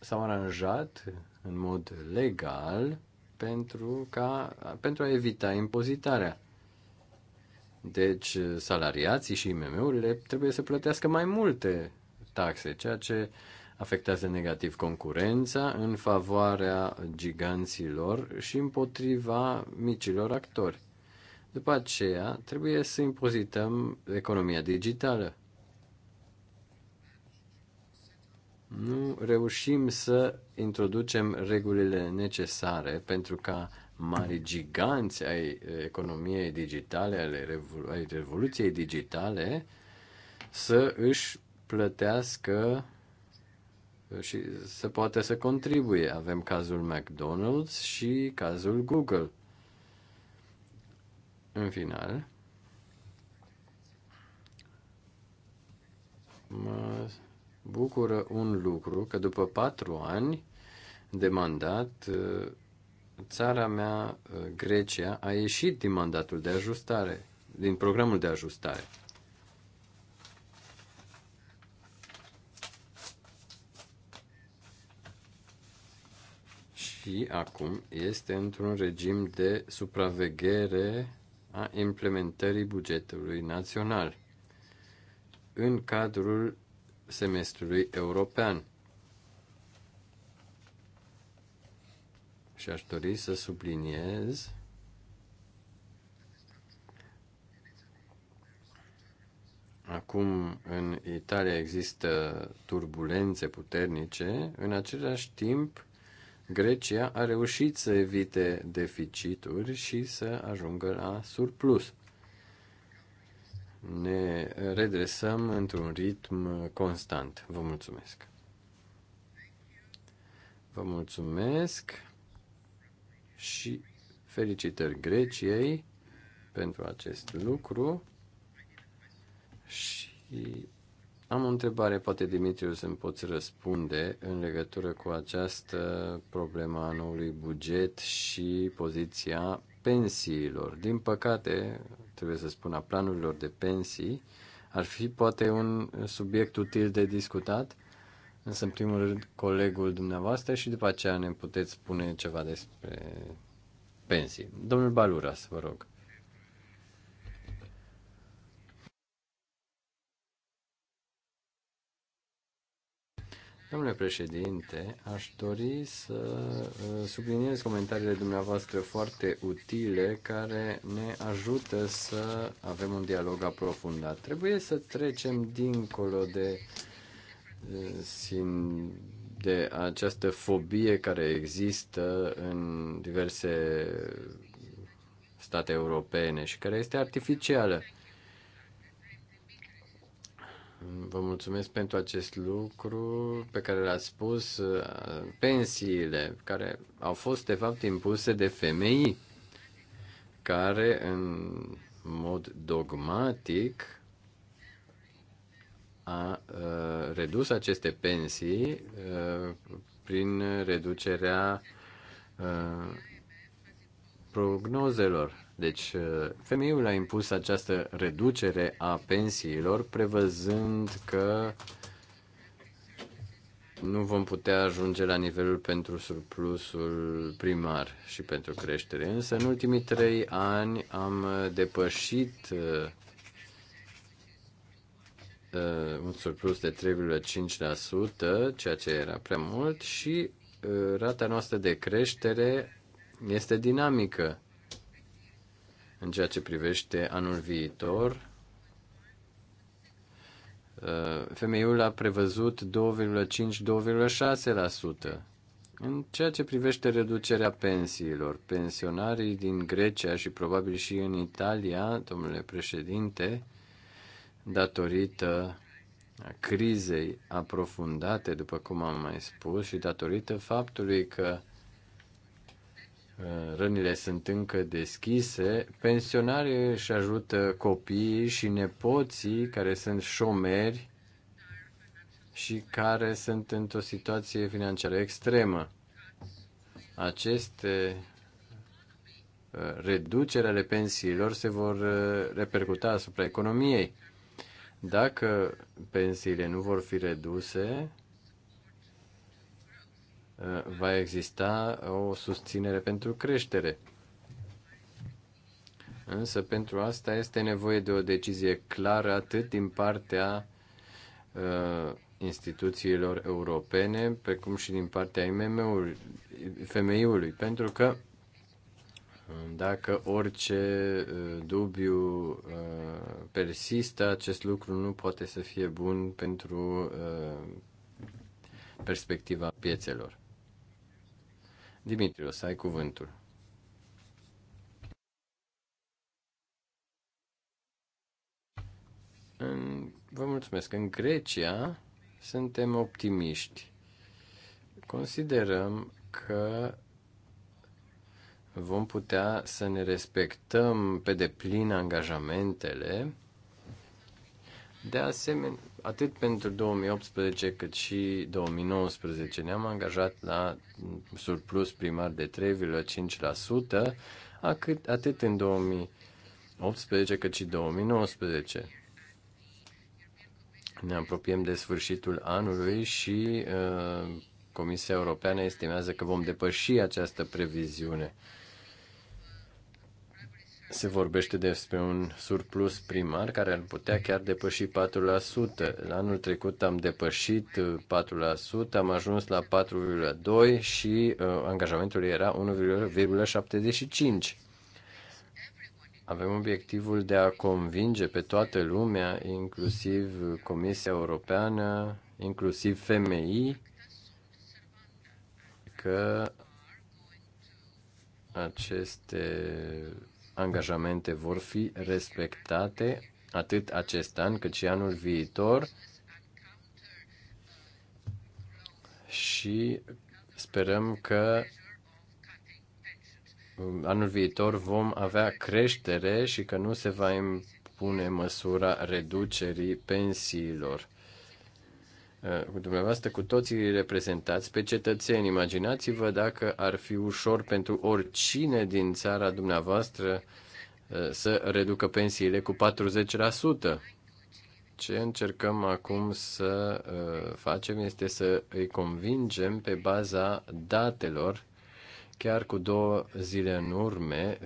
s-au aranjat în mod legal pentru, ca, pentru a evita impozitarea. Deci salariații și IMM-urile trebuie să plătească mai multe taxe, ceea ce uh, afectează negativ concurența în favoarea giganților și împotriva micilor actori. După aceea, trebuie să impozităm economia digitală. Nu reușim să introducem regulile necesare pentru ca mari giganți ai economiei digitale, ale ai revoluției digitale, să își plătească și se poate să contribuie. Avem cazul McDonald's și cazul Google. În final, mă bucură un lucru că după patru ani de mandat, țara mea, Grecia, a ieșit din mandatul de ajustare, din programul de ajustare. IT acum este într-un regim de supraveghere a implementării bugetului național în cadrul semestrului european. Și aș dori să subliniez acum în Italia există turbulențe puternice, în același timp Grecia a reușit să evite deficituri și să ajungă la surplus. Ne redresăm într-un ritm constant. Vă mulțumesc. Vă mulțumesc și felicitări Greciei pentru acest lucru și am o întrebare, poate Dimitriu să-mi poți răspunde în legătură cu această problemă a noului buget și poziția pensiilor. Din păcate, trebuie să spun, a planurilor de pensii, ar fi poate un subiect util de discutat, însă în primul rând colegul dumneavoastră și după aceea ne puteți spune ceva despre pensii. Domnul Baluras, vă rog. Domnule președinte, aș dori să uh, subliniez comentariile dumneavoastră foarte utile care ne ajută să avem un dialog aprofundat. Trebuie să trecem dincolo de, uh, de această fobie care există în diverse state europene și care este artificială. Vă mulțumesc pentru acest lucru pe care l-ați spus, uh, pensiile care au fost de fapt impuse de femei care în mod dogmatic a uh, redus aceste pensii uh, prin reducerea prognozelor deci, uh, femeiul a impus această reducere a pensiilor, prevăzând că nu vom putea ajunge la nivelul pentru surplusul primar și pentru creștere. Însă, în ultimii trei ani am depășit uh, uh un surplus de 3,5%, ceea ce era prea mult, și uh, rata noastră de creștere este dinamică. În ceea ce privește anul viitor, uh, femeiul a prevăzut 2,5-2,6%. În ceea ce privește reducerea pensiilor, pensionarii din Grecia și probabil și în Italia, domnule președinte, datorită crizei aprofundate, după cum am mai spus, și datorită faptului că Eh, rănile sunt încă deschise, pensionarii își ajută copiii și nepoții care sunt șomeri și care sunt într-o situație financiară extremă. Aceste eh, reduceri ale pensiilor se vor eh, repercuta asupra economiei. Dacă pensiile nu vor fi reduse, Uh, va exista o susținere pentru creștere. Însă pentru asta este nevoie de o decizie clară atât din partea uh, instituțiilor europene, precum și din partea IMM-ului, femeiului, pentru că uh, dacă orice uh, dubiu persistă, acest lucru nu poate să fie bun pentru perspectiva piețelor. Dimitrios, să ai cuvântul. În, vă mulțumesc. În Grecia suntem optimiști. Considerăm că vom putea să ne respectăm pe deplin angajamentele. De asemenea, atât pentru 2018 cât și 2019 ne-am angajat la surplus primar de 3,5%, atât în 2018 cât și 2019. Ne apropiem de sfârșitul anului și uh, Comisia Europeană estimează că vom depăși această previziune. Uh, se vorbește despre un surplus primar care ar putea chiar depăși 4%. La anul trecut am depășit 4%, am ajuns la 4,2% și uh, angajamentul era 1,75%. Avem obiectivul de a convinge pe toată lumea, inclusiv Comisia Europeană, inclusiv FMI, că aceste angajamente vor fi respectate atât acest an cât și anul viitor și sperăm că um, anul viitor vom avea creștere și că nu se va impune măsura reducerii pensiilor. Eh, cu dumneavoastră, cu toții reprezentați pe cetățeni. Imaginați-vă dacă ar fi ușor pentru oricine din țara dumneavoastră eh, să reducă pensiile cu 40%. Ce încercăm acum să eh, facem este să îi convingem pe baza datelor Chiar cu două zile în, urme,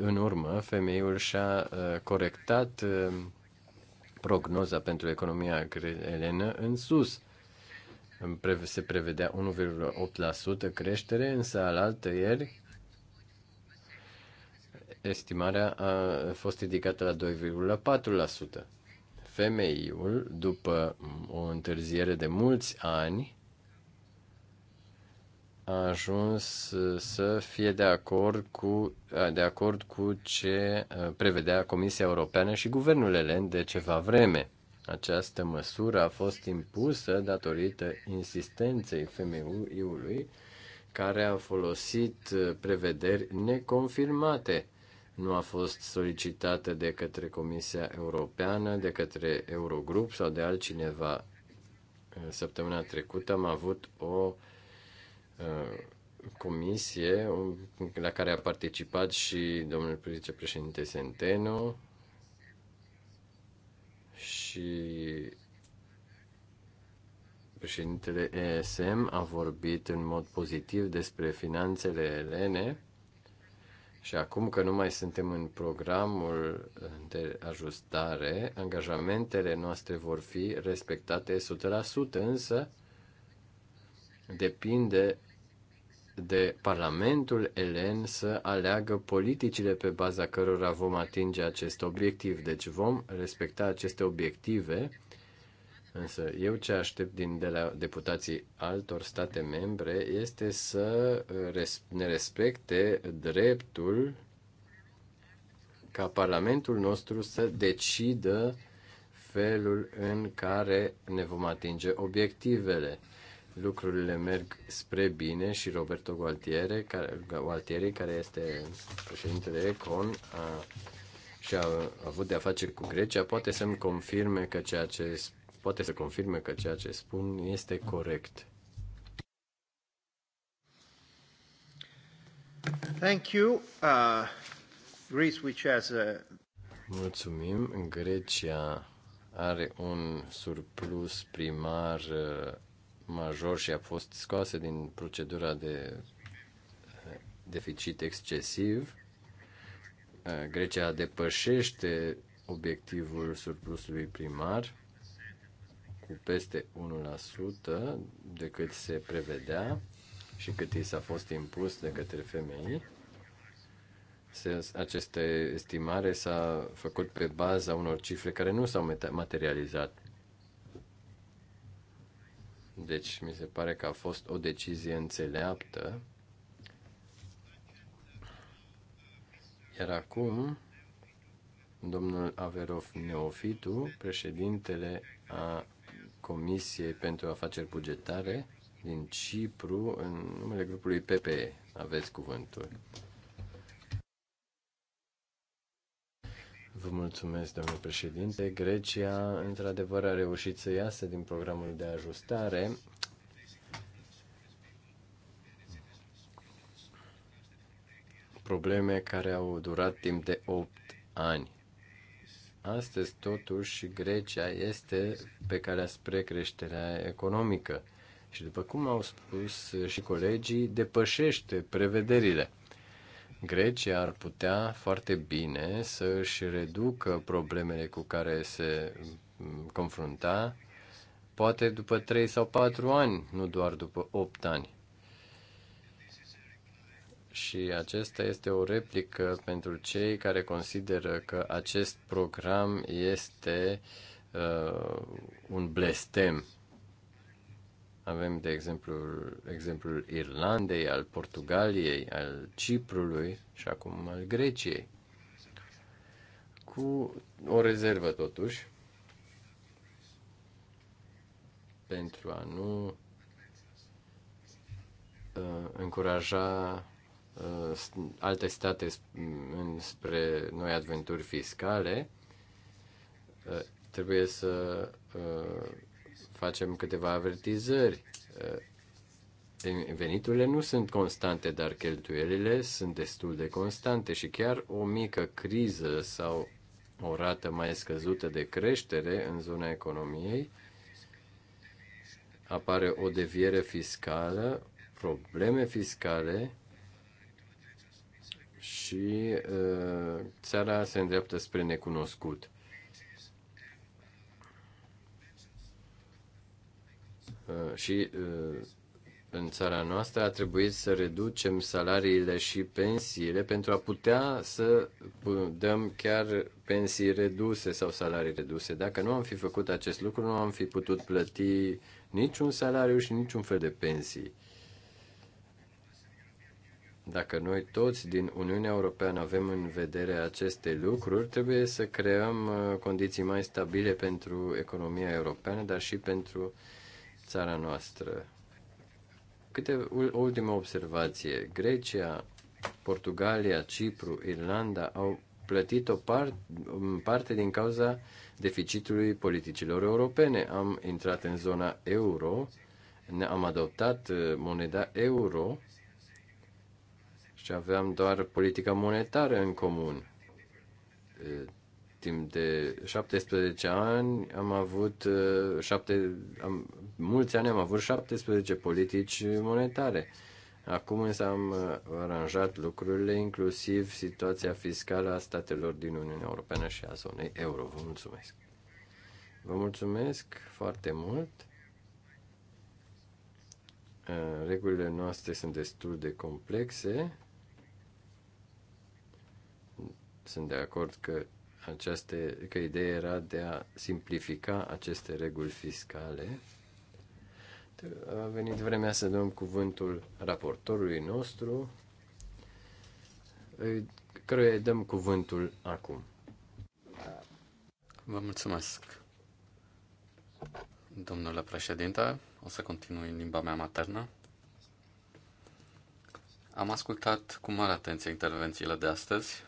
în urmă, femeiul și-a corectat prognoza pentru economia elenă în sus. Se prevedea 1,8% creștere, însă alaltă ieri estimarea a fost ridicată la 2,4%. Femeiul, după o întârziere de mulți ani, a ajuns uh, să fie de acord cu, uh, de acord cu ce uh, prevedea Comisia Europeană și guvernul elen de ceva vreme. Această măsură a fost impusă datorită insistenței FMI-ului care a folosit prevederi neconfirmate. Nu a fost solicitată de către Comisia Europeană, de către Eurogrup sau de altcineva. Săptămâna trecută am avut o uh, Uh, comisie um, la care a participat și domnul vicepreședinte Centeno și președintele ESM a vorbit în mod pozitiv despre finanțele elene și acum că nu mai suntem în programul de ajustare, angajamentele noastre vor fi respectate 100%, însă depinde de Parlamentul Elen să aleagă politicile pe baza cărora vom atinge acest obiectiv. Deci vom respecta aceste obiective, însă eu ce aștept din de la deputații altor state membre este să ne respecte dreptul ca Parlamentul nostru să decidă felul în care ne vom atinge obiectivele lucrurile merg spre bine și Roberto Gualtieri, care, Gualtieri, care este președintele Econ, a, și a avut de a face cu Grecia, poate să-mi confirme că ceea ce poate să confirme că ceea ce spun este corect. Thank you. Uh, Greece, which has a... Mulțumim. Grecia are un surplus primar uh, major și a fost scoasă din procedura de eh, deficit excesiv. Eh, Grecia depășește obiectivul surplusului primar cu peste 1% de cât se prevedea și cât i s-a fost impus de către femei. Aceste estimare s-a făcut pe baza unor cifre care nu s-au materializat. Deci, mi se pare că a fost o decizie înțeleaptă. Iar acum, domnul Averov Neofitu, președintele a Comisiei pentru Afaceri Bugetare din Cipru, în numele grupului PPE. Aveți cuvântul. Vă mulțumesc, domnule președinte. Grecia, într-adevăr, a reușit să iasă din programul de ajustare. Probleme care au durat timp de 8 ani. Astăzi, totuși, Grecia este pe calea spre creșterea economică și, după cum au spus și colegii, depășește prevederile. Grecia ar putea foarte bine să își reducă problemele cu care se mm, confrunta, poate după 3 sau 4 ani, nu doar după 8 ani. Și acesta este o replică pentru cei care consideră că acest program este uh, un blestem avem, de exemplu, exemplul Irlandei, al Portugaliei, al Ciprului și acum al Greciei. Cu o rezervă, totuși, pentru a nu uh, încuraja uh, alte state spre noi adventuri fiscale, uh, trebuie să uh, facem câteva avertizări. Veniturile nu sunt constante, dar cheltuielile sunt destul de constante și chiar o mică criză sau o rată mai scăzută de creștere în zona economiei, apare o deviere fiscală, probleme fiscale și uh, țara se îndreaptă spre necunoscut. Uh, și uh, în țara noastră a trebuit să reducem salariile și pensiile pentru a putea să uh, dăm chiar pensii reduse sau salarii reduse. Dacă nu am fi făcut acest lucru, nu am fi putut plăti niciun salariu și niciun fel de pensii. Dacă noi toți din Uniunea Europeană avem în vedere aceste lucruri, trebuie să creăm condiții mai stabile pentru economia europeană, dar și pentru uh, țara noastră. Câte o ultimă observație. Grecia, Portugalia, Cipru, Irlanda au plătit o part, parte din cauza deficitului politicilor europene. Am intrat în zona euro, ne-am adoptat uh, moneda euro și aveam doar politica monetară în comun. Uh, timp de 17 ani am avut uh, șapte, am, mulți ani am avut 17 politici monetare. Acum însă am uh, aranjat lucrurile, inclusiv situația fiscală a statelor din Uniunea Europeană și a zonei euro. Vă mulțumesc! Vă mulțumesc foarte mult! Uh, regulile noastre sunt destul de complexe. Sunt de acord că aceste, că ideea era de a simplifica aceste reguli fiscale. A venit vremea să dăm cuvântul raportorului nostru, căruia îi dăm cuvântul acum. Vă mulțumesc, domnule președinte. O să continui în limba mea maternă. Am ascultat cu mare atenție intervențiile de astăzi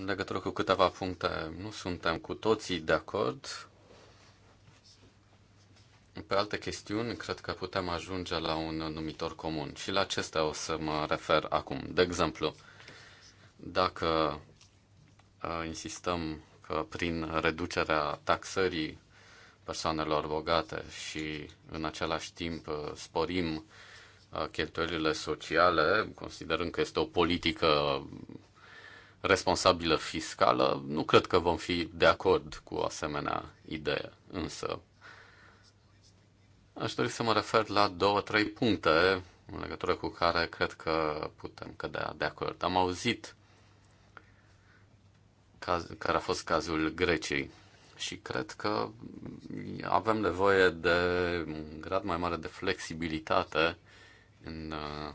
în legătură cu câteva puncte nu suntem cu toții de acord. Pe alte chestiuni, cred că putem ajunge la un numitor comun și la acestea o să mă refer acum. De exemplu, dacă uh, insistăm că prin reducerea taxării persoanelor bogate și în același timp uh, sporim uh, cheltuielile sociale, considerând că este o politică responsabilă fiscală, nu cred că vom fi de acord cu o asemenea idee. Însă, aș dori să mă refer la două, trei puncte în legătură cu care cred că putem cădea de acord. Am auzit caz, care a fost cazul Greciei și cred că avem nevoie de un grad mai mare de flexibilitate în uh,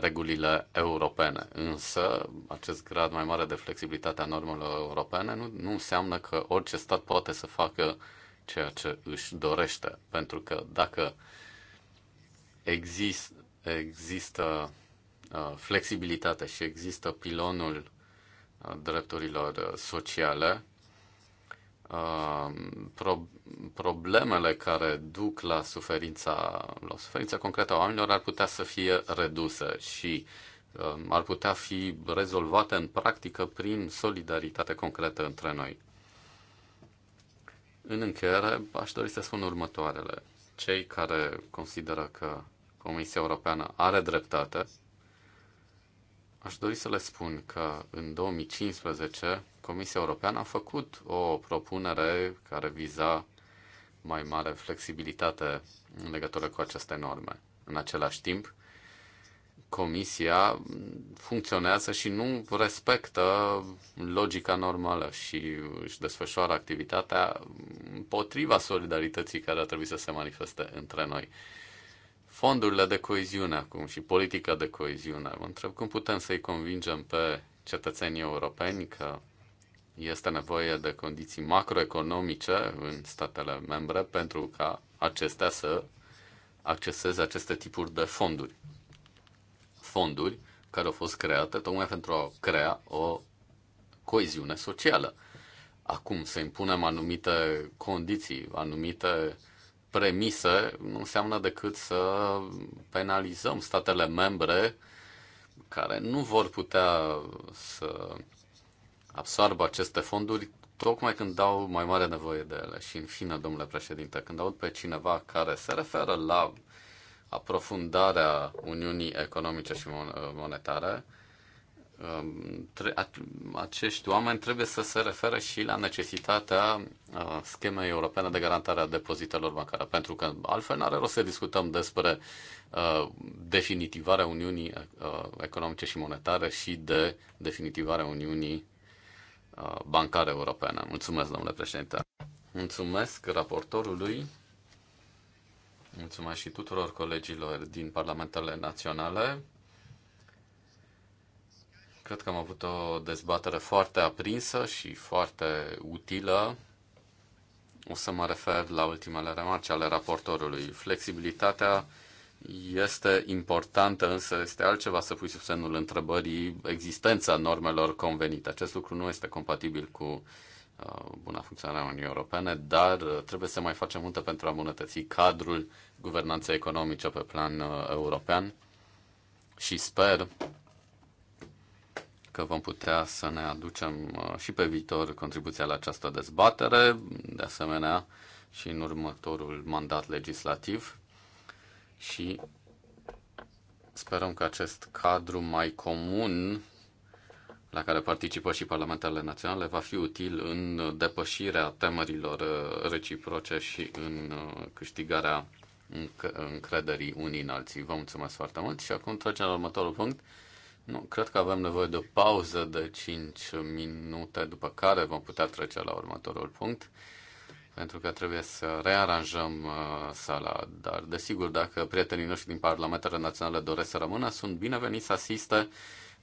regulile europene. Însă, acest grad mai mare de flexibilitate a normelor europene nu, nu înseamnă că orice stat poate să facă ceea ce își dorește. Pentru că dacă exist, există uh, flexibilitate și există pilonul uh, drepturilor uh, sociale, Um, pro, problemele care duc la suferința, la suferința concretă a oamenilor ar putea să fie reduse și um, ar putea fi rezolvate în practică prin solidaritate concretă între noi. În încheiere, aș dori să spun următoarele. Cei care consideră că Comisia Europeană are dreptate, aș dori să le spun că în 2015 Comisia Europeană a făcut o propunere care viza mai mare flexibilitate în legătură cu aceste norme. În același timp, Comisia funcționează și nu respectă logica normală și își desfășoară activitatea împotriva solidarității care ar trebui să se manifeste între noi. Fondurile de coeziune acum și politica de coeziune. vă întreb cum putem să-i convingem pe cetățenii europeni că este nevoie de condiții macroeconomice în statele membre pentru ca acestea să acceseze aceste tipuri de fonduri. Fonduri care au fost create tocmai pentru a crea o coeziune socială. Acum să impunem anumite condiții, anumite premise, nu înseamnă decât să penalizăm statele membre care nu vor putea să absorbă aceste fonduri tocmai când dau mai mare nevoie de ele. Și în fine, domnule președinte, când aud pe cineva care se referă la aprofundarea Uniunii Economice și Monetare, um, acești oameni trebuie să se referă și la necesitatea uh, schemei europene de garantare a depozitelor bancare, pentru că altfel n-are rost să discutăm despre uh, definitivarea Uniunii uh, Economice și Monetare și de definitivarea Uniunii bancară europeană. Mulțumesc, domnule președinte. Mulțumesc raportorului. Mulțumesc și tuturor colegilor din parlamentele naționale. Cred că am avut o dezbatere foarte aprinsă și foarte utilă. O să mă refer la ultimele remarci ale raportorului. Flexibilitatea este importantă, însă este altceva să pui sub semnul întrebării existența normelor convenite. Acest lucru nu este compatibil cu uh, buna funcționare a Uniunii Europene, dar uh, trebuie să mai facem multe pentru a îmbunătăți cadrul guvernanței economice pe plan uh, european și sper că vom putea să ne aducem și pe viitor contribuția la această dezbatere, de asemenea și în următorul mandat legislativ și sperăm că acest cadru mai comun la care participă și parlamentele naționale va fi util în depășirea temerilor uh, reciproce și în uh, câștigarea încrederii unii în alții. Vă mulțumesc foarte mult și acum trecem la următorul punct. Nu, cred că avem nevoie de o pauză de 5 minute, după care vom putea trece la următorul punct pentru că trebuie să rearanjăm uh, sala. Dar, desigur, dacă prietenii noștri din Parlamentele Naționale doresc să rămână, sunt bineveniți să asiste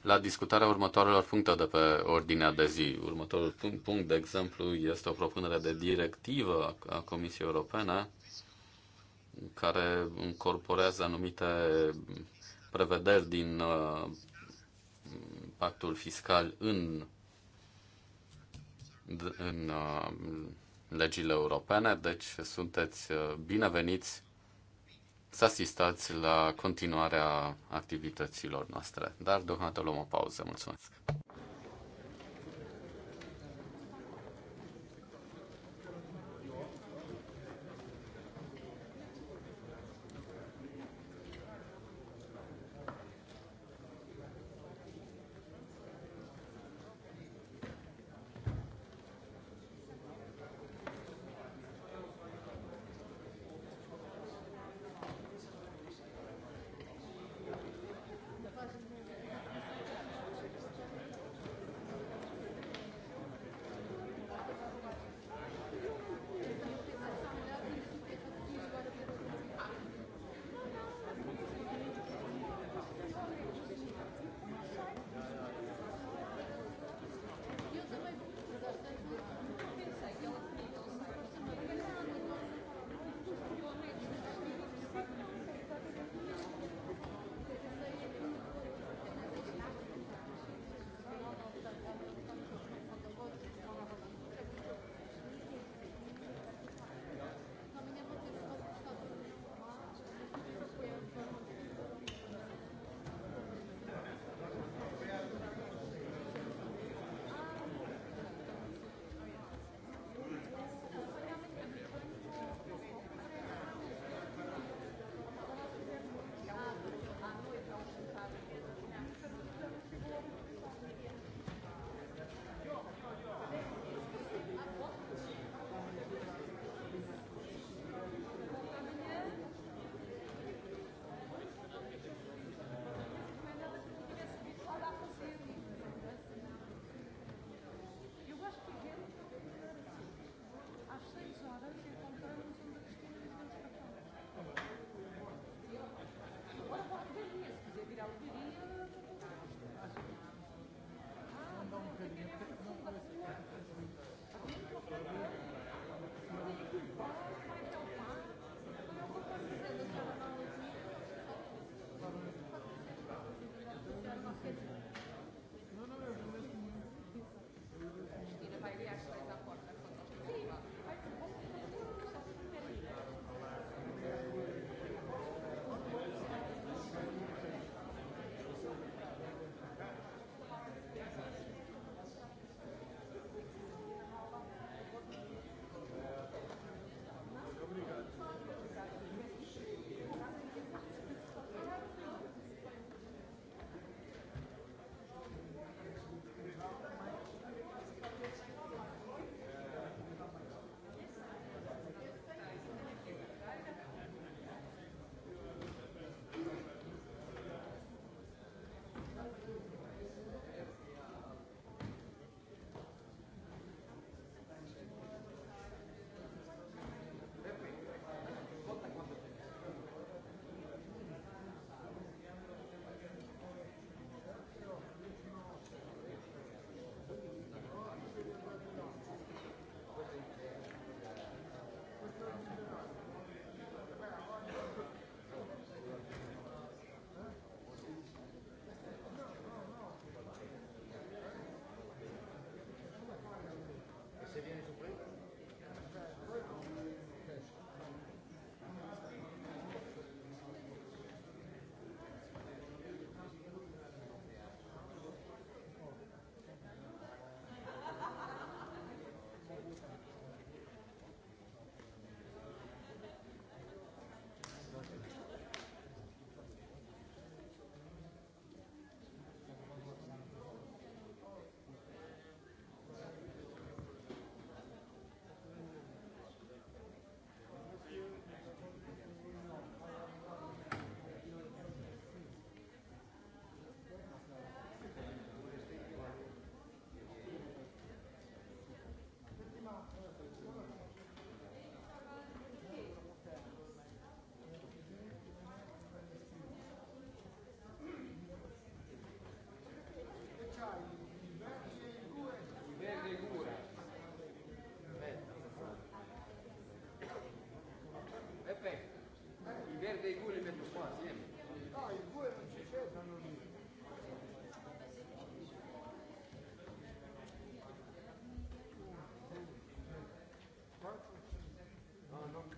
la discutarea următoarelor puncte de pe ordinea de zi. Următorul punct, punct de exemplu, este o propunere de directivă a Comisiei Europene care încorporează anumite prevederi din uh, pactul fiscal în, în uh, legile europene, deci sunteți uh, bineveniți să asistați la continuarea activităților noastre. Dar deocamdată luăm o pauză. Mulțumesc!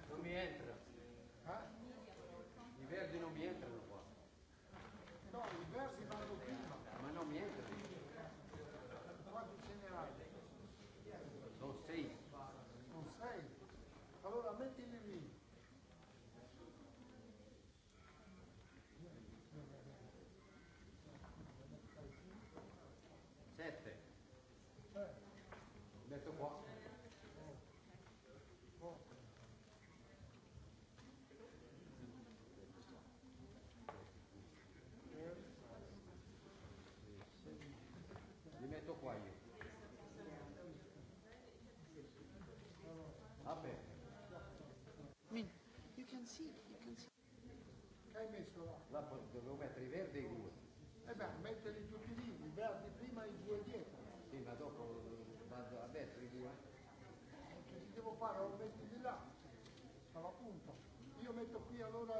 nu mi e intră. Ha? fare, ho 20 di là, sono appunto. Io metto qui allora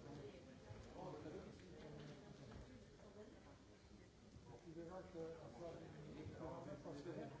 că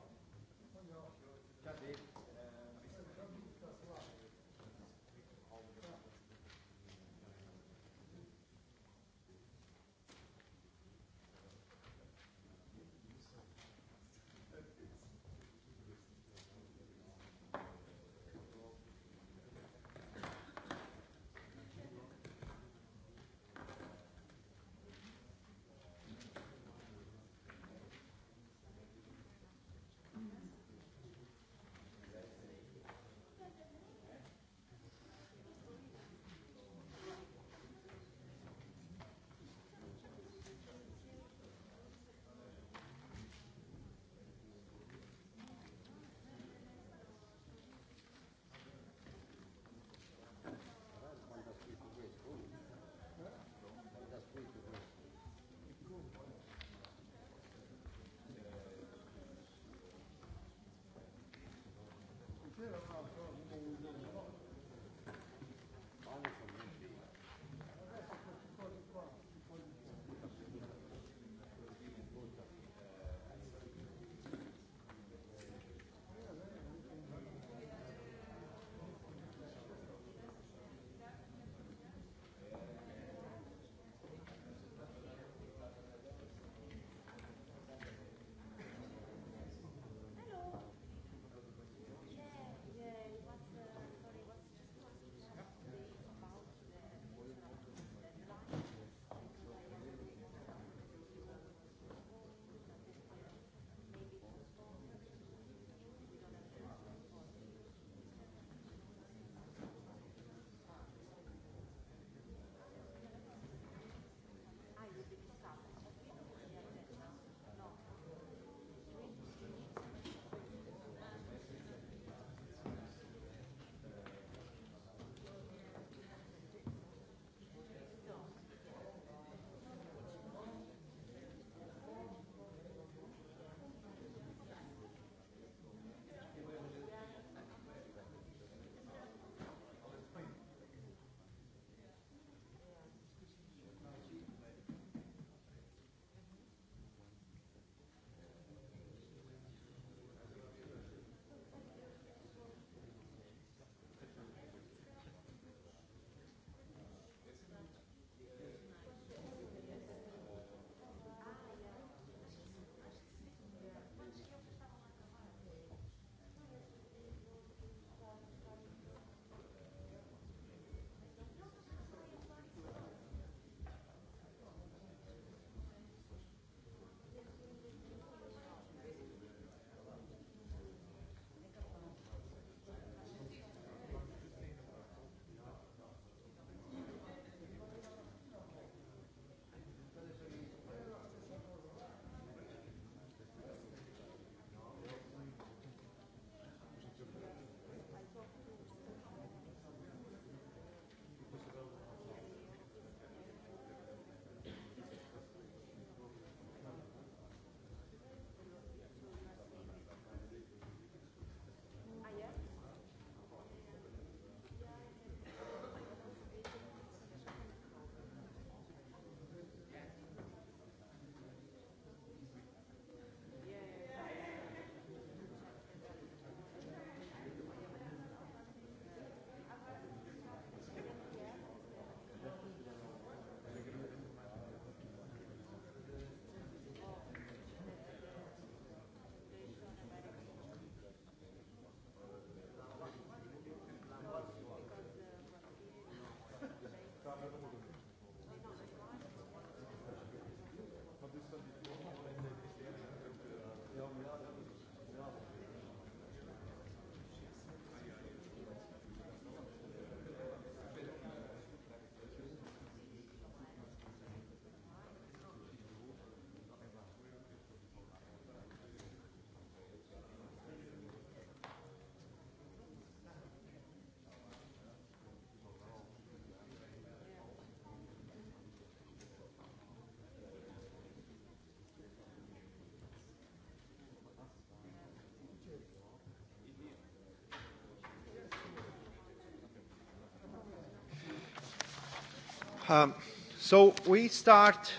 Um, so we start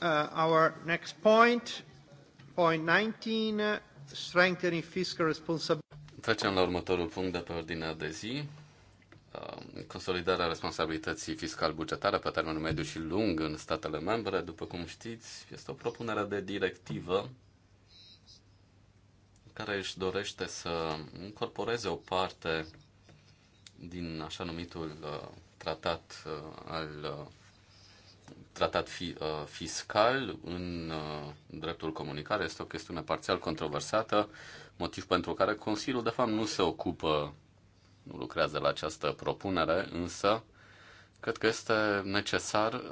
uh, our next point, point 19, uh, strengthening fiscal responsibility. Trecem la următorul punct de pe ordinea de zi, um, consolidarea responsabilității fiscal-bugetare pe termen mediu și lung în statele membre. După cum știți, este o propunere de directivă care își dorește să incorporeze o parte din așa numitul uh, tratat uh, al uh, tratat fi, uh, fiscal în uh, dreptul comunicare este o chestiune parțial controversată, motiv pentru care Consiliul de fapt nu se ocupă, nu lucrează la această propunere, însă cred că este necesar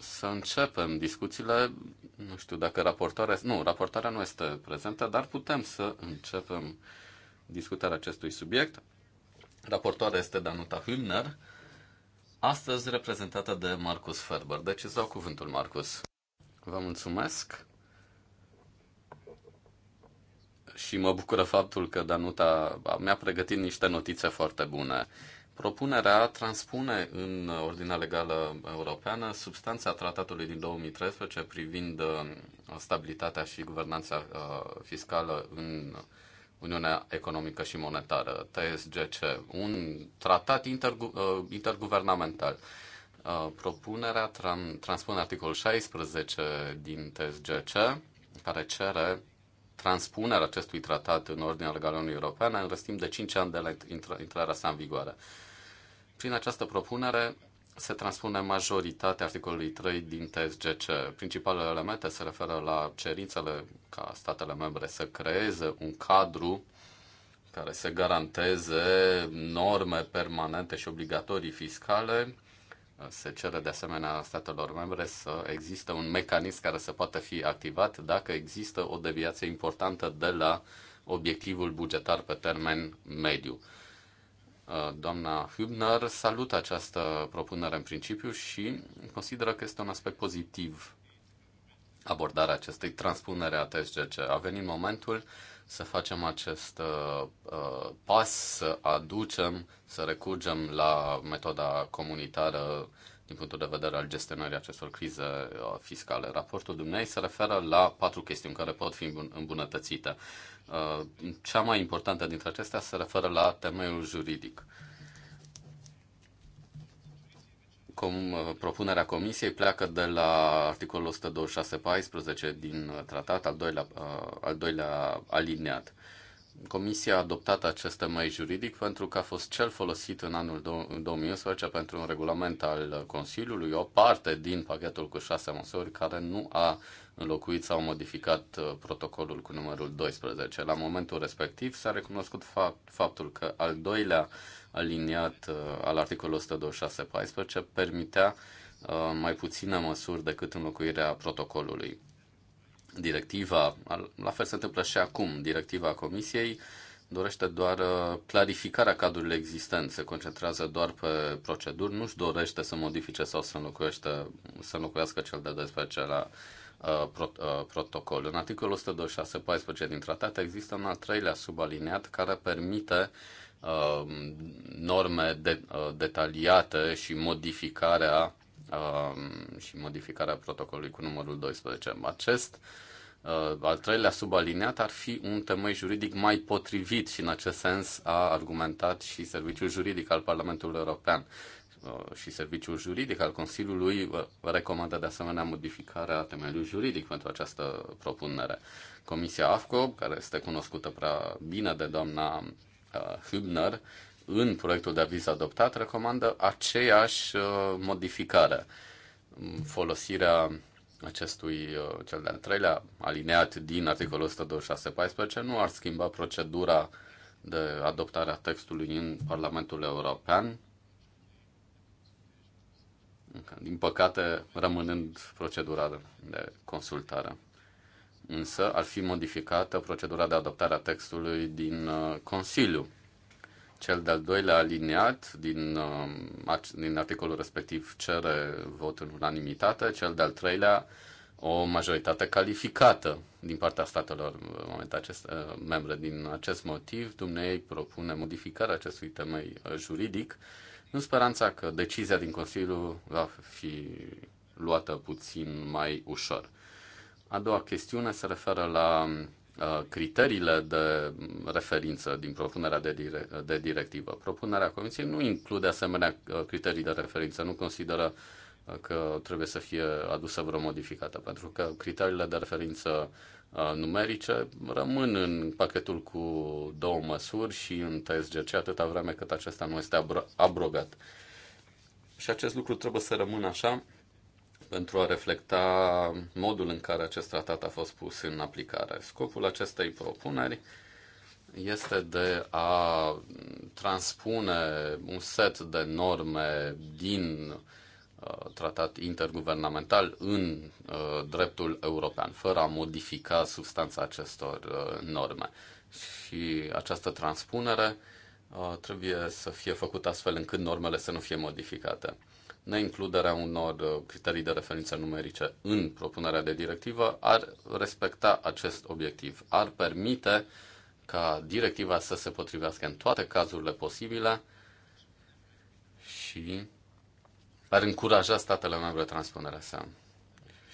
să începem discuțiile, nu știu dacă raportarea, nu, raportarea nu este prezentă, dar putem să începem discutarea acestui subiect. Raportoarea este Danuta Hübner, astăzi reprezentată de Marcus Ferber. Deci îți dau cuvântul, Marcus. Vă mulțumesc și mă bucură faptul că Danuta mi-a pregătit niște notițe foarte bune. Propunerea transpune în ordinea legală europeană substanța tratatului din 2013 privind uh, stabilitatea și guvernanța uh, fiscală în Uniunea Economică și Monetară, TSGC, un tratat intergu- uh, interguvernamental. Uh, propunerea tran- transpune articolul 16 din TSGC, care cere transpunerea acestui tratat în ordinea legală Uniunii Europene în răstim de 5 ani de la intrarea sa în vigoare. Prin această propunere, se transpune majoritatea articolului 3 din TSGC. Principalele elemente se referă la cerințele ca statele membre să creeze un cadru care să garanteze norme permanente și obligatorii fiscale. Se cere de asemenea statelor membre să existe un mecanism care să poată fi activat dacă există o deviație importantă de la obiectivul bugetar pe termen mediu. Uh, doamna Hübner salută această propunere în principiu și consideră că este un aspect pozitiv abordarea acestei transpunere a TSGC. A venit momentul să facem acest uh, uh, pas, să aducem, să recurgem la metoda comunitară din punctul de vedere al gestionării acestor crize uh, fiscale. Raportul dumneavoastră se referă la patru chestiuni care pot fi îmbunătățite. Uh, cea mai importantă dintre acestea se referă la temeiul juridic. Com, uh, propunerea Comisiei pleacă de la articolul 126.14 din tratat, al doilea, al doilea aliniat. Uh, Comisia a adoptat acest temei juridic pentru că a fost cel folosit în anul 2011 pentru un regulament al Consiliului, o parte din pachetul cu șase măsuri care nu a înlocuit sau modificat uh, protocolul cu numărul 12. La momentul respectiv s-a recunoscut faptul că al doilea aliniat uh, al articolului 126.14 permitea uh, mai puține măsuri decât înlocuirea protocolului directiva, la fel se întâmplă și acum, directiva Comisiei dorește doar uh, clarificarea cadrului existent, se concentrează doar pe proceduri, nu-și dorește să modifice sau să, înlocuiește, să înlocuiască cel de despre la protocol. În articolul 126.14 din tratat există un al treilea subaliniat care permite uh, norme de, uh, detaliate și modificarea uh, și modificarea protocolului cu numărul 12. Acest uh, Uh, al treilea subaliniat ar fi un temei juridic mai potrivit și în acest sens a argumentat și Serviciul Juridic al Parlamentului European uh, și Serviciul Juridic al Consiliului uh, recomandă de asemenea modificarea temeiului juridic pentru această propunere. Comisia AFCO, care este cunoscută prea bine de doamna Hübner, în proiectul de aviz adoptat recomandă aceeași modificare. Folosirea acestui uh, cel de-al treilea alineat din articolul 126.14 nu ar schimba procedura de adoptare a textului în Parlamentul European, din păcate rămânând procedura de consultare. Însă ar fi modificată procedura de adoptare a textului din uh, Consiliu cel de-al doilea aliniat din, um, din articolul respectiv cere vot în unanimitate, cel de-al treilea o majoritate calificată din partea statelor uh, acest, uh, membre. Din acest motiv, dumnei propune modificarea acestui temei uh, juridic în speranța că decizia din Consiliu va fi luată puțin mai ușor. A doua chestiune se referă la um, Uh, criteriile de referință din propunerea de, dire- de directivă. Propunerea Comisiei nu include asemenea uh, criterii de referință, nu consideră uh, că trebuie să fie adusă vreo modificată, pentru că criteriile de referință numerice rămân în pachetul cu două măsuri și în TSGC atâta vreme cât acesta nu este abrogat. Și acest lucru trebuie să rămână așa pentru a reflecta modul în care acest tratat a fost pus în aplicare. Scopul acestei propuneri este de a transpune un set de norme din uh, tratat interguvernamental în uh, dreptul european, fără a modifica substanța acestor uh, norme. Și această transpunere trebuie să fie făcută astfel încât normele să nu fie modificate neincluderea unor uh, criterii de referință numerice în propunerea de directivă ar respecta acest obiectiv, ar permite ca directiva să se potrivească în toate cazurile posibile și ar încuraja statele membre transpunerea sa.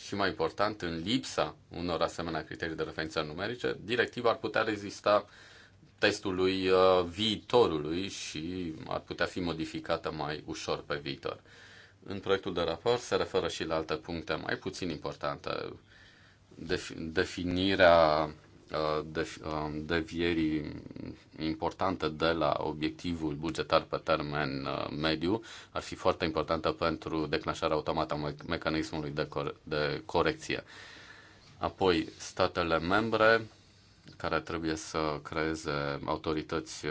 Și mai important, în lipsa unor asemenea criterii de referință numerice, directiva ar putea rezista testului uh, viitorului și ar putea fi modificată mai ușor pe viitor în proiectul de raport se referă și la alte puncte mai puțin importante. definirea uh, uh, devierii importante de la obiectivul bugetar pe termen uh, mediu ar fi foarte importantă pentru declanșarea automată a mecanismului de, cor- de corecție. Apoi, statele membre care trebuie să creeze autorități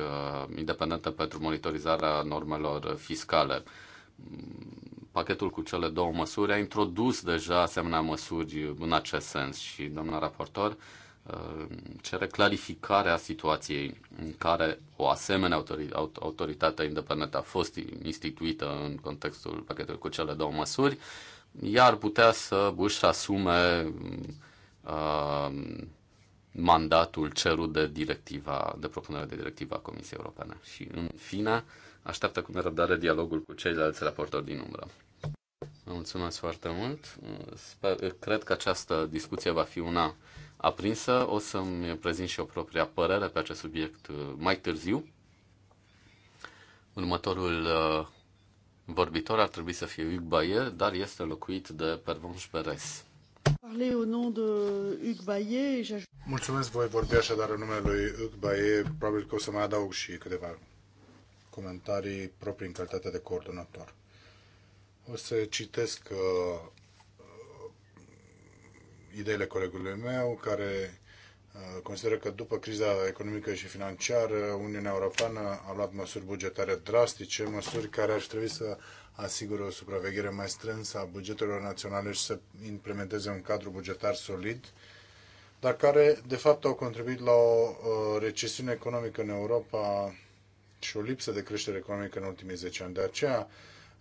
independente pentru monitorizarea normelor fiscale pachetul cu cele două măsuri a introdus deja asemenea măsuri în acest sens și doamna raportor uh, cere clarificarea situației în care o asemenea autoritate independentă a fost instituită în contextul pachetului cu cele două măsuri, iar putea să își asume uh, mandatul cerut de directiva, de propunere de directiva Comisiei Europene. Și, în fine, așteaptă cu nerăbdare dialogul cu ceilalți raportori din umbră. Mulțumesc foarte mult. Sper, cred că această discuție va fi una aprinsă. O să-mi prezint și o propria părere pe acest subiect uh, mai târziu. Următorul uh, vorbitor ar trebui să fie Hugues Bayer, dar este locuit de Pervonș Perez. Mulțumesc, voi vorbi așadar în numele lui Hugues Bayer. Probabil că o să mai adaug și câteva comentarii proprii în calitate de coordonator. O să citesc uh, ideile colegului meu, care uh, consideră că după criza economică și financiară, Uniunea Europeană a luat măsuri bugetare drastice, măsuri care ar trebui să asigură o supraveghere mai strânsă a bugetelor naționale și să implementeze un cadru bugetar solid, dar care, de fapt, au contribuit la o uh, recesiune economică în Europa și o lipsă de creștere economică în ultimii 10 ani. De aceea, uh,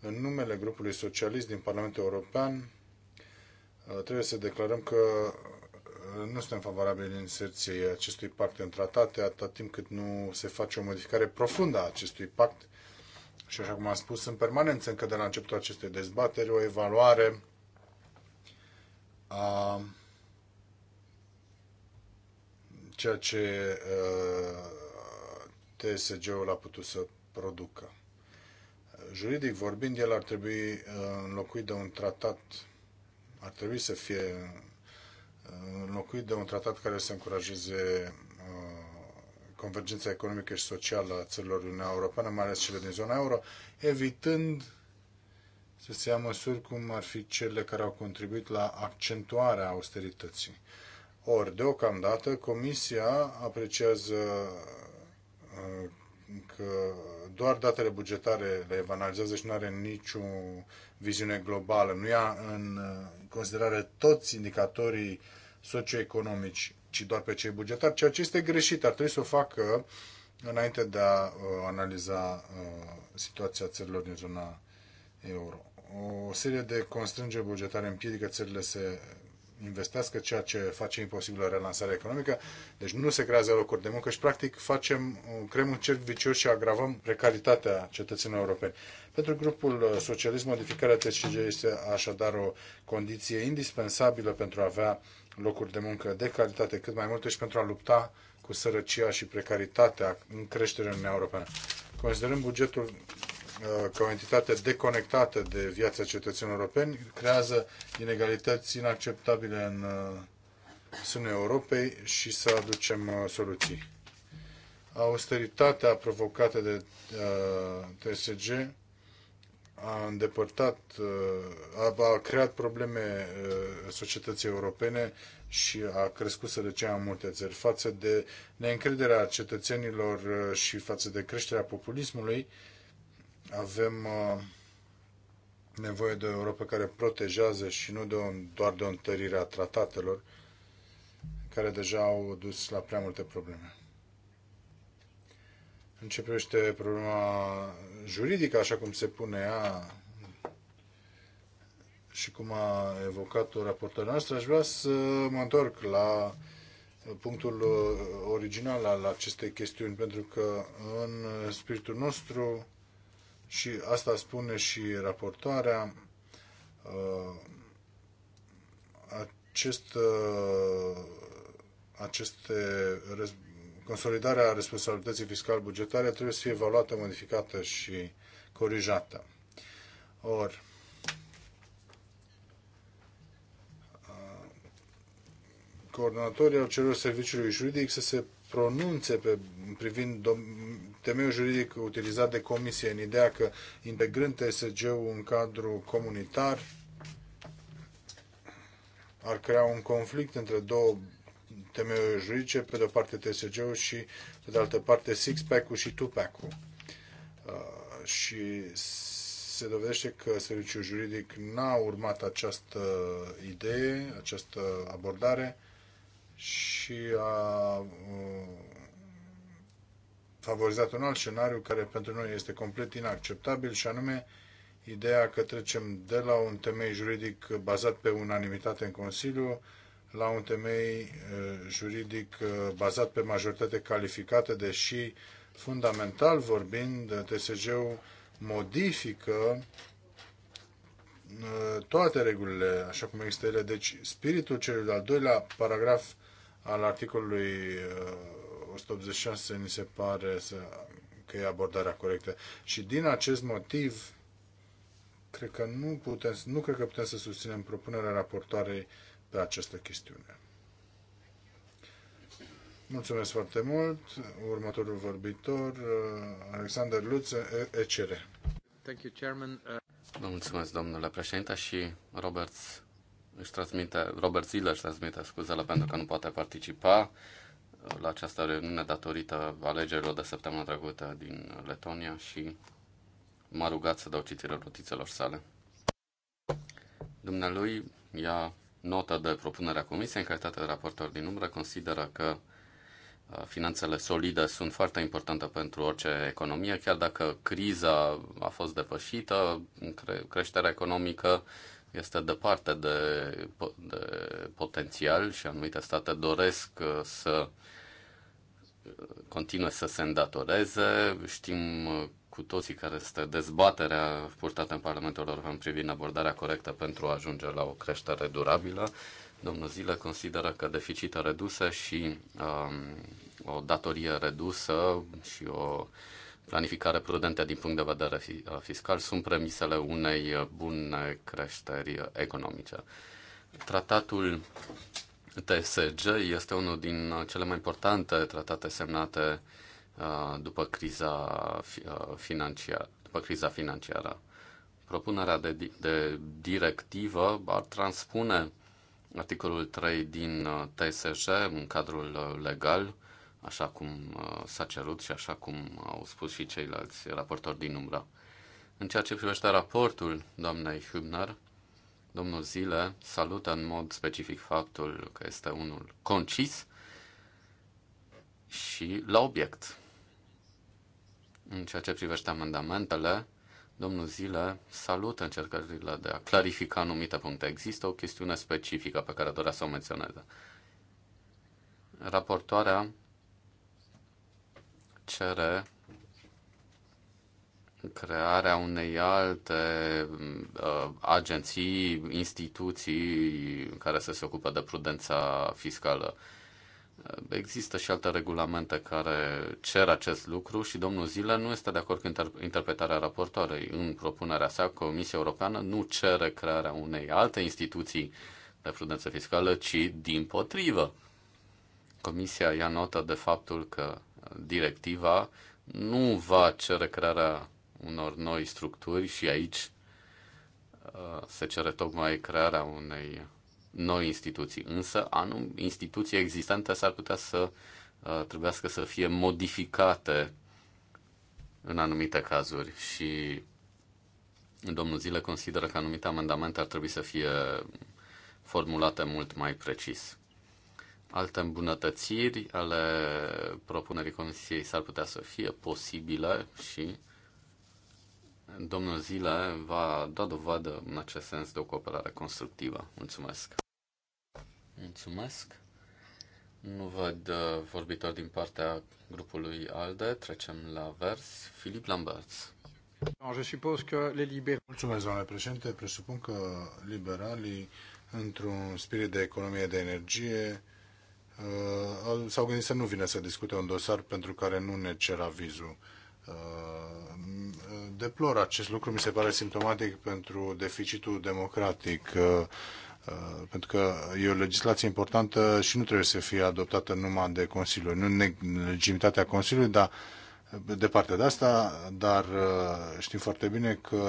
în numele grupului socialist din Parlamentul European, uh, trebuie să declarăm că uh, nu suntem favorabili inserției acestui pact în tratate, atât timp cât nu se face o modificare profundă a acestui pact și, așa cum am spus, în permanență încă de la începutul acestei dezbateri, o evaluare a ceea ce uh, TSG-ul a putut să producă juridic vorbind, el ar trebui uh, înlocuit de un tratat, ar trebui să fie uh, înlocuit de un tratat care să încurajeze uh, convergența economică și socială a țărilor Uniunea Europeană, mai ales cele din zona euro, evitând să se ia măsuri cum ar fi cele care au contribuit la accentuarea austerității. Ori, deocamdată, Comisia apreciază că doar datele bugetare le analizează și nu are nicio viziune globală. Nu ia în uh, considerare toți indicatorii socioeconomici, ci doar pe cei bugetari, ceea ce este greșit. Ar trebui să o facă înainte de a uh, analiza uh, situația țărilor din zona euro. O serie de constrângeri bugetare împiedică țările să investească, ceea ce face imposibilă relansarea economică. Deci nu se creează locuri de muncă și, practic, facem, creăm un cerc vicios și agravăm precaritatea cetățenilor europeni. Pentru grupul uh, socialist, modificarea TCG este așadar o condiție indispensabilă pentru a avea locuri de muncă de calitate cât mai multe și pentru a lupta cu sărăcia și precaritatea în creșterea în Uniunea Europeană. Considerăm bugetul Uh, ca o entitate deconectată de viața cetățenilor europeni, creează inegalități inacceptabile în uh, sânul Europei și să aducem uh, soluții. Austeritatea provocată de TSG a îndepărtat, a, a creat probleme societății europene și a crescut sărăcia în multe țări. Față de neîncrederea cetățenilor și față de creșterea populismului, avem uh, nevoie de o Europa care protejează și nu de o, doar de o întărire a tratatelor, care deja au dus la prea multe probleme. Începește problema juridică, așa cum se pune ea și cum a evocat-o raportoarea noastră, aș vrea să mă întorc la punctul uh, original al acestei chestiuni, pentru că în spiritul nostru și asta spune și raportoarea, uh, acest, uh, aceste, consolidarea responsabilității fiscal-bugetare trebuie să fie evaluată, modificată și corijată. Or. Uh, coordonatorii au cerut serviciului juridic să se pronunțe pe, privind dom- temeiul juridic utilizat de comisie în ideea că integrând TSG-ul în cadrul comunitar ar crea un conflict între două temeiuri juridice, pe de o parte TSG-ul și pe de altă parte six-pack-ul și two-pack-ul. Uh, și se dovedește că serviciul juridic n-a urmat această idee, această abordare și a uh, favorizat un alt scenariu care pentru noi este complet inacceptabil și anume ideea că trecem de la un temei juridic bazat pe unanimitate în Consiliu la un temei eh, juridic eh, bazat pe majoritate calificată, deși fundamental vorbind, TSG-ul modifică eh, toate regulile așa cum există ele. Deci spiritul celui de-al doilea paragraf al articolului 186 ni se pare să, că e abordarea corectă. Și din acest motiv, cred că nu, putem, nu cred că putem să susținem propunerea raportoarei pe această chestiune. Mulțumesc foarte mult. Următorul vorbitor, Alexander Luț, ECR. Thank you, Chairman. Vă mulțumesc, domnule președinte, și Roberts își transmite, Robert Ziller își transmite scuzele pentru că nu poate participa la această reuniune datorită alegerilor de săptămâna trecută din Letonia și m-a rugat să dau citire notițelor sale. Dumnealui ia notă de propunerea comisiei în calitate de raportor din umbră, consideră că uh, finanțele solide sunt foarte importante pentru orice economie, chiar dacă criza a fost depășită, creșterea economică este departe de, de potențial și anumite state doresc uh, să uh, continue să se îndatoreze. Știm uh, cu toții care este dezbaterea purtată în Parlamentul European privind abordarea corectă pentru a ajunge la o creștere durabilă. Domnul Zile consideră că deficită redusă și um, o datorie redusă și o uh, planificare prudentă din punct de vedere uh, fiscal sunt premisele unei uh, bune creșteri economice. Tratatul TSG este unul din uh, cele mai importante tratate semnate după criza financiară. După criza financiară. Propunerea de, de directivă ar transpune articolul 3 din TSG în cadrul legal așa cum uh, s-a cerut și așa cum au spus și ceilalți raportori din umbră. În ceea ce privește raportul doamnei Hübner, domnul Zile salută în mod specific faptul că este unul concis și la obiect. În ceea ce privește amendamentele, domnul Zile salută încercările de a clarifica anumite puncte. Există o chestiune specifică pe care dorea să o menționeze. Raportoarea cere crearea unei alte uh, agenții, instituții care să se ocupe de prudența fiscală. Uh, există și alte regulamente care cer acest lucru și domnul Zile nu este de acord cu inter- interpretarea raportoarei. În propunerea sa, Comisia Europeană nu cere crearea unei alte instituții de prudență fiscală, ci din potrivă. Comisia ia notă de faptul că directiva nu va cere crearea unor noi structuri și aici uh, se cere tocmai crearea unei noi instituții. Însă, anum, instituții existente s-ar putea să uh, trebuiască să fie modificate în anumite cazuri și domnul Zile consideră că anumite amendamente ar trebui să fie formulate mult mai precis. Alte îmbunătățiri ale propunerii Comisiei s-ar putea să fie posibile și domnul Zile va da dovadă în acest sens de o cooperare constructivă. Mulțumesc! Mulțumesc! Nu văd uh, vorbitor din partea grupului ALDE. Trecem la vers. Filip Lamberts. Mulțumesc, doamne președinte. Presupun că liberalii, într-un spirit de economie de energie, Uh, s-au gândit să nu vină să discute un dosar pentru care nu ne cer avizul. Uh, deplor acest lucru, mi se pare simptomatic pentru deficitul democratic, uh, pentru că e o legislație importantă și nu trebuie să fie adoptată numai de Consiliu. Nu legitimitatea Consiliului, dar de partea de asta, dar uh, știm foarte bine că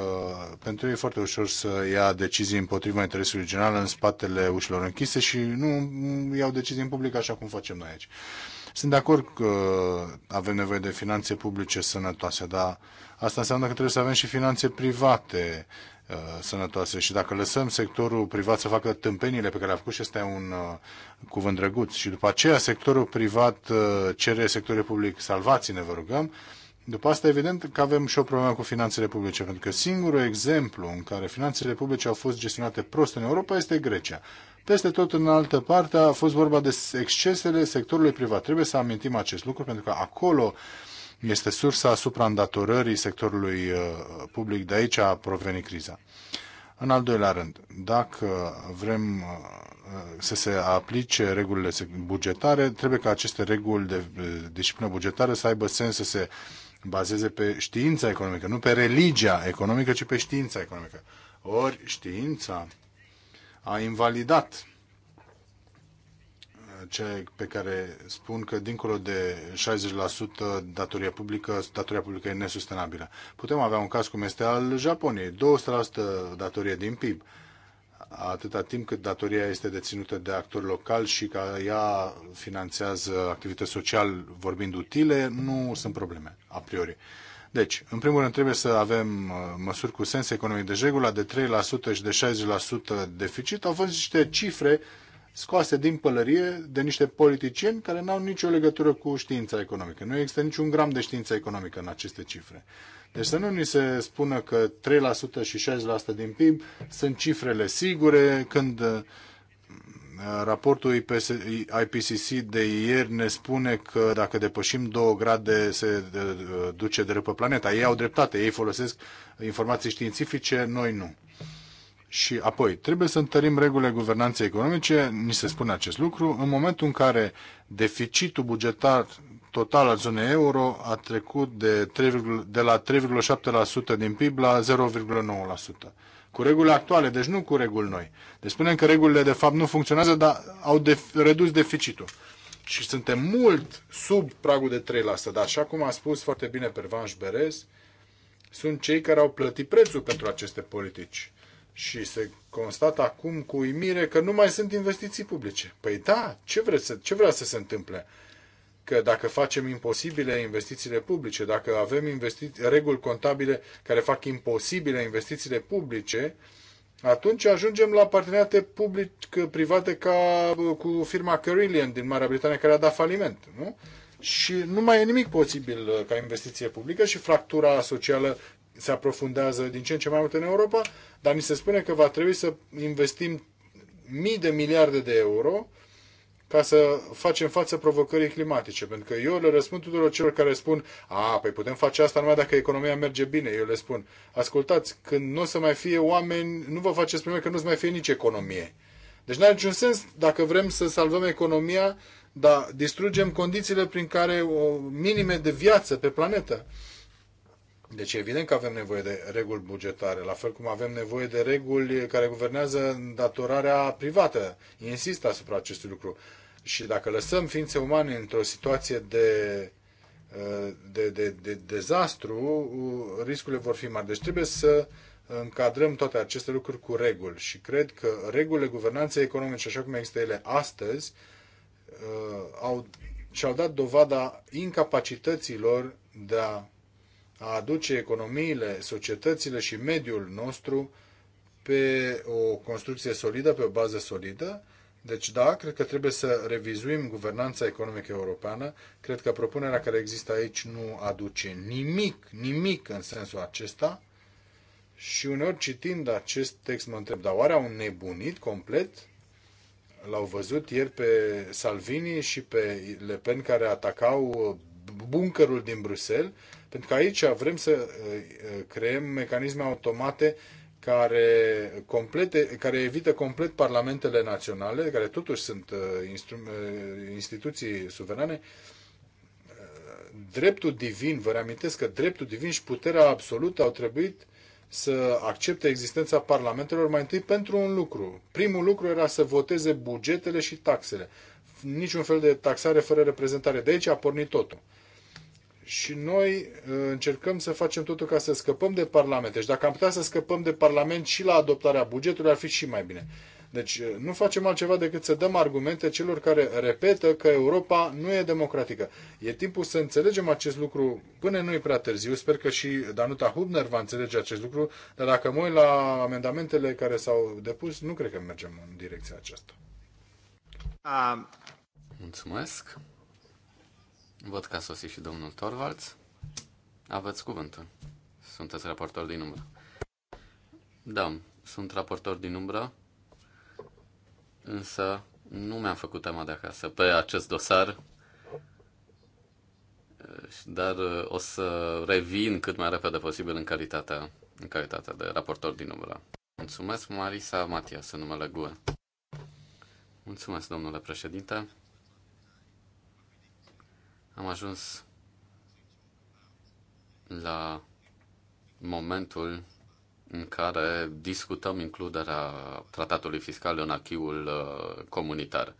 pentru ei e foarte ușor să ia decizii împotriva interesului general în spatele ușilor închise și nu iau decizii în public așa cum facem noi aici. Sunt de acord că avem nevoie de finanțe publice sănătoase, dar asta înseamnă că trebuie să avem și finanțe private Uh, sănătoase și dacă lăsăm sectorul privat să facă tâmpenile pe care le-a făcut și este un uh, cuvânt drăguț și după aceea sectorul privat uh, cere sectorul public salvați-ne, vă rugăm, după asta, evident că avem și o problemă cu finanțele publice, pentru că singurul exemplu în care finanțele publice au fost gestionate prost în Europa este Grecia. Peste tot în altă parte a fost vorba de excesele sectorului privat. Trebuie să amintim acest lucru, pentru că acolo uh, este sursa asupra îndatorării sectorului uh, public, de aici a provenit criza. În al doilea rând, dacă vrem uh, să se aplice regulile bugetare, trebuie ca aceste reguli de uh, disciplină bugetară să aibă sens să se bazeze pe știința economică, nu pe religia economică, ci pe știința economică. Ori știința a invalidat cea pe care spun că dincolo de 60% datoria publică, datoria publică e nesustenabilă. Putem avea un caz cum este al Japoniei, 200% datorie din PIB, atâta timp cât datoria este deținută de actori locali și că ea finanțează activități social vorbind utile, nu sunt probleme, a priori. Deci, în primul rând, trebuie să avem uh, măsuri cu sens economic. de regulă de 3% și de 60% deficit au fost niște cifre scoase din pălărie de niște politicieni care n-au nicio legătură cu știința economică. Nu există niciun gram de știință economică în aceste cifre. Deci să nu ni se spună că 3% și 6% din PIB sunt cifrele sigure, când uh, raportul IPCC de ieri ne spune că dacă depășim 2 grade se uh, duce de pe planeta. Ei au dreptate, ei folosesc informații științifice, noi nu. Și apoi, trebuie să întărim regulile guvernanței economice, ni se spune acest lucru, în momentul în care deficitul bugetar total al zonei euro a trecut de, 3, de la 3,7% din PIB la 0,9%. Cu regulile actuale, deci nu cu reguli noi. Deci spunem că regulile de fapt nu funcționează, dar au de, redus deficitul. Și suntem mult sub pragul de 3%, dar așa cum a spus foarte bine Pervanș Berez, sunt cei care au plătit prețul pentru aceste politici și se constată acum cu uimire că nu mai sunt investiții publice. Păi da, ce, vreți să, ce vrea să se întâmple? Că dacă facem imposibile investițiile publice, dacă avem reguli contabile care fac imposibile investițiile publice, atunci ajungem la parteneriate public-private ca cu firma Carillion din Marea Britanie care a dat faliment, nu? Și nu mai e nimic posibil uh, ca investiție publică și fractura socială se aprofundează din ce în ce mai mult în Europa, dar ni se spune că va trebui să investim mii de miliarde de euro ca să facem față provocării climatice. Pentru că eu le răspund tuturor celor care spun, a, păi putem face asta numai dacă economia merge bine. Eu le spun, ascultați, când nu o să mai fie oameni, nu vă faceți probleme că nu o să mai fie nici economie. Deci n-are niciun sens dacă vrem să salvăm economia, dar distrugem condițiile prin care o minime de viață pe planetă. Deci evident că avem nevoie de reguli bugetare, la fel cum avem nevoie de reguli care guvernează îndatorarea privată. Insist asupra acestui lucru. Și dacă lăsăm ființe umane într-o situație de, de, de, de dezastru, riscurile vor fi mari. Deci trebuie să încadrăm toate aceste lucruri cu reguli și cred că regulile guvernanței economice, așa cum există ele astăzi, uh, au, și-au dat dovada incapacităților de a a aduce economiile, societățile și mediul nostru pe o construcție solidă, pe o bază solidă. Deci da, cred că trebuie să revizuim guvernanța economică europeană. Cred că propunerea care există aici nu aduce nimic, nimic în sensul acesta. Și uneori citind acest text mă întreb, dar oare au nebunit complet? L-au văzut ieri pe Salvini și pe Le Pen care atacau bunkerul din Bruxelles pentru că aici vrem să eh, eh, creăm mecanisme automate care, complete, care evită complet parlamentele naționale, care totuși sunt eh, instituții suverane, dreptul divin, vă reamintesc că dreptul divin și puterea absolută au trebuit să accepte existența parlamentelor mai întâi pentru un lucru. Primul lucru era să voteze bugetele și taxele. Niciun fel de taxare fără reprezentare. De aici a pornit totul și noi uh, încercăm să facem totul ca să scăpăm de Parlament. Deci dacă am putea să scăpăm de Parlament și la adoptarea bugetului, ar fi și mai bine. Deci uh, nu facem altceva decât să dăm argumente celor care repetă că Europa nu e democratică. E timpul să înțelegem acest lucru până nu e prea târziu. Sper că și Danuta Hubner va înțelege acest lucru, dar dacă mă uit la amendamentele care s-au depus, nu cred că mergem în direcția aceasta. Um. Mulțumesc. Văd că a sosit și domnul Torvalds. Aveți cuvântul. Sunteți raportor din umbră. Da, sunt raportor din umbră, însă nu mi-am făcut tema de acasă pe acest dosar, dar uh, o să revin cât mai repede posibil în calitatea, în calitatea de raportor din umbră. Mulțumesc, Marisa Matias, în numele GUE. Mulțumesc, domnule președinte am ajuns la momentul în care discutăm includerea tratatului fiscal în achiul uh, comunitar.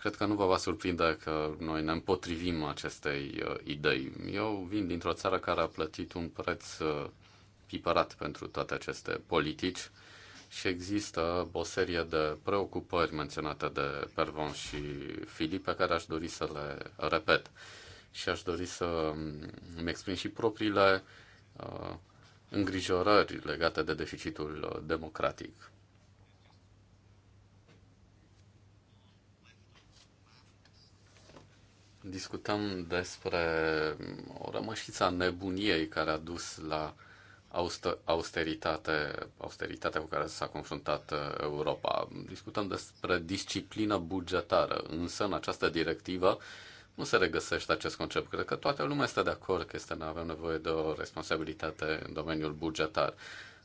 Cred că nu vă va surprinde că noi ne împotrivim acestei uh, idei. Eu vin dintr-o țară care a plătit un preț uh, pipărat pentru toate aceste politici și există o serie de preocupări menționate de Pervon și Filip pe care aș dori să le repet și aș dori să îmi exprim și propriile uh, îngrijorări legate de deficitul democratic. Discutăm despre o rămășiță a nebuniei care a dus la austeritate, austeritatea cu care s-a confruntat uh, Europa. Discutăm despre disciplină bugetară, însă în această directivă nu se regăsește acest concept. Cred că toată lumea este de acord că este, ne avem nevoie de o responsabilitate în domeniul bugetar.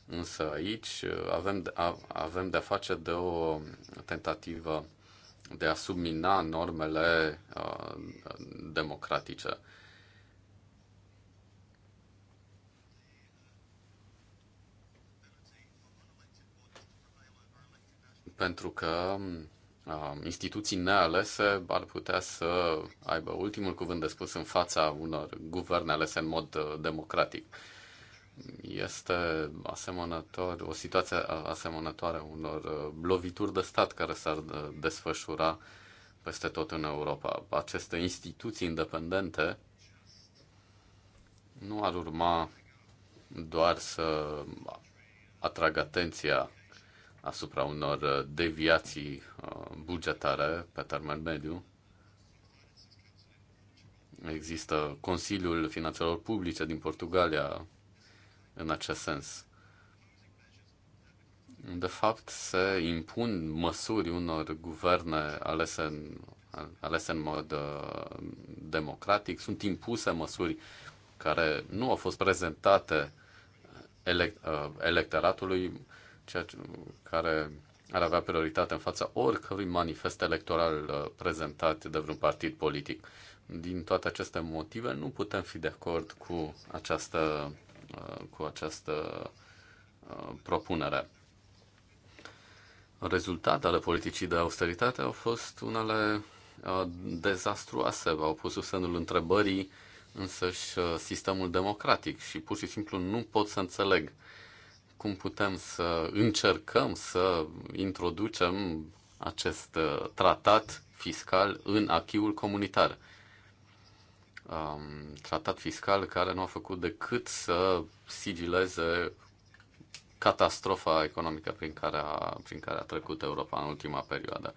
Însă aici uh, avem, avem de-a face de o tentativă de a submina normele uh, democratice. pentru că uh, instituții nealese ar putea să aibă ultimul cuvânt de spus în fața unor guverne alese în mod uh, democratic. Este asemănător, o situație uh, asemănătoare unor lovituri de stat care s-ar desfășura peste tot în Europa. Aceste instituții independente nu ar urma doar să atragă atenția asupra unor uh, deviații uh, bugetare pe termen mediu. Există Consiliul Finanțelor Publice din Portugalia în acest sens. De fapt, se impun măsuri unor guverne alese în, alese în mod uh, democratic, sunt impuse măsuri care nu au fost prezentate ele, electoratului ceea ce, care ar avea prioritate în fața oricărui manifest electoral uh, prezentat de vreun partid politic. Din toate aceste motive, nu putem fi de acord cu această, uh, cu această uh, propunere. Rezultatele politicii de austeritate au fost unele dezastruoase, au pus sub semnul întrebării însăși sistemul democratic și pur și simplu nu pot să înțeleg uh, cum putem să încercăm să introducem acest uh, tratat fiscal în achiul comunitar. Um, tratat fiscal care nu a făcut decât să sigileze catastrofa economică prin care a, prin care a trecut Europa în ultima perioadă.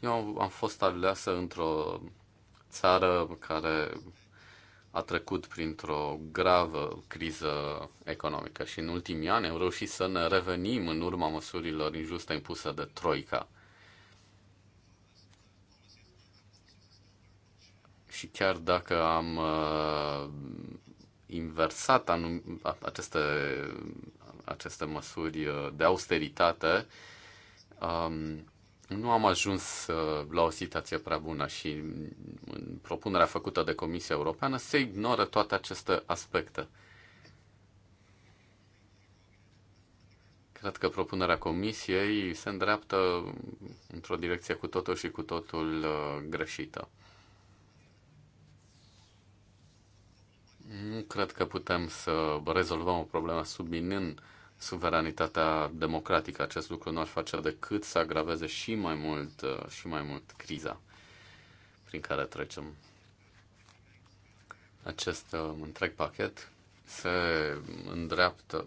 Eu am fost aleasă într-o țară care a trecut printr-o gravă criză economică și în ultimii ani am reușit să ne revenim în urma măsurilor injuste impuse de Troica. Și chiar dacă am uh, inversat anum- aceste, aceste măsuri uh, de austeritate, um, nu am ajuns uh, la o situație prea bună și în propunerea făcută de Comisia Europeană se ignoră toate aceste aspecte. Cred că propunerea Comisiei se îndreaptă într-o direcție cu totul și cu totul uh, greșită. Nu cred că putem să rezolvăm o problemă subminând uh, suveranitatea democratică. Acest lucru nu ar face decât să agraveze și mai mult, uh, și mai mult criza prin care trecem. Acest uh, întreg pachet se îndreaptă,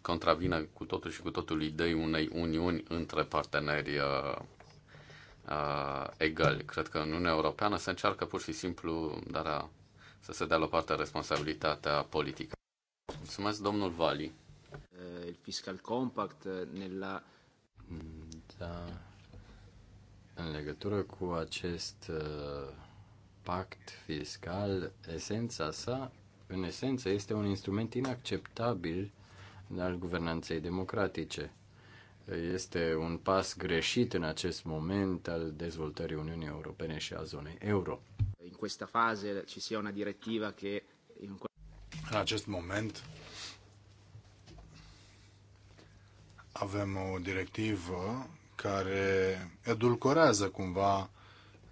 contravine cu totul și cu totul idei unei uniuni între parteneri uh, uh, egali. Cred că în Uniunea Europeană se încearcă pur și simplu dar a, să se dea la o parte responsabilitatea politică. Mulțumesc, domnul Vali. Eh, il fiscal compact eh, nella... Da. În legătură cu acest eh, pact fiscal, esența sa, în esență, este un instrument inacceptabil al guvernanței democratice. Este un pas greșit în acest moment al dezvoltării Uniunii Europene și a zonei euro. În această fază, ci sia una directivă care... În acest moment, avem o directivă care edulcorează cumva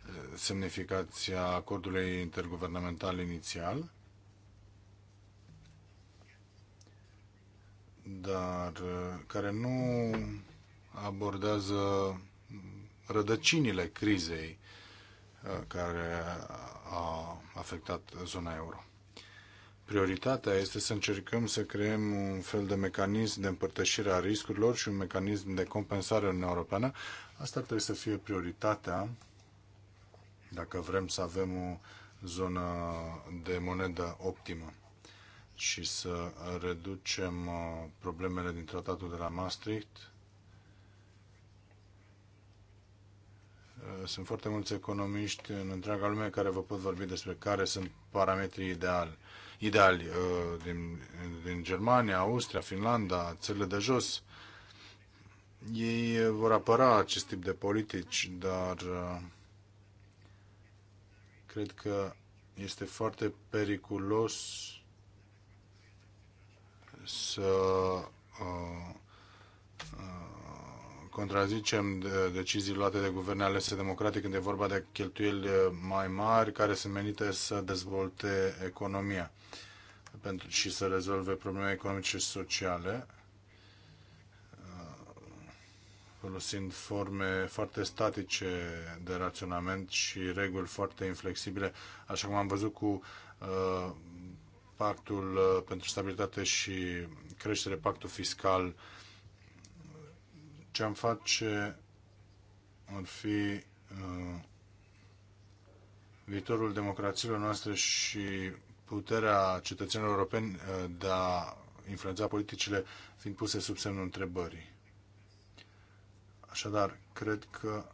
eh, semnificația acordului interguvernamental inițial, dar eh, care nu abordează rădăcinile crizei eh, care a afectat zona euro. Prioritatea este să încercăm să creăm un fel de mecanism de împărtășire a riscurilor și un mecanism de compensare în Europeană. Asta trebuie să fie prioritatea dacă vrem să avem o zonă de monedă optimă și să reducem uh, problemele din tratatul de la Maastricht. Uh, sunt foarte mulți economiști în întreaga lume care vă pot vorbi despre care sunt parametrii ideali ideali uh, din, din Germania, Austria, Finlanda, țările de jos. Ei vor apăra acest tip de politici, dar uh, cred că este foarte periculos să uh, uh, contrazicem decizii luate de guverne alese democrate când e vorba de cheltuieli eh, mai mari care sunt menite să dezvolte economia pentru, și să rezolve probleme economice și sociale eh, folosind forme foarte statice de raționament și reguli foarte inflexibile, așa cum am văzut cu uh, pactul pentru stabilitate și creștere, pactul fiscal ce am face ar fi uh, viitorul democrațiilor noastre și puterea cetățenilor europeni uh, de a influența politicile fiind puse sub semnul întrebării. Așadar, cred că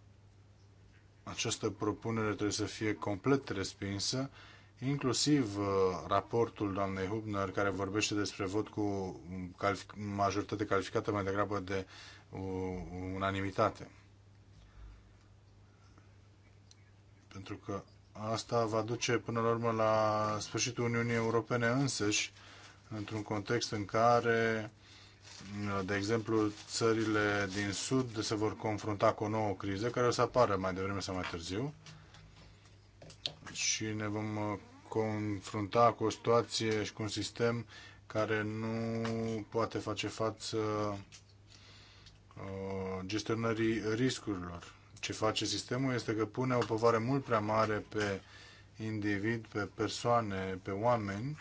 această propunere trebuie să fie complet respinsă, inclusiv uh, raportul doamnei Hubner, care vorbește despre vot cu calific majoritate calificată mai degrabă de unanimitate. Pentru că asta va duce până la urmă la sfârșitul Uniunii Europene însăși, într-un context în care, de exemplu, țările din Sud se vor confrunta cu o nouă criză care o să apară mai devreme sau mai târziu și ne vom uh, confrunta cu o situație și cu un sistem care nu poate face față Uh, gestionării riscurilor. Ce face sistemul este că pune o povară mult prea mare pe individ, pe persoane, pe oameni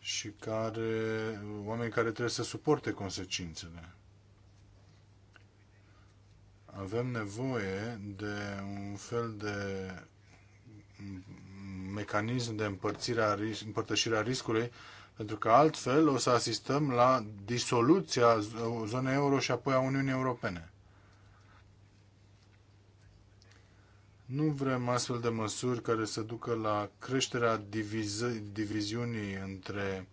și care, oameni care trebuie să suporte consecințele. Avem nevoie de un fel de mecanism de împărțire a ris- împărtășire a riscului pentru că altfel o să asistăm la disoluția zonei euro și apoi a Uniunii Europene. Nu vrem astfel de măsuri care să ducă la creșterea divizi- diviziunii între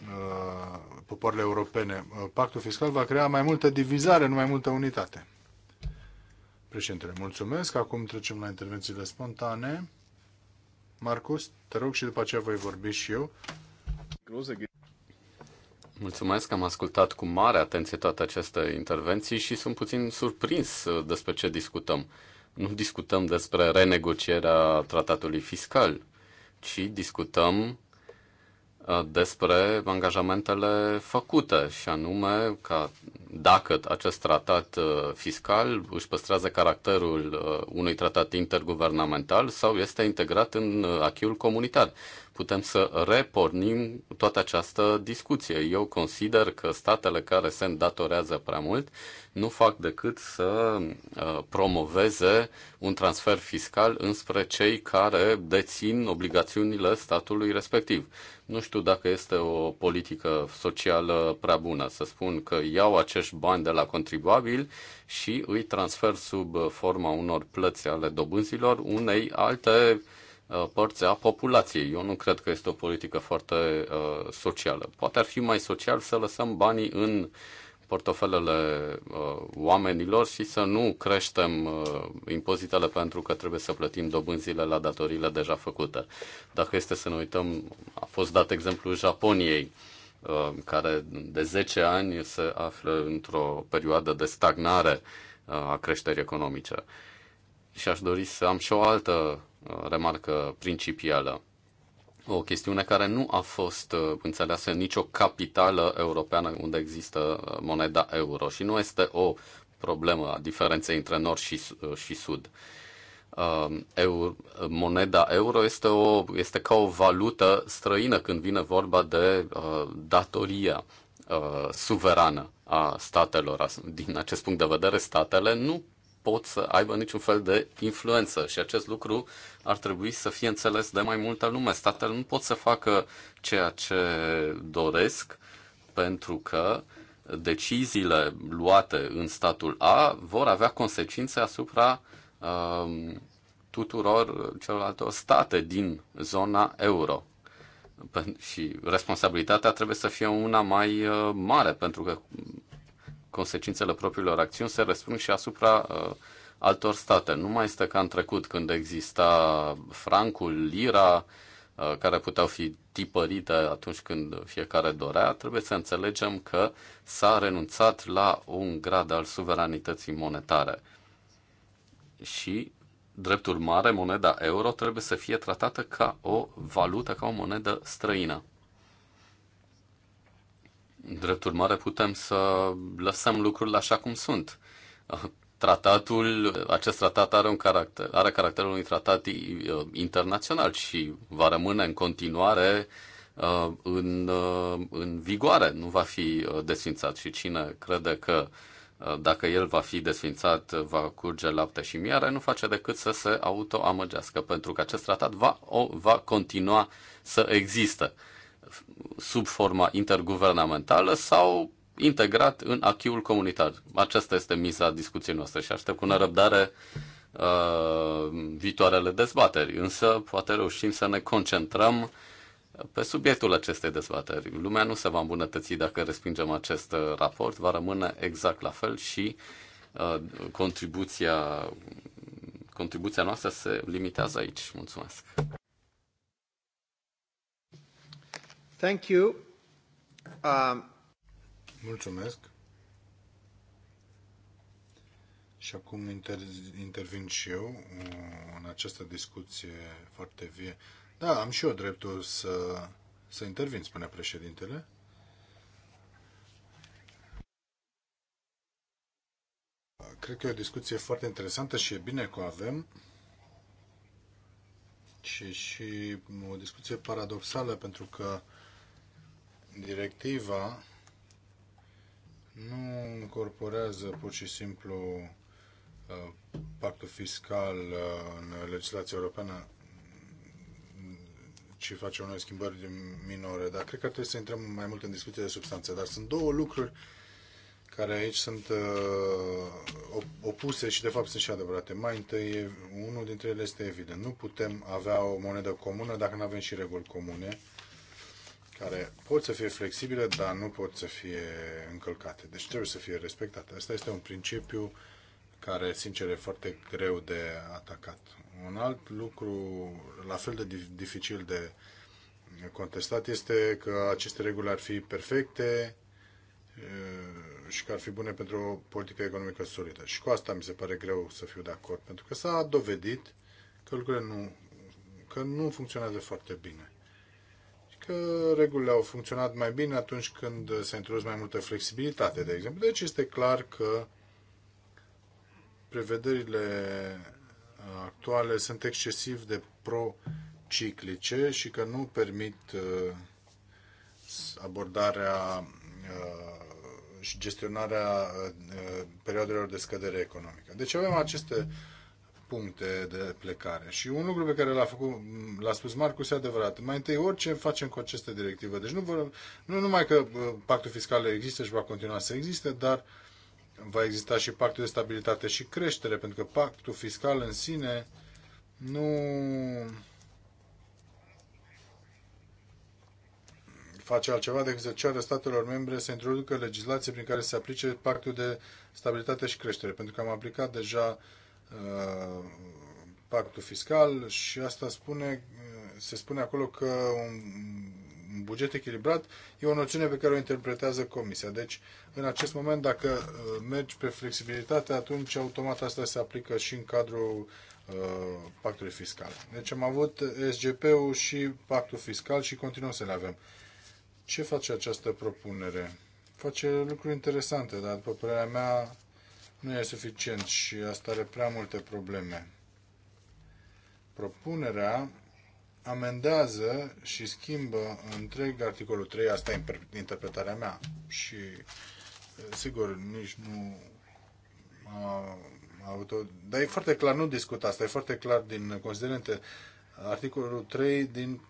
uh, popoarele europene. Uh, pactul fiscal va crea mai multă divizare, nu mai multă unitate. Președintele, mulțumesc. Acum trecem la intervențiile spontane. Marcus, te rog și după aceea voi vorbi și eu. Mulțumesc, am ascultat cu mare atenție toate aceste intervenții și sunt puțin surprins uh, despre ce discutăm. Nu discutăm despre renegocierea tratatului fiscal, ci discutăm uh, despre angajamentele făcute și anume că dacă acest tratat uh, fiscal își păstrează caracterul unui tratat interguvernamental sau este integrat în achiul comunitar putem să repornim toată această discuție. Eu consider că statele care se îndatorează prea mult nu fac decât să uh, promoveze un transfer fiscal înspre cei care dețin obligațiunile statului respectiv. Nu știu dacă este o politică socială prea bună să spun că iau acești bani de la contribuabil și îi transfer sub uh, forma unor plăți ale dobânzilor unei alte uh, Uh, părți a populației. Eu nu cred că este o politică foarte uh, socială. Poate ar fi mai social să lăsăm banii în portofelele uh, oamenilor și să nu creștem uh, impozitele pentru că trebuie să plătim dobânzile la datoriile deja făcute. Dacă este să ne uităm, a fost dat exemplul Japoniei, uh, care de 10 ani se află într-o perioadă de stagnare uh, a creșterii economice. Și aș dori să am și o altă Uh, remarcă principială. O chestiune care nu a fost uh, înțeleasă în nicio capitală europeană unde există uh, moneda euro și nu este o problemă a diferenței între nord și, și sud. Eu, moneda euro este, o, este ca o valută străină când vine vorba de uh, datoria uh, suverană a statelor. Din acest punct de vedere, statele nu pot să aibă niciun fel de influență și acest lucru ar trebui să fie înțeles de mai multă lume. Statele nu pot să facă ceea ce doresc pentru că deciziile luate în statul A vor avea consecințe asupra um, tuturor celorlalte state din zona euro. Și responsabilitatea trebuie să fie una mai uh, mare, pentru că consecințele propriilor acțiuni se răspund și asupra uh, altor state. Nu mai este ca în trecut, când exista francul, lira, uh, care puteau fi tipărite atunci când fiecare dorea. Trebuie să înțelegem că s-a renunțat la un grad al suveranității monetare. Și, drept urmare, moneda euro trebuie să fie tratată ca o valută, ca o monedă străină. Drept urmare, putem să lăsăm lucrurile așa cum sunt. Tratatul, acest tratat are, un caracter, are caracterul unui tratat uh, internațional și va rămâne în continuare uh, în, uh, în vigoare, nu va fi desfințat. Și cine crede că dacă el va fi desfințat, va curge lapte și miere, nu face decât să se autoamăgească, pentru că acest tratat va, o, va continua să existe sub forma interguvernamentală sau integrat în achiul comunitar. Aceasta este miza discuției noastre și aștept cu nerăbdare uh, viitoarele dezbateri. Însă poate reușim să ne concentrăm pe subiectul acestei dezbateri. Lumea nu se va îmbunătăți dacă respingem acest uh, raport, va rămâne exact la fel și uh, contribuția, contribuția noastră se limitează aici. Mulțumesc! Thank you. Um... Mulțumesc. Și acum inter- intervin și eu uh, în această discuție foarte vie. Da, am și eu dreptul să, să intervin, spune președintele. Cred că e o discuție foarte interesantă și e bine că o avem. Și, și o discuție paradoxală pentru că Directiva nu incorporează pur și simplu uh, pactul fiscal uh, în legislația europeană, ci face unele schimbări minore, dar cred că trebuie să intrăm mai mult în discuție de substanță, Dar sunt două lucruri care aici sunt uh, opuse și de fapt sunt și adevărate. Mai întâi, unul dintre ele este evident. Nu putem avea o monedă comună dacă nu avem și reguli comune care pot să fie flexibile, dar nu pot să fie încălcate. Deci trebuie să fie respectate. Asta este un principiu care, sincer, e foarte greu de atacat. Un alt lucru la fel de dificil de contestat este că aceste reguli ar fi perfecte eh, și că ar fi bune pentru o politică economică solidă. Și cu asta mi se pare greu să fiu de acord, pentru că s-a dovedit că lucrurile nu, că nu funcționează foarte bine că regulile au funcționat mai bine atunci când s-a introdus mai multă flexibilitate, de exemplu. Deci este clar că prevederile actuale sunt excesiv de prociclice și că nu permit uh, abordarea uh, și gestionarea uh, perioadelor de scădere economică. Deci avem aceste puncte de plecare. Și un lucru pe care l-a făcut, l-a spus Marcus, e adevărat. Mai întâi, orice facem cu această directivă. Deci nu, vor, nu numai că uh, pactul fiscal există și va continua să existe, dar va exista și pactul de stabilitate și creștere, pentru că pactul fiscal în sine nu face altceva decât să ceară statelor membre să introducă legislație prin care se aplice pactul de stabilitate și creștere. Pentru că am aplicat deja uh, Uh, pactul fiscal și asta spune, uh, se spune acolo că un buget echilibrat e o noțiune pe care o interpretează Comisia. Deci, în acest moment, dacă uh, mergi pe flexibilitate, atunci automat asta se aplică și în cadrul pactului fiscal. Deci am avut SGP-ul și pactul fiscal și continuăm să le avem. Ce face această propunere? Face lucruri interesante, dar după părerea mea nu e suficient și asta are prea multe probleme. Propunerea amendează și schimbă întreg articolul 3, asta e interpretarea mea și sigur nici nu a, a avut o... Dar e foarte clar, nu discut asta, e foarte clar din considerente articolul 3 din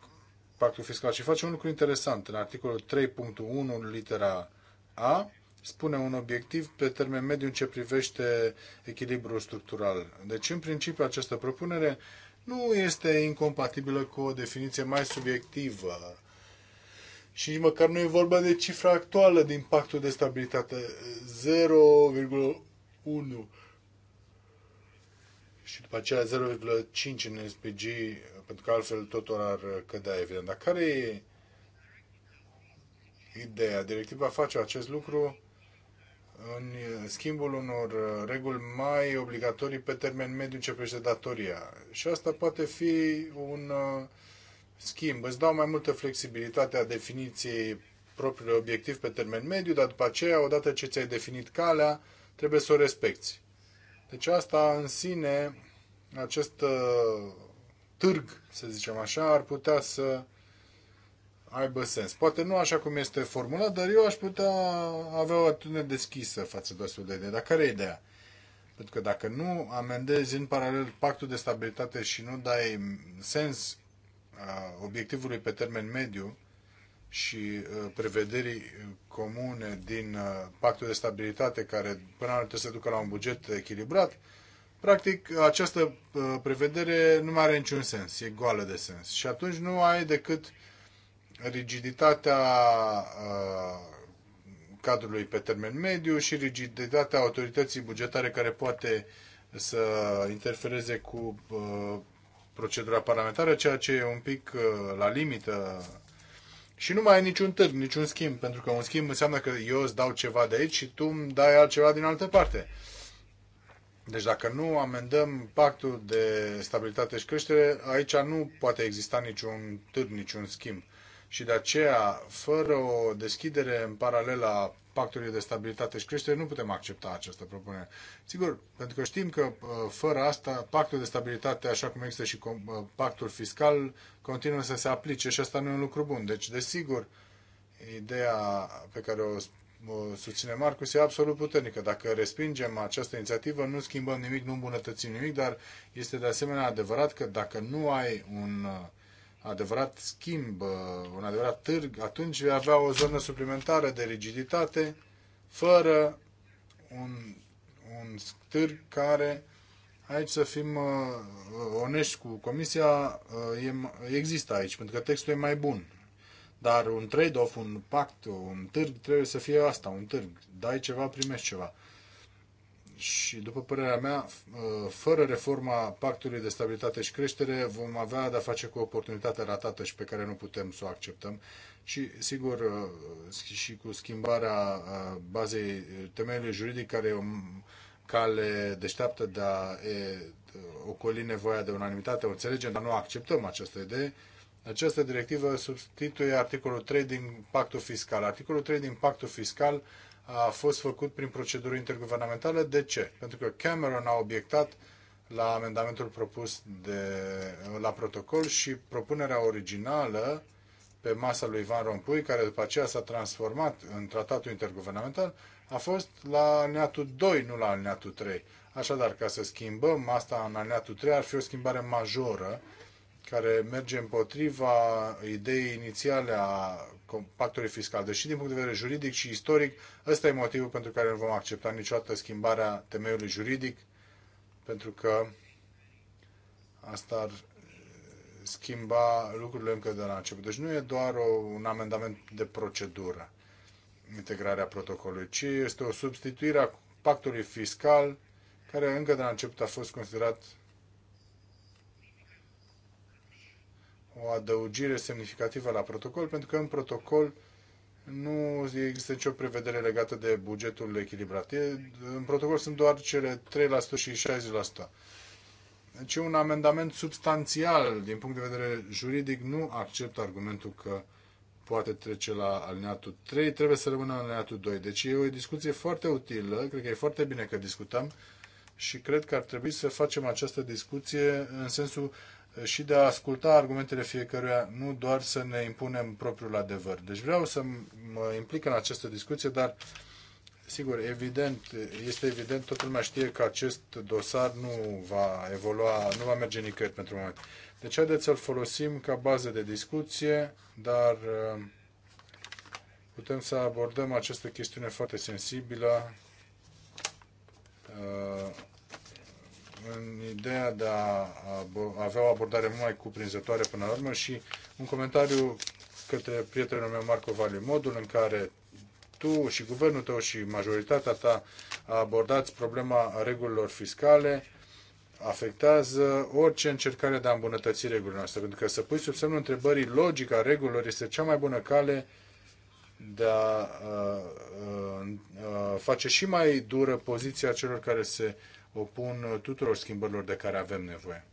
pactul fiscal și face un lucru interesant. În articolul 3.1 litera A spune un obiectiv pe termen mediu în ce privește echilibrul structural. Deci, în principiu, această propunere nu este incompatibilă cu o definiție mai subiectivă și nici măcar nu e vorba de cifra actuală din pactul de stabilitate 0,1 și după aceea 0,5 în SPG, pentru că altfel totul ar cădea, evident. Dar care e ideea? Directiva face acest lucru în uh, schimbul unor uh, reguli mai obligatorii pe termen mediu ce privește datoria. Și asta poate fi un uh, schimb. Îți dau mai multă flexibilitate a definiției propriului obiectiv pe termen mediu, dar după aceea, odată ce ți-ai definit calea, trebuie să o respecti. Deci asta în sine, acest târg, să zicem așa, ar putea să aibă sens. Poate nu așa cum este formulat, dar eu aș putea avea o atitudine deschisă față de astfel de idee. Dar care e ideea? Pentru că dacă nu amendezi în paralel pactul de stabilitate și nu dai sens uh, obiectivului pe termen mediu și uh, prevederii uh, comune din pactul de stabilitate care până la trebuie să ducă la un buget echilibrat, practic această prevedere nu mai are niciun sens, e goală de sens. Și atunci nu ai decât uh, rigiditatea uh, cadrului pe termen mediu și rigiditatea autorității bugetare care poate să interfereze cu uh, procedura parlamentară, ceea ce e un pic uh, la limită. Și nu mai e niciun târg, niciun schimb, pentru că un schimb înseamnă că eu îți dau ceva de aici și tu îmi dai altceva din altă parte. Deci dacă nu amendăm pactul de stabilitate și creștere, aici nu poate exista niciun târg, niciun schimb și de aceea, fără o deschidere în paralel a pactului de stabilitate și creștere, nu putem accepta această propunere. Sigur, pentru că știm că uh, fără asta, pactul de stabilitate, așa cum există și uh, pactul fiscal, continuă să se aplice și asta nu e un lucru bun. Deci, desigur, ideea pe care o susține Marcus e absolut puternică. Dacă respingem această inițiativă, nu schimbăm nimic, nu îmbunătățim nimic, dar este de asemenea adevărat că dacă nu ai un uh, adevărat schimb, uh, un adevărat târg, atunci vei avea o zonă suplimentară de rigiditate fără un, un târg care, aici să fim uh, onești cu comisia, uh, e, există aici, pentru că textul e mai bun. Dar un trade-off, un pact, un târg, trebuie să fie asta, un târg. Dai ceva, primești ceva. Și, după părerea mea, uh, fără reforma Pactului de Stabilitate și Creștere, vom avea de-a face cu o oportunitate ratată și pe care nu putem să o acceptăm. Și, sigur, uh, și cu schimbarea uh, bazei temeiului juridic, care e o cale deșteaptă de a ocoli nevoia de unanimitate, o înțelegem, dar nu acceptăm această idee. Această directivă substituie articolul 3 din pactul fiscal. Articolul 3 din pactul fiscal a fost făcut prin procedură interguvernamentale. De ce? Pentru că Cameron a obiectat la amendamentul propus de, la protocol și propunerea originală pe masa lui Ivan Rompuy, care după aceea s-a transformat în tratatul interguvernamental, a fost la alineatul 2, nu la alineatul 3. Așadar, ca să schimbăm asta în alineatul 3, ar fi o schimbare majoră care merge împotriva ideii inițiale a pactului fiscal. Deși deci din punct de vedere juridic și istoric, ăsta e motivul pentru care nu vom accepta niciodată schimbarea temeiului juridic, pentru că asta ar schimba lucrurile încă de la început. Deci nu e doar o, un amendament de procedură, integrarea protocolului, ci este o substituire a pactului fiscal care încă de la început a fost considerat o adăugire semnificativă la protocol, pentru că în protocol nu există nicio prevedere legată de bugetul echilibrat. E, în protocol sunt doar cele 3% și 60%. Deci un amendament substanțial din punct de vedere juridic. Nu accept argumentul că poate trece la alineatul 3, trebuie să rămână la alineatul 2. Deci e o discuție foarte utilă, cred că e foarte bine că discutăm și cred că ar trebui să facem această discuție în sensul și de a asculta argumentele fiecăruia, nu doar să ne impunem propriul adevăr. Deci vreau să mă implic în această discuție, dar sigur, evident, este evident, toată lumea știe că acest dosar nu va evolua, nu va merge nicăieri pentru moment. Deci haideți să-l folosim ca bază de discuție, dar putem să abordăm această chestiune foarte sensibilă în ideea de a avea o abordare mult mai cuprinzătoare până la urmă și un comentariu către prietenul meu Marco Vali, modul în care tu și guvernul tău și majoritatea ta abordați problema regulilor fiscale afectează orice încercare de a îmbunătăți regulile noastre, pentru că să pui sub semnul întrebării logica regulilor este cea mai bună cale de a, a, a, a face și mai dură poziția celor care se opun uh, tuturor schimbărilor de care avem nevoie.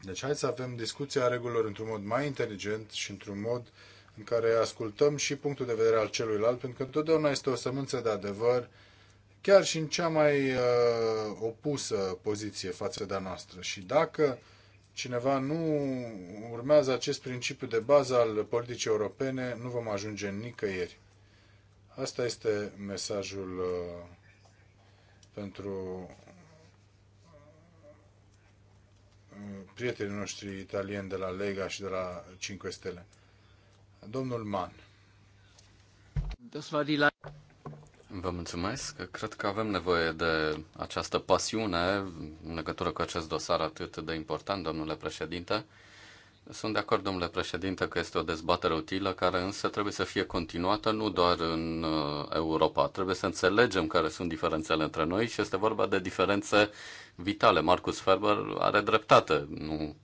Deci hai să avem discuția regulilor într-un mod mai inteligent și într-un mod în care ascultăm și punctul de vedere al celuilalt, pentru că întotdeauna este o sămânță de adevăr, chiar și în cea mai uh, opusă poziție față de a noastră. Și dacă cineva nu urmează acest principiu de bază al politicii europene, nu vom ajunge nicăieri. Asta este mesajul uh, pentru uh, prietenii noștri italieni de la Lega și de la 5 Stele. Domnul Mann. Vă mulțumesc. Cred că avem nevoie de această pasiune în legătură cu acest dosar atât de important, domnule președinte. Sunt de acord, domnule președinte, că este o dezbatere utilă, care însă trebuie să fie continuată nu doar în uh, Europa. Trebuie să înțelegem care sunt diferențele între noi și este vorba de diferențe vitale. Marcus Ferber are dreptate. Nu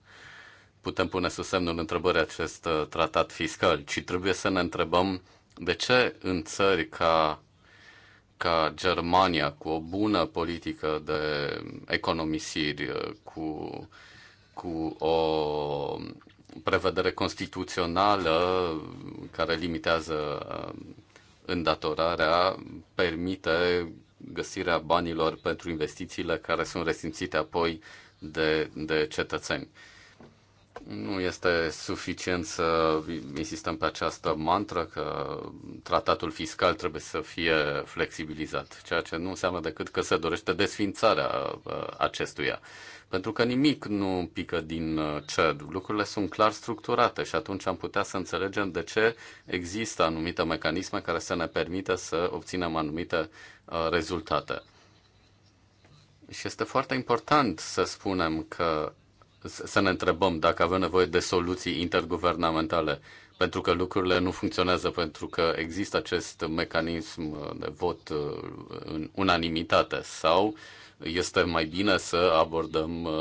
putem pune sub semnul întrebării acest uh, tratat fiscal, ci trebuie să ne întrebăm de ce în țări ca ca Germania, cu o bună politică de economisiri, uh, cu, cu o prevedere constituțională care limitează uh, îndatorarea permite găsirea banilor pentru investițiile care sunt resimțite apoi de, de cetățeni. Nu este suficient să insistăm pe această mantră că tratatul fiscal trebuie să fie flexibilizat, ceea ce nu înseamnă decât că se dorește desfințarea uh, acestuia. Pentru că nimic nu pică din uh, cer. Lucrurile sunt clar structurate și atunci am putea să înțelegem de ce există anumite mecanisme care să ne permită să obținem anumite uh, rezultate. Și este foarte important să spunem că să ne întrebăm dacă avem nevoie de soluții interguvernamentale, pentru că lucrurile nu funcționează, pentru că există acest mecanism uh, de vot în unanimitate sau uh, este mai bine să abordăm uh,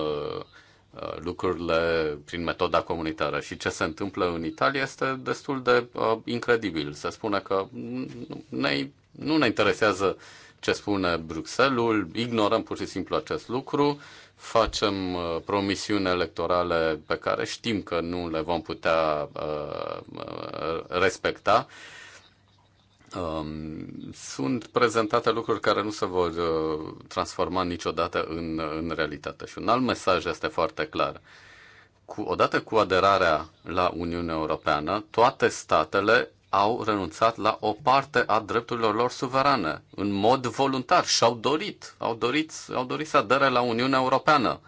uh, lucrurile prin metoda comunitară. Și ce se întâmplă în Italia este destul de uh, incredibil. Se spune că ne, nu ne interesează ce spune Bruxelles, ignorăm pur și simplu acest lucru, facem promisiuni electorale pe care știm că nu le vom putea respecta um, sunt prezentate lucruri care nu se vor uh, transforma niciodată în, în realitate. Și un alt mesaj este foarte clar. Cu, odată cu aderarea la Uniunea Europeană, toate statele au renunțat la o parte a drepturilor lor suverane, în mod voluntar și au dorit, au dorit, au dorit să adere la Uniunea Europeană.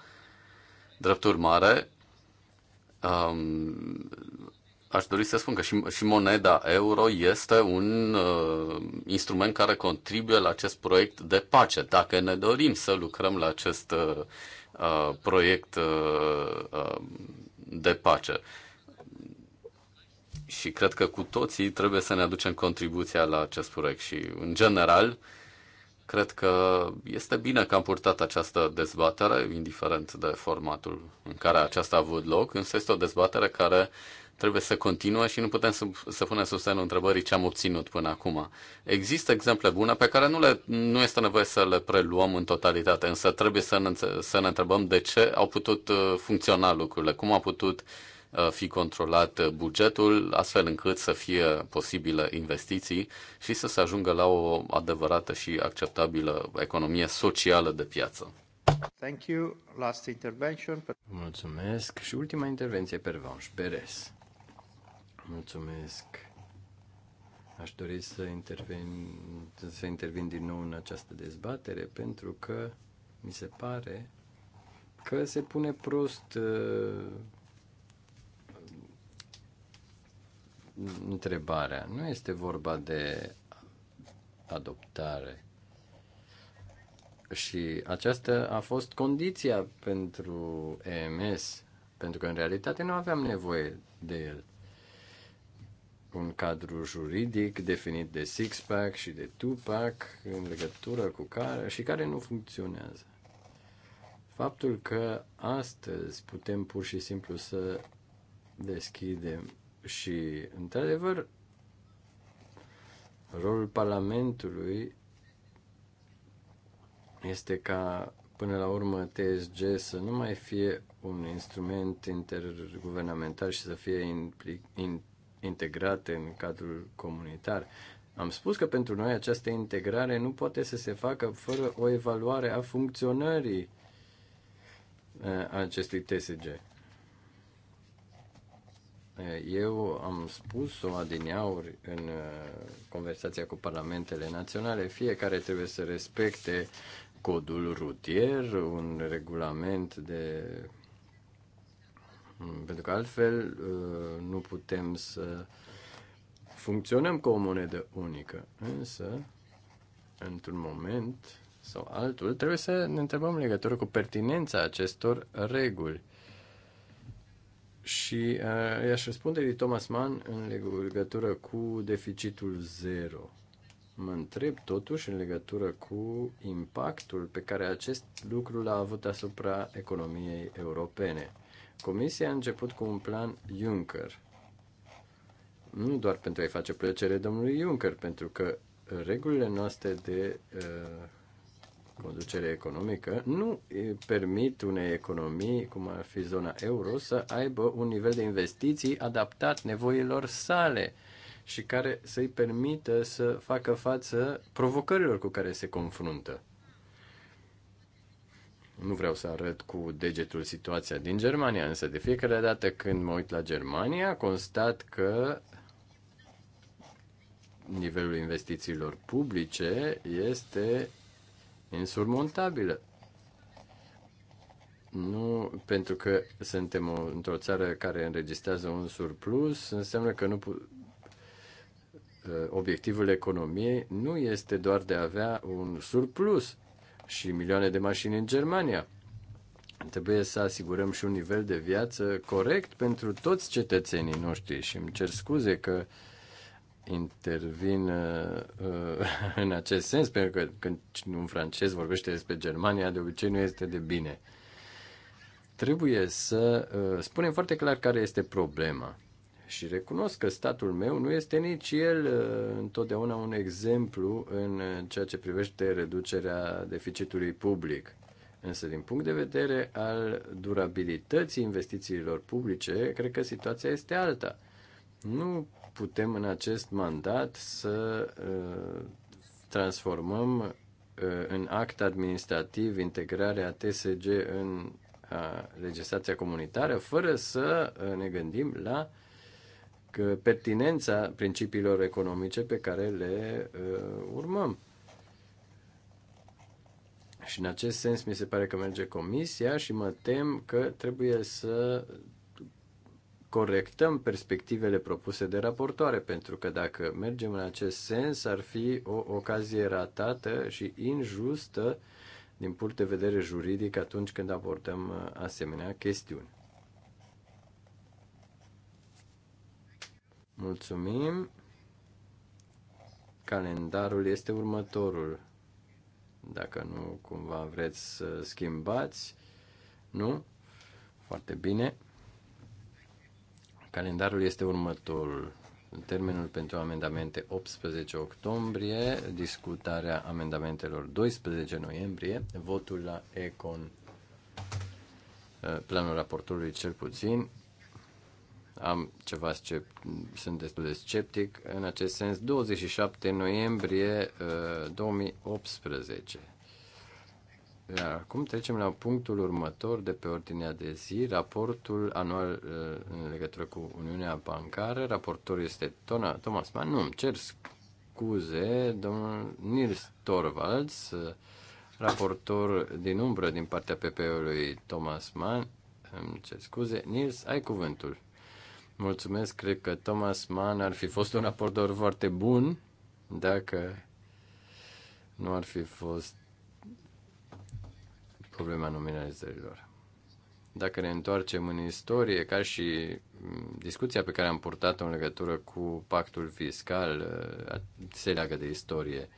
Drepturi mare um, aș dori să spun că și, și moneda euro este un uh, instrument care contribuie la acest proiect de pace. Dacă ne dorim să lucrăm la acest uh, uh proiect uh, uh, de pace. Și cred că cu toții trebuie să ne aducem contribuția la acest proiect. Și, în general, cred că este bine că am purtat această dezbatere, indiferent de formatul în care aceasta a avut loc, însă este o dezbatere care uh, trebuie să continue și nu putem să, să punem sub semnul întrebării ce am obținut până acum. Există exemple bune pe care nu, le, nu este nevoie să le preluăm în totalitate, însă trebuie să ne, să ne întrebăm de ce au putut uh, funcționa lucrurile, cum a putut uh, fi controlat uh, bugetul, astfel încât să fie posibile investiții și să se ajungă la o adevărată și acceptabilă economie socială de piață. Thank you. Last intervention. Mulțumesc. Și ultima intervenție pe Vanș Beres. Mulțumesc. Aș dori să intervin, să intervin din nou în această dezbatere pentru că mi se pare că se pune prost uh, întrebarea. Nu este vorba de adoptare. Și aceasta a fost condiția pentru EMS, pentru că în realitate nu aveam nevoie de el un cadru juridic definit de six-pack și de two-pack în legătură cu care și care nu funcționează. Faptul că astăzi putem pur și simplu să deschidem și, într-adevăr, rolul Parlamentului este ca, până la urmă, TSG să nu mai fie un instrument interguvernamental și să fie implic, integrate în cadrul comunitar. Am spus că pentru noi această integrare nu poate să se facă fără o evaluare a funcționării a uh, acestui TSG. Uh, eu am spus-o adineauri în uh, conversația cu parlamentele naționale, fiecare trebuie să respecte codul rutier, un regulament de Mm, pentru că altfel uh, nu putem să funcționăm cu o monedă unică. Însă, într-un moment sau altul, trebuie să ne întrebăm legătură cu pertinența acestor reguli. Și uh, i-aș răspunde lui Thomas Mann în legătură cu deficitul zero. Mă întreb totuși în legătură cu impactul pe care acest lucru l-a avut asupra economiei europene. Comisia a început cu un plan Juncker. Nu doar pentru a-i face plăcere domnului Juncker, pentru că regulile noastre de uh, conducere economică nu permit unei economii, cum ar fi zona euro, să aibă un nivel de investiții adaptat nevoilor sale și care să-i permită să facă față provocărilor cu care se confruntă. Nu vreau să arăt cu degetul situația din Germania, însă de fiecare dată când mă uit la Germania, constat că nivelul investițiilor publice este insurmontabilă. Nu, pentru că suntem o, într-o țară care înregistrează un surplus, înseamnă că nu pu- ă, obiectivul economiei nu este doar de a avea un surplus, și milioane de mașini în Germania. Trebuie să asigurăm și un nivel de viață corect pentru toți cetățenii noștri și îmi cer scuze că intervin uh, uh în acest sens, pentru că când un francez vorbește despre Germania, de obicei nu este de bine. Trebuie să uh, spunem foarte clar care este problema și recunosc că statul meu nu este nici el uh, întotdeauna un exemplu în uh, ceea ce privește reducerea deficitului public. Însă, din punct de vedere al durabilității investițiilor publice, cred că situația este alta. Nu putem în acest mandat să uh, transformăm în act administrativ integrarea TSG în legislația comunitară, fără să ne gândim la că pertinența principiilor economice pe care le uh, urmăm. Și în acest sens mi se pare că merge comisia și mă tem că trebuie să corectăm perspectivele propuse de raportoare, pentru că dacă mergem în acest sens, ar fi o ocazie ratată și injustă din punct de vedere juridic atunci când abordăm uh, asemenea chestiuni. Mulțumim. Calendarul este următorul. Dacă nu cumva vreți să schimbați, nu? Foarte bine. Calendarul este următorul. Termenul pentru amendamente 18 octombrie, discutarea amendamentelor 12 noiembrie, votul la Econ, eh, planul raportului cel puțin, am ceva scept, sunt destul de sceptic în acest sens. 27 noiembrie 2018. Uh, Iar acum trecem la punctul următor de pe ordinea de zi, raportul anual uh, în legătură cu Uniunea Bancară. Raportorul este Tona, Thomas Mann. Nu, îmi cer scuze, domnul Nils Torvalds, uh, raportor din umbră din partea PP-ului Thomas Mann. Îmi cer scuze. Nils, ai cuvântul. Mulțumesc, cred că Thomas Mann ar fi fost un raportor foarte bun dacă nu ar fi fost problema nominalizărilor. Dacă ne întoarcem în istorie, ca și mm, discuția pe care am purtat-o în legătură cu pactul fiscal, uh, se leagă de istorie.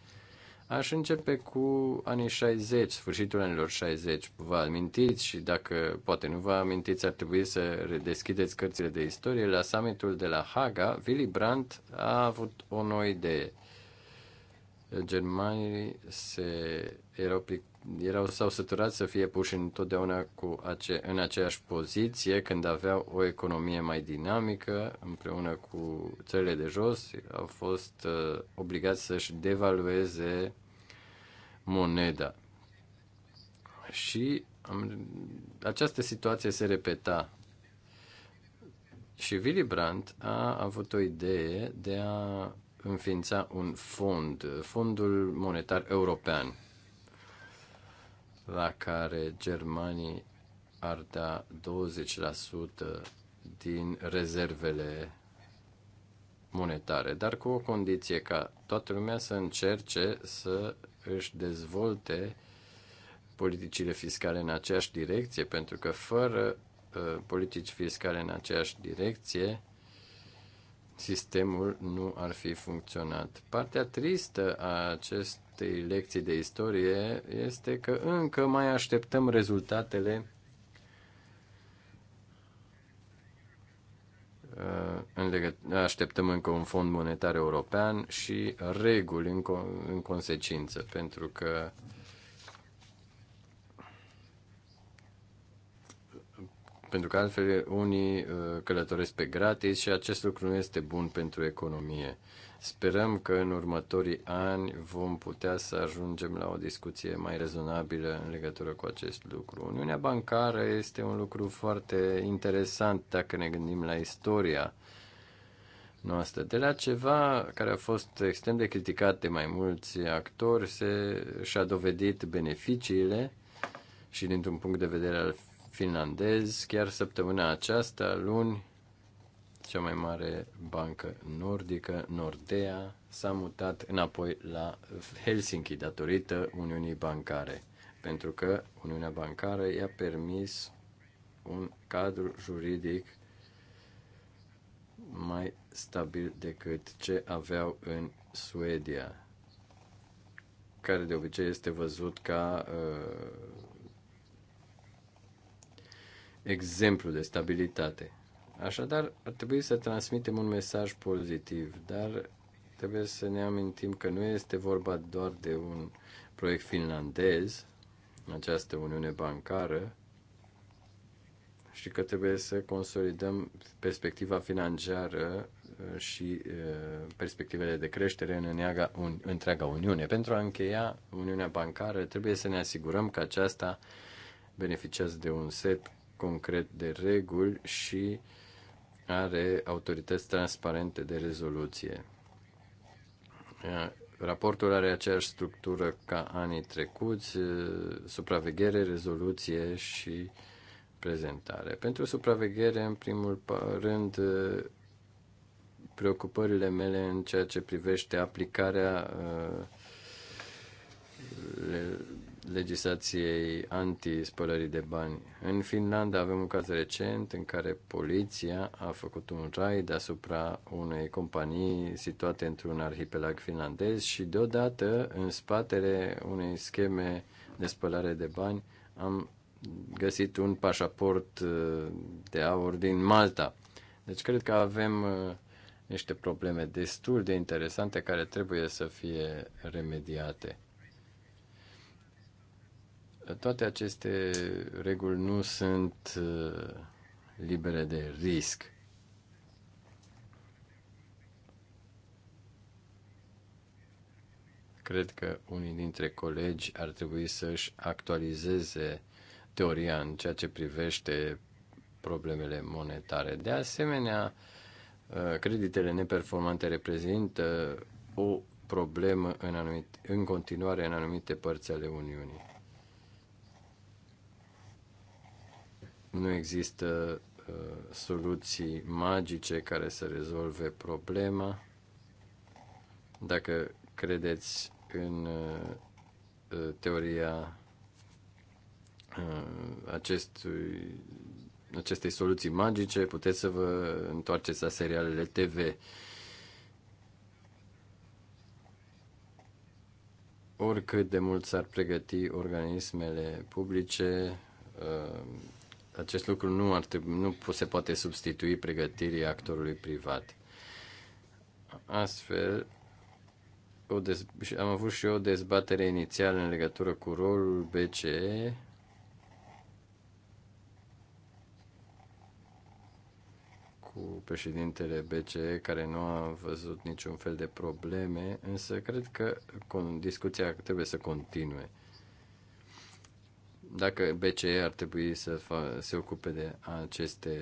Aș începe cu anii 60, sfârșitul anilor 60. Vă amintiți și dacă poate nu vă amintiți, ar trebui să redeschideți cărțile de istorie. La summitul de la Haga, Willy Brandt a avut o nouă idee. Germanii se erau, erau s-au săturat să fie puși întotdeauna cu ace, în aceeași poziție când aveau o economie mai dinamică împreună cu țările de jos, au fost uh, obligați să-și devalueze moneda. Și am, această situație se repeta. Și Willy Brandt a avut o idee de a înființa un fond, Fondul Monetar European, la care germanii ar da 20% din rezervele monetare, dar cu o condiție ca toată lumea să încerce să își dezvolte politicile fiscale în aceeași direcție, pentru că fără uh, politici fiscale în aceeași direcție, sistemul nu ar fi funcționat. Partea tristă a acestei lecții de istorie este că încă mai așteptăm rezultatele Uh, în legă- așteptăm încă un fond monetar european și reguli în, co- în consecință, pentru că pentru că altfel unii uh, călătoresc pe gratis și acest lucru nu este bun pentru economie. Uh, Sperăm că în următorii ani vom putea să ajungem la o discuție mai rezonabilă în legătură cu acest lucru. Uniunea bancară este un lucru foarte interesant dacă ne gândim la istoria noastră. De la ceva care a fost extrem de criticat de mai mulți actori, se, și-a dovedit beneficiile și dintr-un punct de vedere al finlandez, chiar săptămâna aceasta, luni, cea mai mare bancă nordică, Nordea, s-a mutat înapoi la Helsinki datorită Uniunii Bancare, pentru că Uniunea Bancară i-a permis un cadru juridic mai stabil decât ce aveau în Suedia, care de obicei este văzut ca uh, exemplu de stabilitate. Așadar, ar trebui să transmitem un mesaj pozitiv, dar trebuie să ne amintim că nu este vorba doar de un proiect finlandez, această uniune bancară, și că trebuie să consolidăm perspectiva financiară uh, și uh, perspectivele de creștere în întreaga, Uniune. Pentru a încheia Uniunea Bancară, trebuie să ne asigurăm că aceasta beneficiază de un set concret de reguli și uh, are autorități transparente de rezoluție. Raportul are aceeași structură ca anii trecuți, supraveghere, rezoluție și prezentare. Pentru supraveghere, în primul rând, preocupările mele în ceea ce privește aplicarea legislației anti-spălării de bani. În Finlanda avem un caz recent în care poliția a făcut un raid asupra unei companii situate într-un arhipelag finlandez și deodată în spatele unei scheme de spălare de bani am găsit un pașaport uh, de aur din Malta. Deci cred că avem uh, niște probleme destul de interesante care trebuie să fie remediate. Toate aceste reguli nu sunt uh, libere de risc. Cred că unii dintre colegi ar trebui să-și actualizeze teoria în ceea ce privește problemele monetare. De asemenea, uh, creditele neperformante reprezintă o problemă în, anumite, în continuare în anumite părți ale Uniunii. Nu există uh, soluții magice care să rezolve problema. Dacă credeți în uh, uh teoria uh, acestui, acestei soluții magice, puteți să vă întoarceți la serialele TV. Oricât de mult s-ar pregăti organismele publice, uh, acest lucru nu, ar trebui, nu se poate substitui pregătirii actorului privat. Astfel, o dez... am avut și eu o dezbatere inițială în legătură cu rolul BCE. cu președintele BCE, care nu a văzut niciun fel de probleme, însă cred că discuția trebuie să continue dacă BCE ar trebui să fa- se ocupe de aceste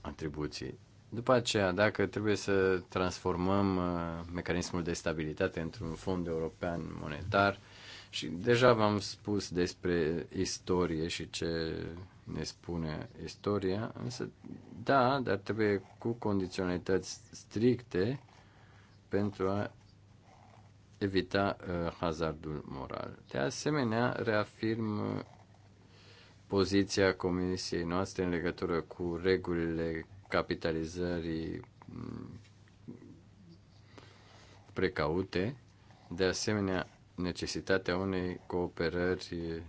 atribuții. După aceea, dacă trebuie să transformăm uh, mecanismul de stabilitate într-un fond european monetar, și deja v-am spus despre istorie și ce ne spune istoria, însă da, dar trebuie cu condiționalități stricte pentru a evita uh, hazardul moral. De asemenea, reafirm uh, poziția comisiei noastre în legătură cu regulile capitalizării mm, precaute, de asemenea necesitatea unei cooperări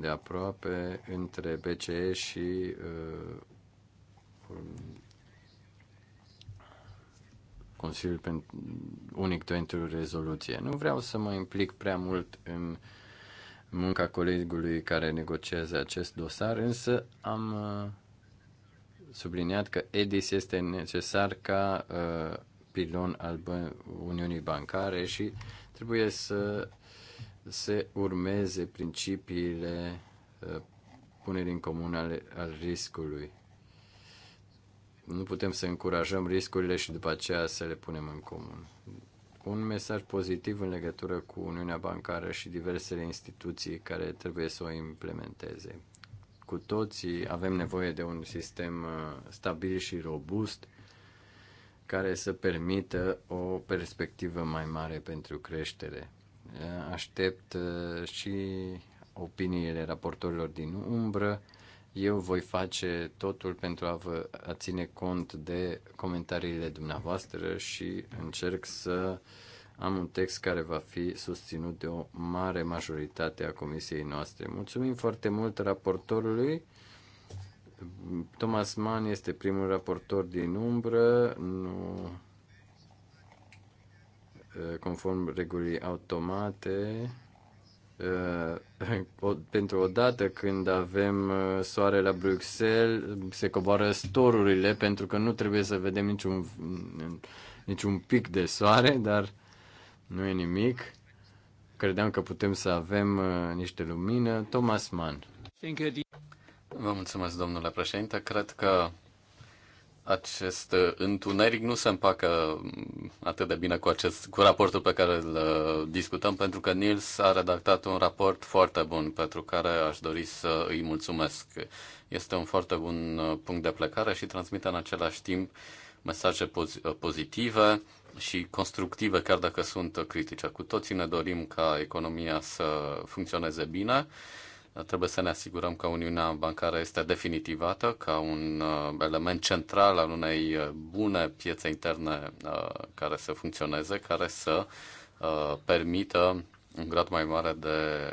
de aproape între BCE și uh, Consiliul Unic pentru Rezoluție. Nu vreau să mă implic prea mult în munca colegului care negociază acest dosar, însă am uh, subliniat că EDIS este necesar ca uh, pilon al Uniunii Bancare și trebuie să se urmeze principiile uh, punerii în comun ale, al riscului. Nu putem să încurajăm riscurile și după aceea să le punem în comun. Un mesaj pozitiv în legătură cu Uniunea Bancară și diversele instituții care trebuie să o implementeze. Cu toții avem nevoie de un sistem uh, stabil și robust care să permită o perspectivă mai mare pentru creștere. Uh, aștept uh, și opiniile raportorilor din umbră eu voi face totul pentru a vă a ține cont de comentariile dumneavoastră și încerc să am un text care va fi susținut de o mare majoritate a comisiei noastre. Mulțumim foarte mult raportorului. Thomas Mann este primul raportor din umbră, nu conform regulii automate. Uh, pentru o dată când avem uh, soare la Bruxelles, se coboară storurile pentru că nu trebuie să vedem niciun, niciun pic de soare, dar nu e nimic. Credeam că putem să avem uh, niște lumină. Thomas Mann. Vă mulțumesc, domnule președinte. Cred că acest uh, întuneric nu se împacă mm, atât de bine cu, acest, cu raportul pe care îl uh, discutăm, pentru că Nils a redactat un raport foarte bun, pentru care aș dori să îi mulțumesc. Este un foarte bun uh, punct de plecare și transmite în același timp mesaje poz- pozitive și constructive, chiar dacă sunt critice. Cu toții ne dorim ca economia să funcționeze bine Trebuie să ne asigurăm că Uniunea Bancară este definitivată ca un uh, element central al unei uh, bune piețe interne uh, care să funcționeze, care să permită un grad mai mare de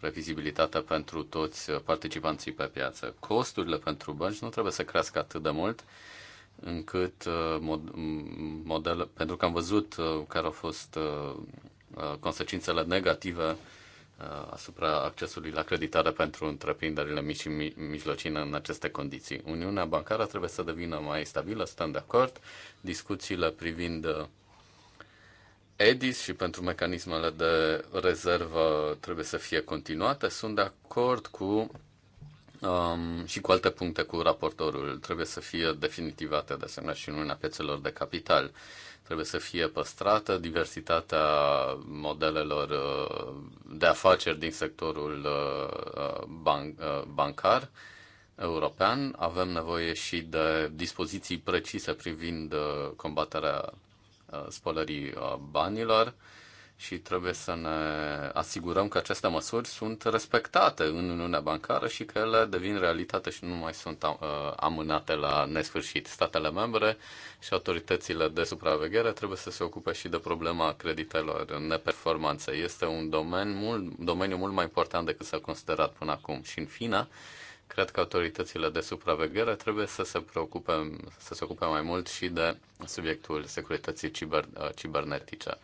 previzibilitate pentru toți participanții pe piață. Costurile pentru bănci nu trebuie să crească atât de mult încât mod, modele, pentru că am văzut care au fost consecințele negative Uh, asupra accesului la creditare pentru întreprinderile mici și mijlocii în aceste condiții. Uniunea bancară trebuie să devină mai stabilă, stăm de acord. Discuțiile privind uh, EDIS și pentru mecanismele de rezervă trebuie să fie continuate. Sunt de acord cu um, și cu alte puncte cu raportorul. Trebuie să fie definitivate de asemenea și uniunea piețelor de capital. Uh, trebuie să fie păstrată, diversitatea modelelor uh, de afaceri din sectorul uh, uh, ban- bancar european. Avem nevoie și de dispoziții precise privind combaterea spălării banilor și trebuie să ne asigurăm că aceste măsuri sunt respectate în Uniunea Bancară și că ele devin realitate și nu mai sunt uh, amânate la nesfârșit. Statele membre și autoritățile de supraveghere trebuie să se ocupe și de problema creditelor neperformanță. Este un domeniu mult, domeniu mult mai important decât s-a considerat până acum. Și în fine, cred că autoritățile de supraveghere trebuie să se preocupe, să se ocupe mai mult și de subiectul securității ciber, uh, cibernetice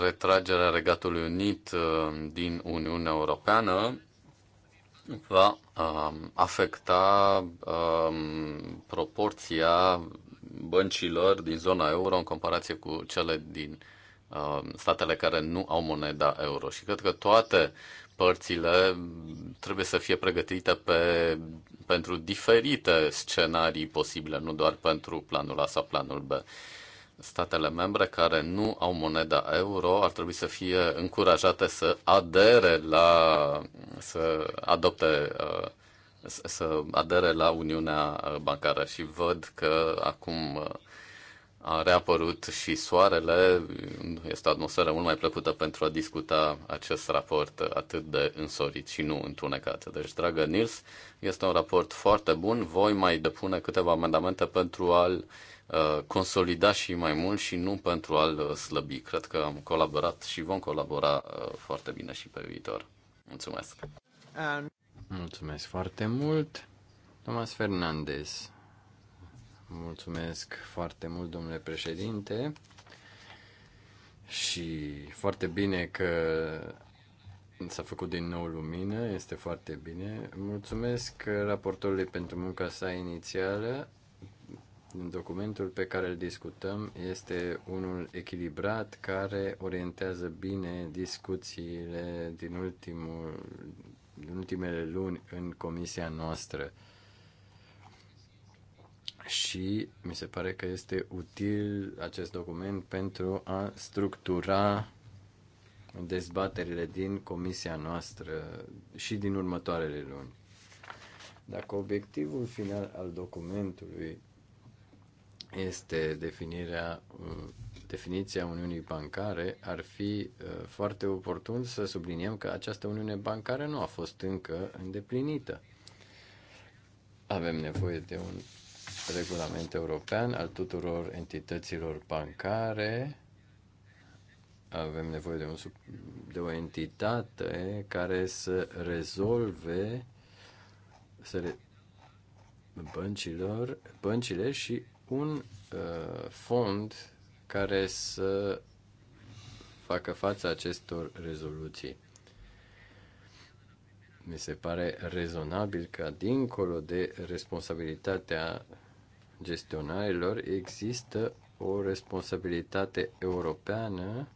retragerea Regatului Unit uh, din Uniunea Europeană va um, afecta um, proporția băncilor din zona euro în comparație cu cele din um, statele care nu au moneda euro. Și cred că toate părțile trebuie să fie pregătite pe, pentru diferite scenarii posibile, nu doar pentru planul A sau planul B statele membre care nu au moneda euro ar trebui să fie încurajate să adere la să adopte uh, să adere la Uniunea Bancară și văd că acum uh, a reapărut și soarele. Este o atmosferă mult mai plăcută pentru a discuta acest raport atât de însorit și nu întunecat. Deci, dragă Nils, este un raport foarte bun. Voi mai depune câteva amendamente pentru a-l Uh, consolida și mai mult și nu pentru a-l uh, slăbi. Cred că am colaborat și vom colabora uh, foarte bine și pe viitor. Mulțumesc! Um, Mulțumesc foarte mult, Thomas Fernandez. Mulțumesc foarte mult, domnule președinte. Și foarte bine că s-a făcut din nou lumină, este foarte bine. Mulțumesc raportorului pentru munca sa inițială documentul pe care îl discutăm este unul echilibrat care orientează bine discuțiile din, ultimul, din ultimele luni în comisia noastră. Și mi se pare că este util acest document pentru a structura dezbaterile din comisia noastră și din următoarele luni. Dacă obiectivul final al documentului este definirea, uh, definiția Uniunii Bancare, ar fi uh, foarte oportun să subliniem că această Uniune Bancară nu a fost încă îndeplinită. Avem nevoie de un regulament european al tuturor entităților bancare. Avem nevoie de, un, de o entitate care să rezolve să re, băncilor, băncile și un uh, fond care să facă față acestor rezoluții. Mi se pare rezonabil că dincolo de responsabilitatea gestionarilor, există o responsabilitate europeană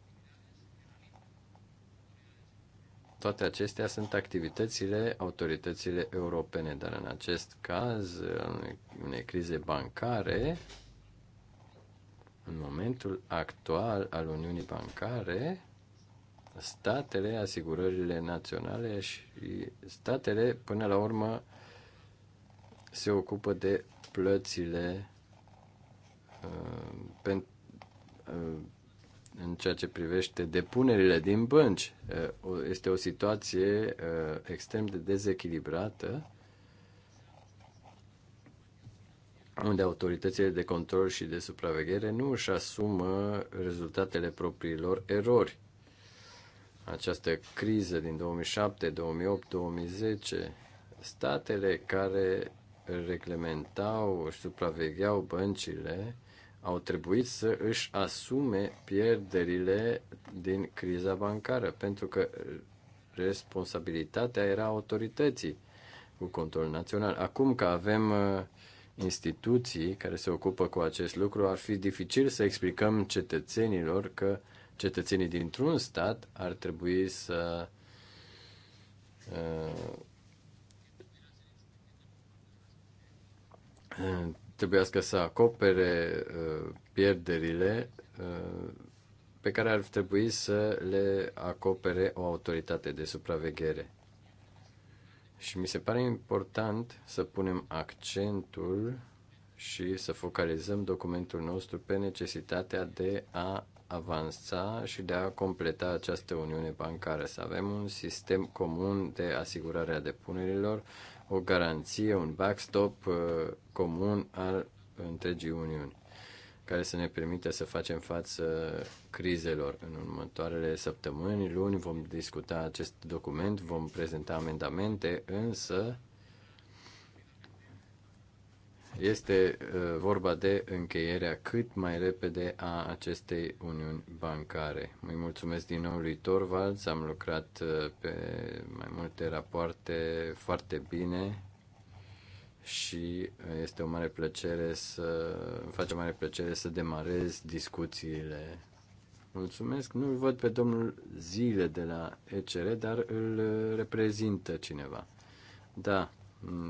Toate acestea sunt activitățile autoritățile europene, dar în acest caz, în unei crize bancare, în momentul actual al Uniunii Bancare, statele, asigurările naționale și statele, până la urmă, se ocupă de plățile uh, pentru uh, în ceea ce privește depunerile din bănci. Este o situație extrem de dezechilibrată unde autoritățile de control și de supraveghere nu își asumă rezultatele propriilor erori. Această criză din 2007, 2008, 2010, statele care reglementau și supravegheau băncile au trebuit să își asume pierderile din criza bancară, pentru că responsabilitatea era autorității cu control național. Acum că avem uh, instituții care se ocupă cu acest lucru, ar fi dificil să explicăm cetățenilor că cetățenii dintr-un stat ar trebui să uh, trebuiască să acopere uh, pierderile uh, pe care ar trebui să le acopere o autoritate de supraveghere. Și mi se pare important să punem accentul și să focalizăm documentul nostru pe necesitatea de a avansa și de a completa această uniune bancară, să avem un sistem comun de asigurare a depunerilor, o garanție, un backstop uh, comun al întregii Uniuni, care să ne permite să facem față crizelor. În următoarele săptămâni, luni, vom discuta acest document, vom prezenta amendamente, însă este uh, vorba de încheierea cât mai repede a acestei uniuni bancare. Îi mulțumesc din nou lui Torvalds, am lucrat uh, pe mai multe rapoarte foarte bine și este o mare plăcere să îmi face o mare plăcere să demarez discuțiile. Mulțumesc, nu-l văd pe domnul Zile de la ECR, dar îl uh, reprezintă cineva. Da,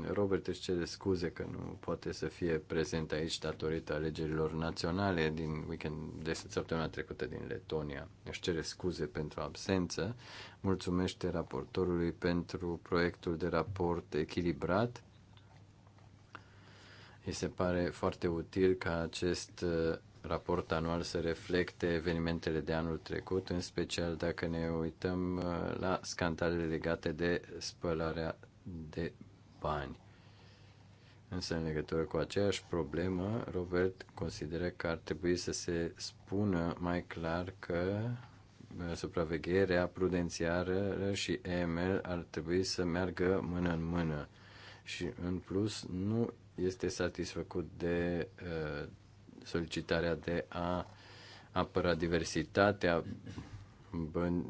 Robert își cere scuze că nu poate să fie prezent aici datorită alegerilor naționale din weekend de săptămâna trecută din Letonia. Își cere scuze pentru absență, mulțumește raportorului pentru proiectul de raport echilibrat. Îi se pare foarte util ca acest uh, raport anual să reflecte evenimentele de anul trecut, în special dacă ne uităm uh, la scandalele legate de spălarea de bani. Însă, în legătură cu aceeași problemă, Robert consideră că ar trebui să se spună mai clar că uh, supravegherea prudențiară și EML ar trebui să meargă mână în mână. Și, în plus, nu este satisfăcut de uh, solicitarea de a apăra diversitatea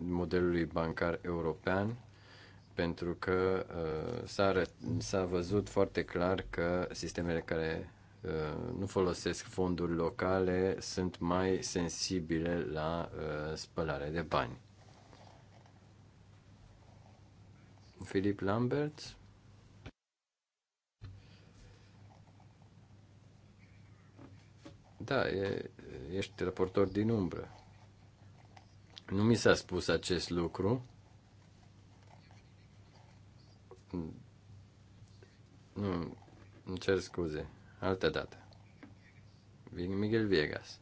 modelului bancar european pentru că uh, s-a, văzut foarte clar că sistemele care uh, nu folosesc fonduri locale sunt mai sensibile la uh, spălare de bani. Filip Lambert. Da, e, ești raportor din umbră. Nu mi s-a spus acest lucru Îmi cer scuze. Altă dată. Miguel Viegas.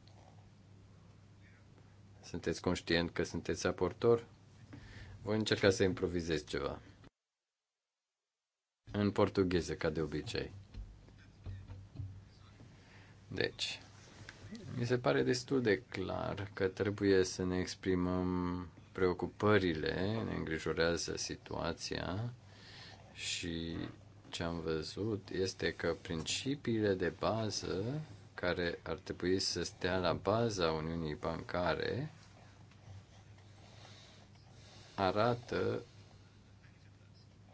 Sunteți conștient că sunteți aportor? Voi încerca să improvizez ceva. În portugheză, ca de obicei. Deci, mi se pare destul de clar că trebuie să ne exprimăm preocupările, ne îngrijorează situația și ce am văzut este că principiile de bază care ar trebui să stea la baza Uniunii Bancare arată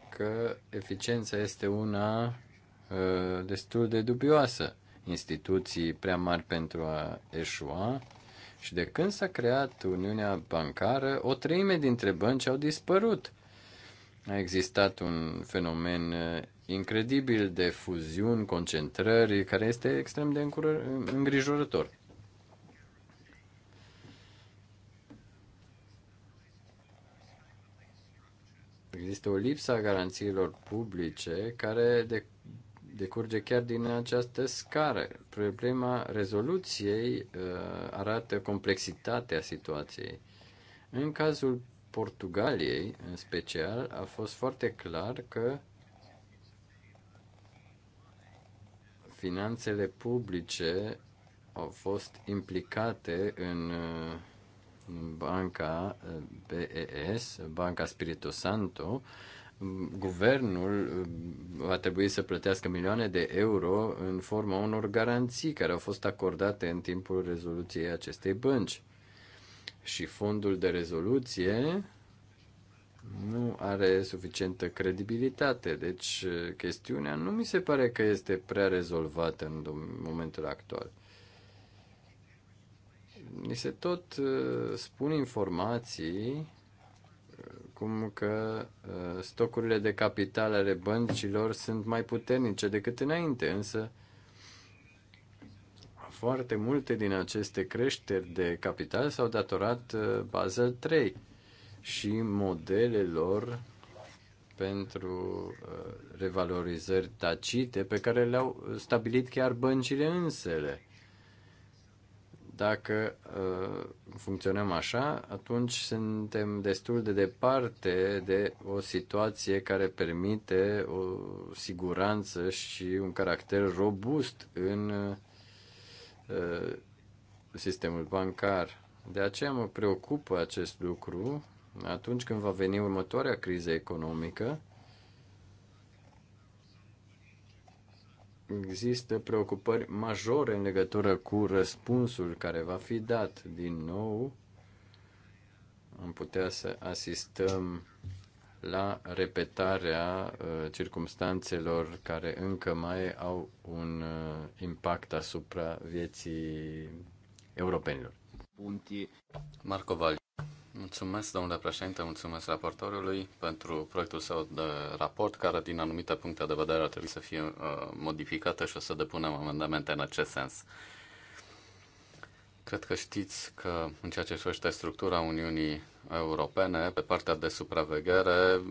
că eficiența este una uh, destul de dubioasă. Instituții prea mari pentru a eșua și de când s-a creat Uniunea Bancară, o treime dintre bănci au dispărut. A existat un fenomen uh, incredibil de fuziuni, concentrări, care este extrem de îngrijorător. Există o lipsă a garanțiilor publice care de, decurge chiar din această scară. Problema rezoluției uh, arată complexitatea situației. În cazul Portugaliei, în special, a fost foarte clar că finanțele publice au fost implicate în banca eh, BES, Banca Spirito Santo, guvernul eh, va trebui să plătească milioane de euro în forma unor garanții care au fost acordate în timpul rezoluției acestei bănci. Și fondul de rezoluție nu are suficientă credibilitate. Deci, eh, chestiunea nu mi se pare că este prea rezolvată în momentul actual. Ni se tot uh, spun informații eh, cum că uh, stocurile de capital ale băncilor sunt mai puternice decât înainte, însă foarte multe din aceste creșteri de capital s-au datorat uh, Basel 3 și modelelor pentru uh, revalorizări tacite pe care le-au stabilit chiar băncile însele. Dacă uh, funcționăm așa, atunci suntem destul de departe de o situație care permite o siguranță și un caracter robust în uh, sistemul bancar. De aceea mă preocupă acest lucru atunci când va veni următoarea criză economică, există preocupări majore în legătură cu răspunsul care va fi dat. Din nou, am putea să asistăm la repetarea uh, circumstanțelor care încă mai au un uh, impact asupra vieții europenilor. Marco Val Mulțumesc, domnule președinte, mulțumesc raportorului pentru proiectul său de raport, care din anumite puncte de vedere ar trebui să fie uh, modificată și o să depunem amendamente în acest sens. Cred că știți că în ceea ce privește structura Uniunii Europene, pe partea de supraveghere,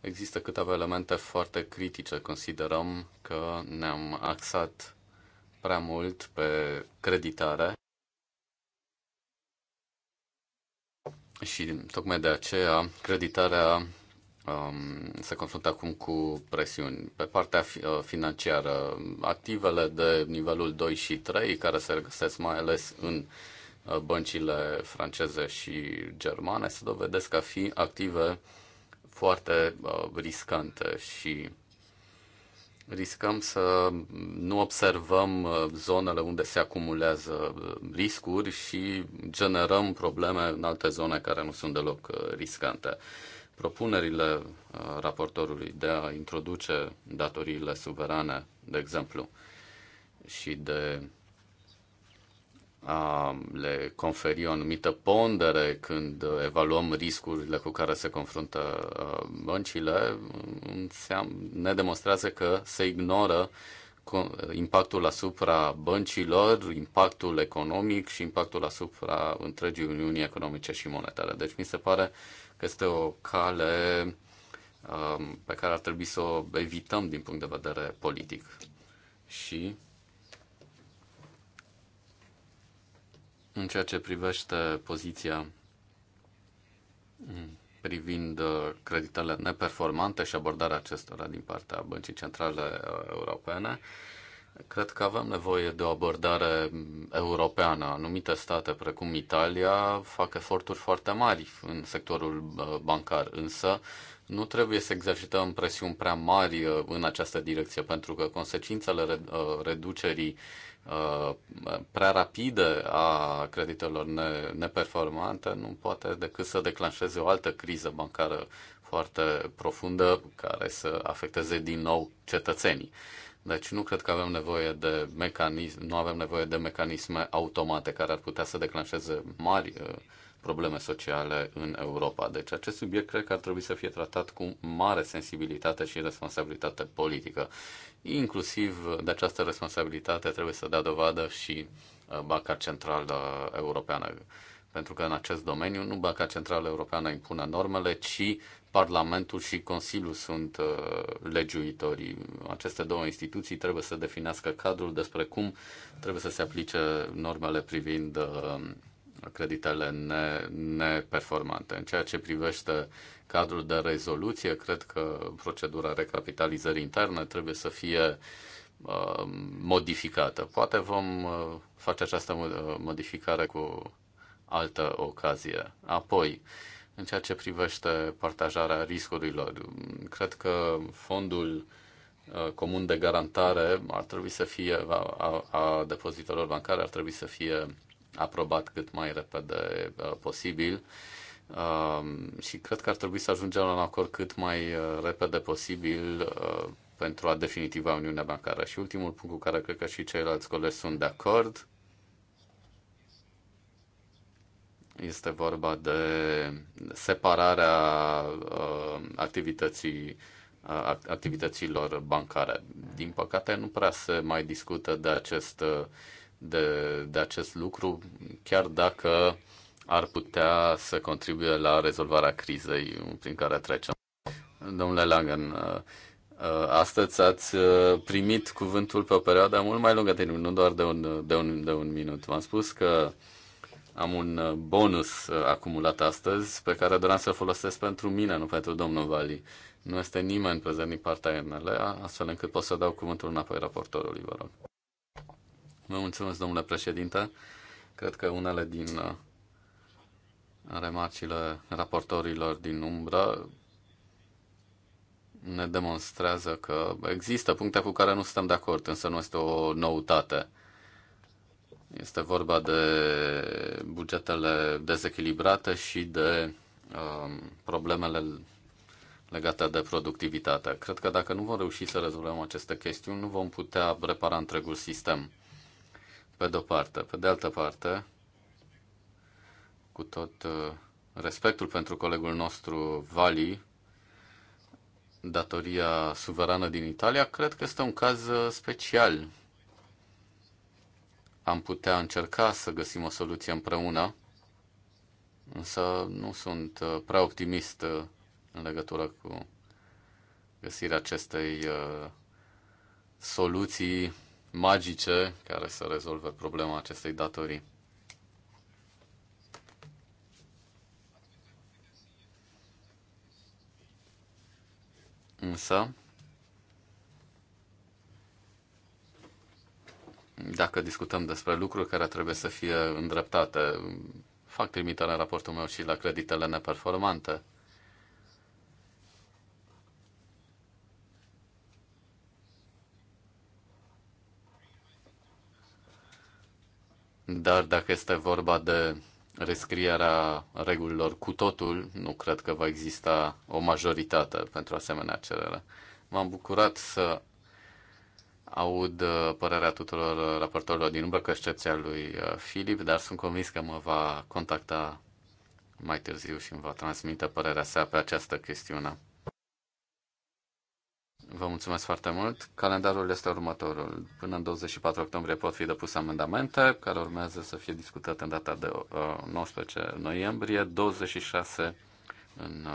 există câteva elemente foarte critice. Considerăm că ne-am axat prea mult pe creditare Și tocmai de aceea creditarea um, se confruntă acum cu presiuni. Pe partea uh, financiară, activele de nivelul 2 și 3, care se regăsesc mai ales în uh, băncile franceze și germane, se dovedesc a fi active foarte uh, riscante și riscăm să nu observăm uh, zonele unde se acumulează uh, riscuri și generăm probleme în alte zone care nu sunt deloc uh, riscante. Propunerile raportorului de a introduce datoriile suverane, de exemplu, și de a le conferi o anumită pondere când evaluăm riscurile cu care se confruntă uh, băncile, ne demonstrează că se ignoră impactul asupra băncilor, impactul economic și impactul asupra întregii Uniunii Economice și Monetare. Deci mi se pare că este o cale um, pe care ar trebui să o evităm din punct de vedere politic. Și În ceea ce privește poziția mm, privind uh, creditele neperformante și abordarea acestora din partea Băncii Centrale uh, Europene, Cred că avem nevoie de o abordare mm, europeană. Anumite state, precum Italia, fac eforturi foarte mari în sectorul uh, bancar, însă nu trebuie să exercităm presiuni prea mari în această direcție, pentru că consecințele reducerii Uh, prea rapidă a creditelor neperformante nu poate decât să declanșeze o altă criză bancară foarte profundă care să afecteze din nou cetățenii. Deci nu cred că avem nevoie de mecanism, nu avem nevoie de mecanisme automate care ar putea să declanșeze mari uh, probleme sociale în Europa. Deci acest subiect cred că ar trebui să fie tratat cu mare sensibilitate și responsabilitate politică. Inclusiv de această responsabilitate trebuie să dea dovadă și uh, Banca Centrală Europeană. Pentru că în acest domeniu nu Banca Centrală Europeană impune normele, ci Parlamentul și Consiliul sunt uh, legiuitorii. Aceste două instituții trebuie să definească cadrul despre cum trebuie să se aplice normele privind uh, creditele ne, neperformante. În ceea ce privește cadrul de rezoluție, cred că procedura recapitalizării interne trebuie să fie uh, modificată. Poate vom uh, face această uh, modificare cu altă ocazie. Apoi, în ceea ce privește partajarea riscurilor, cred că fondul comun de garantare ar trebui să fie a, a, a depozitelor bancare ar trebui să fie aprobat cât mai repede uh, posibil um, și cred că ar trebui să ajungem la un acord cât mai uh, repede posibil uh, pentru a definitiva Uniunea Bancară. Și ultimul punct cu care cred că și ceilalți colegi sunt de acord este vorba de separarea activității activităților bancare. Din păcate, nu prea se mai discută de acest de, de acest lucru, chiar dacă ar putea să contribuie la rezolvarea crizei prin care trecem. Domnule Langen, uh, uh, astăzi ați uh, primit cuvântul pe o perioadă mult mai lungă de nu doar de un, de un, de un minut. V-am spus că am un bonus acumulat astăzi pe care doream să-l folosesc pentru mine, nu pentru domnul Vali. Nu este nimeni prezent din partea MLA, astfel încât pot să dau cuvântul înapoi raportorului, vă rog. Vă mulțumesc, domnule președinte. Cred că unele din uh, remarcile raportorilor din umbră ne demonstrează că există puncte cu care nu suntem de acord, însă nu este o noutate. Este vorba de bugetele dezechilibrate și de um, problemele legate de productivitate. Cred că dacă nu vom reuși să rezolvăm aceste chestiuni, nu vom putea repara întregul sistem pe de-o parte. Pe de altă parte, cu tot uh, respectul pentru colegul nostru Vali, datoria suverană din Italia, cred că este un caz uh, special. Am putea încerca să găsim o soluție împreună, însă nu sunt uh, prea optimist în legătură cu găsirea acestei soluții magice care să rezolve problema acestei datorii. Însă, dacă discutăm despre lucruri care trebuie să fie îndreptate, fac trimitere în raportul meu și la creditele neperformante. dar dacă este vorba de rescrierea regulilor cu totul, nu cred că va exista o majoritate pentru asemenea cerere. M-am bucurat să aud uh, părerea tuturor uh, raportorilor din umbră, cu excepția lui uh, Filip, dar sunt convins că mă va contacta mai târziu și îmi va transmite părerea sa pe această chestiune. Vă mulțumesc foarte mult. Calendarul este următorul. Până în 24 octombrie pot fi depuse amendamente, care urmează să fie discutate în data de 19 uh, noiembrie, 26 uh, în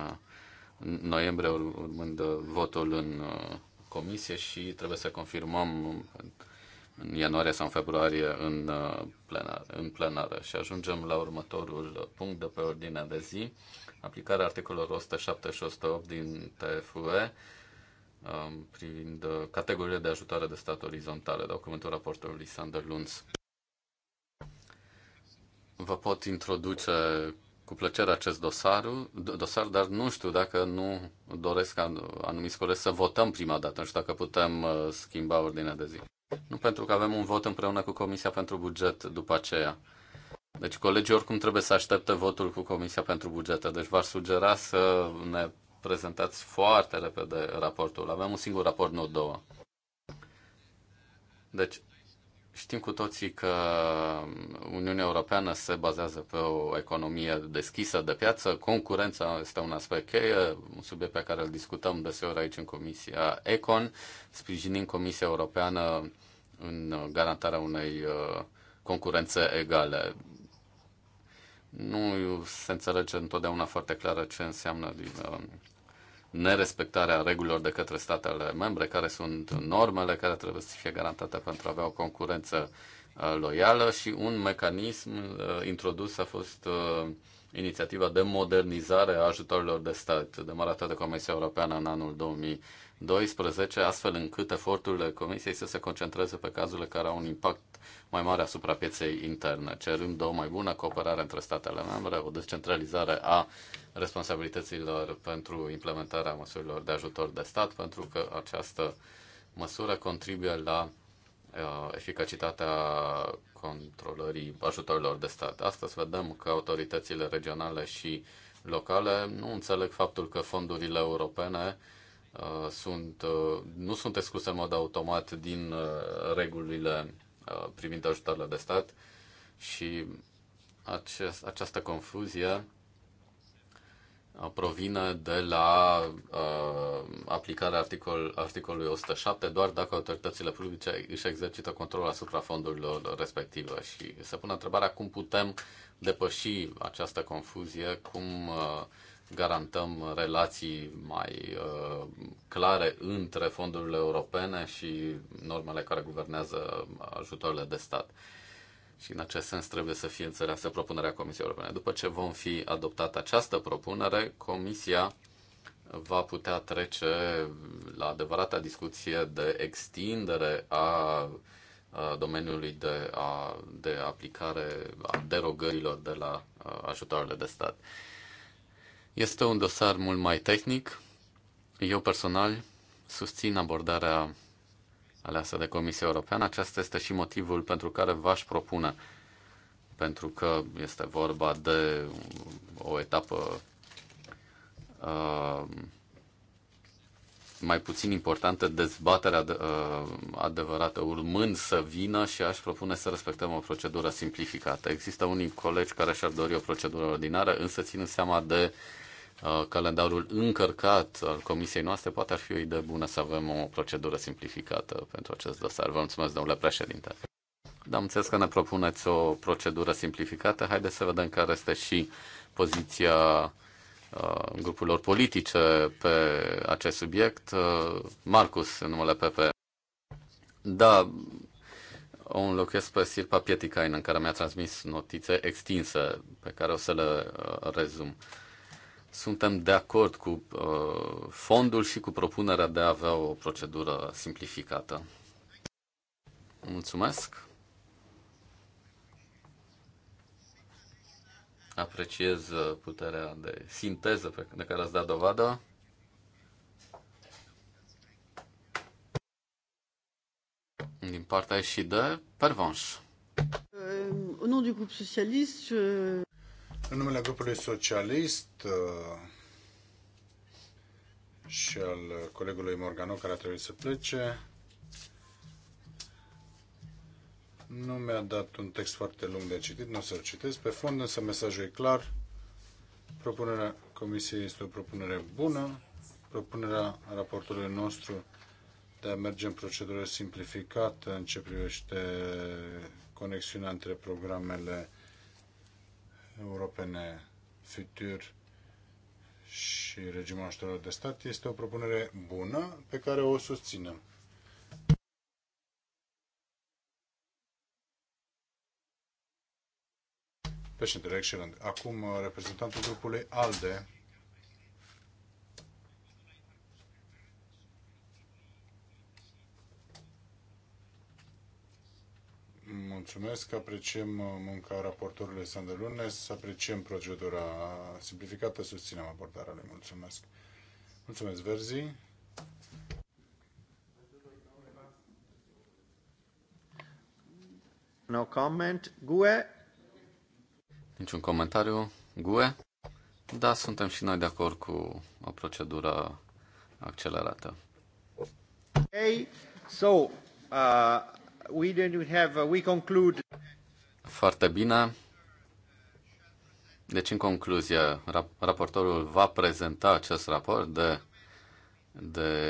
noiembrie urmând uh, votul în comisie și trebuie să confirmăm în ianuarie sau în februarie în, plenară, în plenară. Și ajungem la următorul punct de pe ordinea de zi, aplicarea articolelor 107 și 108 din TFUE Um, privind uh, categoriile de ajutoare de stat orizontale, dau cuvântul raportorului Sander Lunds. Vă pot introduce cu plăcere acest dosar, dosar, dar nu știu dacă nu doresc anumiți colegi să votăm prima dată, nu știu dacă putem uh, schimba ordinea de zi. Nu, pentru că avem un vot împreună cu Comisia pentru Buget după aceea. Deci colegii oricum trebuie să aștepte votul cu Comisia pentru Bugete, deci v-aș sugera să ne prezentați foarte repede raportul. Avem un singur raport, nu două. Deci, știm cu toții că Uniunea Europeană se bazează pe o economie deschisă de piață. Concurența este un aspect cheie, un subiect pe care îl discutăm deseori aici în Comisia Econ. Sprijinim Comisia Europeană în garantarea unei uh, concurențe egale. Nu se înțelege întotdeauna foarte clară ce înseamnă uh, nerespectarea regulilor de către statele membre, care sunt normele care trebuie să fie garantate pentru a avea o concurență uh, loială și un mecanism uh, introdus a fost uh, inițiativa de modernizare a ajutorilor de stat demarată de Comisia Europeană în anul 2000 12, astfel încât eforturile Comisiei să se concentreze pe cazurile care au un impact mai mare asupra pieței interne. Cerând o mai bună cooperare între statele membre, o descentralizare a responsabilităților pentru implementarea măsurilor de ajutor de stat, pentru că această măsură contribuie la uh, eficacitatea controlării ajutorilor de stat. Astăzi vedem că autoritățile regionale și locale nu înțeleg faptul că fondurile europene uh, Uh, sunt, uh, nu sunt excluse în mod automat din uh, regulile privind ajutoarele de stat și acest, această confuzie provine de la uh, aplicarea articol, articolului 107 doar dacă autoritățile publice își exercită controlul asupra fondurilor respective. Și se pune întrebarea cum putem depăși această confuzie, cum uh, garantăm relații mai uh, clare între fondurile europene și normele care guvernează ajutoarele de stat. Și în acest sens trebuie să fie înțeleasă propunerea Comisiei Europene. După ce vom fi adoptată această propunere, Comisia va putea trece la adevărata discuție de extindere a domeniului de, a, de aplicare a derogărilor de la ajutoarele de stat. Este un dosar mult mai tehnic. Eu personal susțin abordarea aleasă de Comisia Europeană. Acesta este și motivul pentru care v-aș propune, pentru că este vorba de o etapă uh, mai puțin importantă dezbaterea uh, adevărată urmând să vină și aș propune să respectăm o procedură simplificată. Există unii colegi care și-ar dori o procedură ordinară, însă ținând seama de uh, calendarul încărcat al comisiei noastre, poate ar fi o idee bună să avem o procedură simplificată pentru acest dosar. Vă mulțumesc, domnule președinte. Da, am înțeles că ne propuneți o procedură simplificată. Haideți să vedem care este și poziția Uh, grupurilor politice pe acest subiect. Uh, Marcus, în numele PP. Da, o înlocuiesc pe Sirpa Pieticain, în care mi-a transmis notițe extinse, pe care o să le uh, rezum. Suntem de acord cu fondul și cu propunerea de a avea o procedură simplificată. Mulțumesc! Apreciez uh, puterea de sinteză pe de care ați dat dovadă. Din partea și de Pervanș. În numele socialist, uh, în numele grupului socialist uh, și al colegului Morgano care a trebuit să plece, Nu mi-a dat un text foarte lung de citit, nu o să-l citesc. Pe fond, însă, mesajul e clar. Propunerea Comisiei este o propunere bună. Propunerea raportului nostru de a merge în procedură simplificată în ce privește conexiunea între programele europene Futur și regimul de stat este o propunere bună pe care o susținem. Președintele, excelent. Acum uh, reprezentantul grupului ALDE. Mulțumesc, apreciem uh, munca raportorului Sander Lunes, apreciem procedura simplificată, susținem abordarea lui. Mulțumesc. Mulțumesc, Verzi. No comment. GUE, Niciun comentariu? GUE? Da, suntem și noi de acord cu o procedură accelerată. Okay, so uh, we didn't have uh, we conclude. Foarte bine. Deci, în concluzie, raportorul va prezenta acest raport de de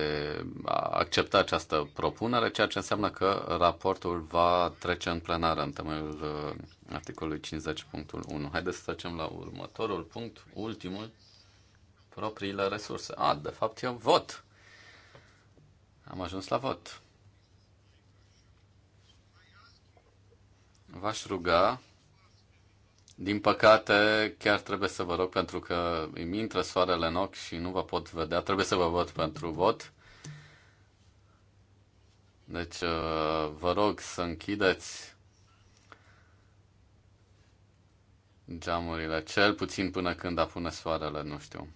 a accepta această propunere, ceea ce înseamnă că raportul va trece în plenară în temeiul uh, articolului 50.1. Haideți să trecem la următorul punct, ultimul, propriile resurse. A, de fapt eu vot. Am ajuns la vot. V-aș ruga din păcate, chiar trebuie să vă rog, pentru că îmi intră soarele în ochi și nu vă pot vedea, trebuie să vă văd pentru vot. Deci, uh, vă rog să închideți geamurile, cel puțin până când apune soarele, nu știu.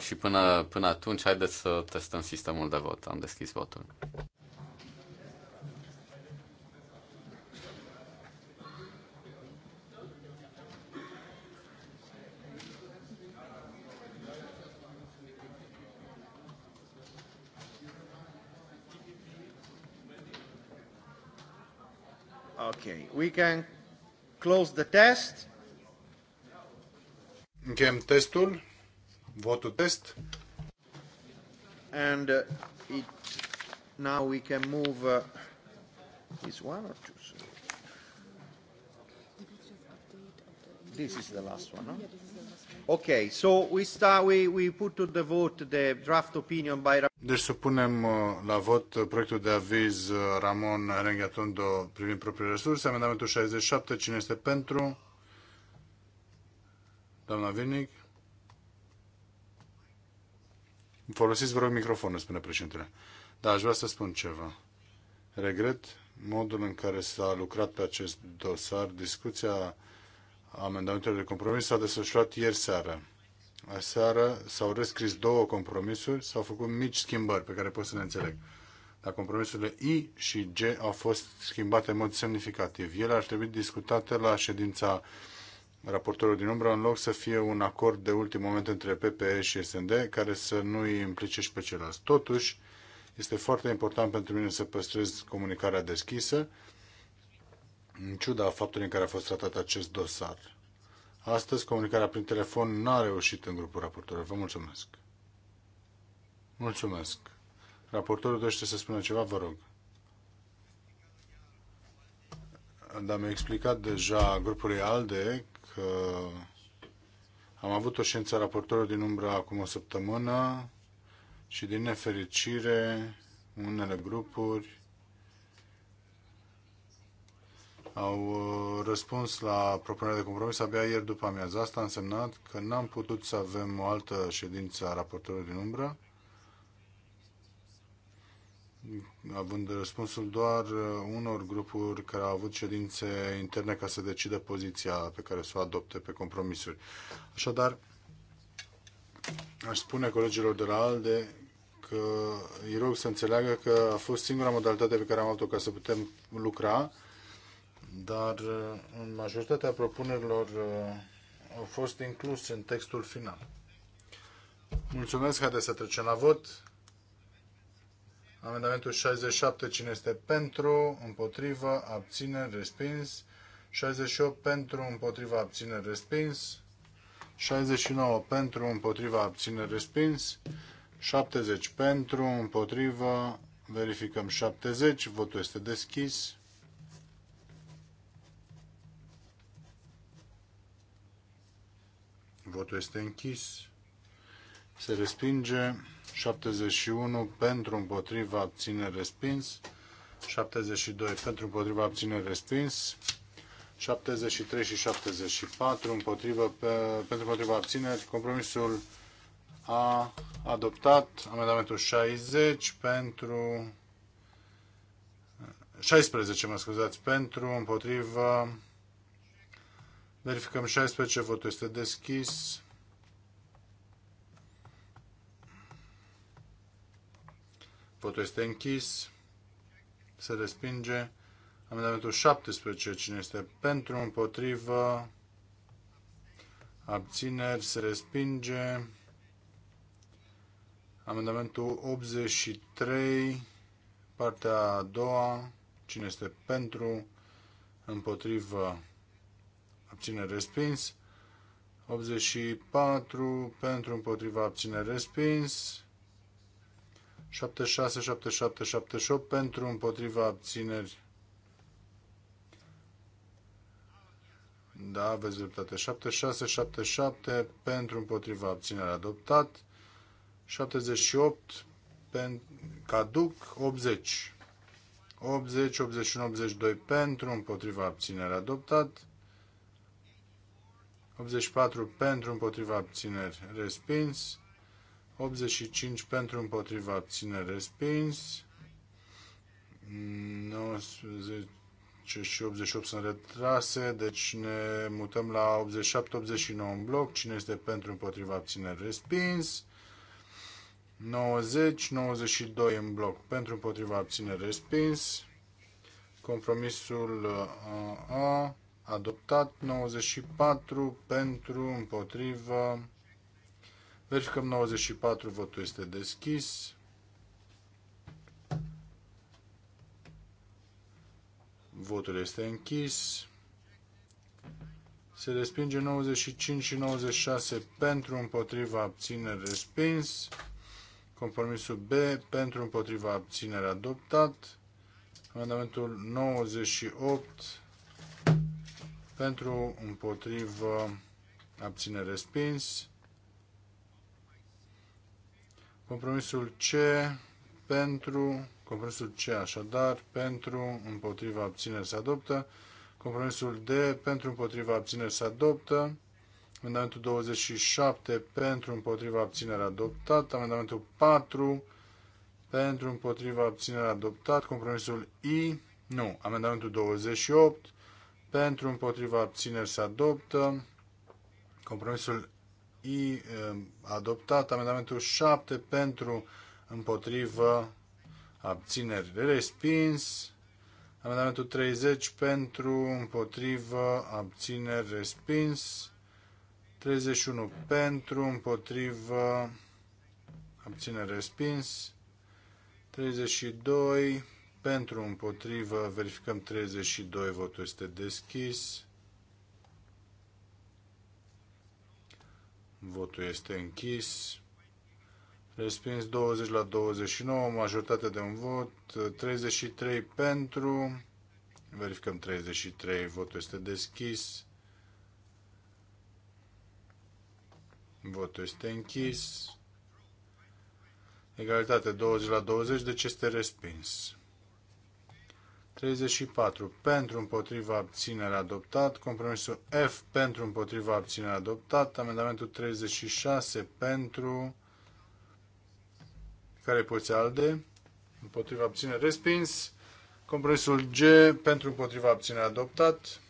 Și până, până atunci, haideți să testăm sistemul de vot. Am deschis votul. Okay, we can close the test. Încheiem testul, votul test. And uh, it, now we can move uh, this one or two. This is the last one, no? Huh? Okay, so we start, we, we put to the vote the draft opinion by... Deci supunem uh, la vot uh, proiectul de aviz uh, Ramon Arengatondo privind propriile resurse, amendamentul 67, cine este pentru? Doamna Vinic? Folosiți, vă rog, microfonul, spune președintele. Da, aș vrea să spun ceva. Regret modul în care s-a lucrat pe acest dosar. Discuția amendamentelor de compromis s-a desfășurat ieri seară. Aseară s-au rescris două compromisuri, s-au făcut mici schimbări pe care pot să le înțeleg. Dar compromisurile I și G au fost schimbate în mod semnificativ. Ele ar trebui discutate la ședința raportorului din umbră, în loc să fie un acord de ultim moment între PPE și SND, care să nu îi implice și pe ceilalți. Totuși, este foarte important pentru mine să păstrez comunicarea deschisă în ciuda faptului în care a fost tratat acest dosar. Astăzi, comunicarea prin telefon n-a reușit în grupul raportorilor. Vă mulțumesc. Mulțumesc. Raportorul dorește să spună ceva, vă rog. Dar mi-a explicat deja grupului ALDE că am avut o ședință raportorului din umbra acum o săptămână și din nefericire unele grupuri au uh, răspuns la propunerea de compromis abia ieri după amiază. Asta a însemnat că n-am putut să avem o altă ședință a raportorului din umbră, având răspunsul doar uh, unor grupuri care au avut ședințe interne ca să decidă poziția pe care să o adopte pe compromisuri. Așadar, aș spune colegilor de la ALDE că îi rog să înțeleagă că a fost singura modalitate pe care am avut-o ca să putem lucra dar uh, în majoritatea propunerilor uh, au fost incluse în textul final. Mulțumesc, haideți să trecem la vot. Amendamentul 67, cine este pentru, împotrivă, abține, respins. 68 pentru, împotriva, abține, respins. 69 pentru, împotriva, abține, respins. 70 pentru, împotrivă, verificăm 70, votul este deschis. Votul este închis. Se respinge. 71 pentru împotriva abține respins. 72 pentru împotriva abține respins. 73 și 74 împotrivă, pe, pentru împotriva abțineri. Compromisul a adoptat amendamentul 60 pentru 16, mă scuzați, pentru împotriva Verificăm 16, votul este deschis. Votul este închis. Se respinge. Amendamentul 17. Cine este pentru, împotrivă, abțineri, se respinge. Amendamentul 83, partea a doua. Cine este pentru, împotrivă, abține respins. 84 pentru împotriva abține respins. 76, 77, 78 pentru împotriva abțineri. Da, aveți dreptate. 76, 77 pentru împotriva abținere adoptat. 78 pentru caduc 80. 80, 81, 82 pentru împotriva abținere adoptat. 84 pentru împotriva abțineri respins. 85 pentru împotriva abțineri respins. 90 și 88 sunt retrase, deci ne mutăm la 87-89 în bloc. Cine este pentru împotriva abțineri respins. 90-92 în bloc pentru împotriva abțineri respins. Compromisul uh, adoptat, 94 pentru, împotrivă, verificăm 94, votul este deschis. Votul este închis. Se respinge 95 și 96 pentru, împotriva, abținere respins. Compromisul B pentru, împotriva, abținere adoptat. Amendamentul 98 pentru, împotrivă, abține respins. Compromisul C pentru, compromisul C așadar, pentru, împotriva abține se adoptă. Compromisul D pentru, împotriva abține se adoptă. Amendamentul 27 pentru, împotriva abținere adoptat. Amendamentul 4 pentru, împotriva abținere adoptat. Compromisul I, nu, amendamentul 28 pentru împotriva abțineri se adoptă. Compromisul I ehm, adoptat. Amendamentul 7 pentru împotrivă abțineri respins. Amendamentul 30 pentru împotrivă abțineri respins. 31 pentru împotrivă abțineri respins. 32 pentru, împotrivă, verificăm 32, votul este deschis. Votul este închis. Respins 20 la 29, majoritate de un vot, 33 pentru, verificăm 33, votul este deschis. Votul este închis. Egalitate 20 la 20, deci este respins. 34 pentru împotriva abținere adoptat, compromisul F pentru împotriva abținere adoptat, amendamentul 36 pentru care poți alde, împotriva abținere respins, compromisul G pentru împotriva abținere adoptat,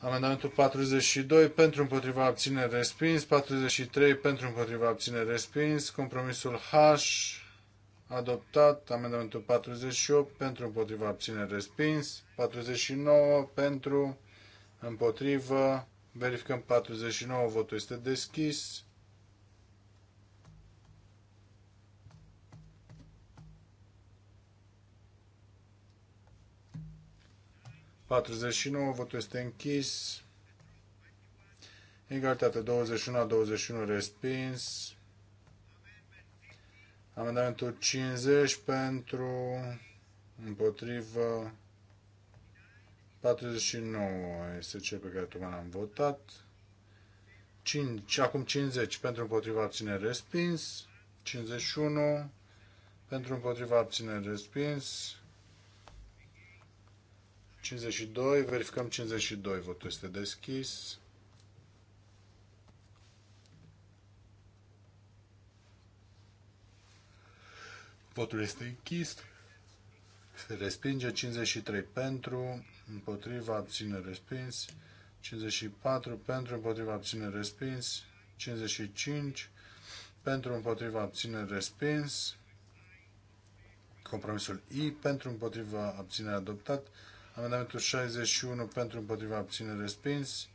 Amendamentul 42 pentru împotriva abținere respins, 43 pentru împotriva abținere respins, compromisul H adoptat, amendamentul 48 pentru împotriva abțineri respins, 49 pentru împotrivă, verificăm 49, votul este deschis. Patruzeci votul este închis. Egalitate 21-21 respins. Amendamentul 50 pentru împotrivă 49 este cel pe care tocmai l-am votat. 5, acum 50 pentru împotriva abține respins. 51 pentru împotriva abține respins. 52, verificăm 52, votul este deschis. Votul este închis. Se respinge 53 pentru, împotriva, abține, respins. 54 pentru, împotriva, abține, respins. 55 pentru, împotriva, abține, respins. Compromisul I pentru, împotriva, abține, adoptat. Amendamentul 61 pentru, împotriva, abține, respins.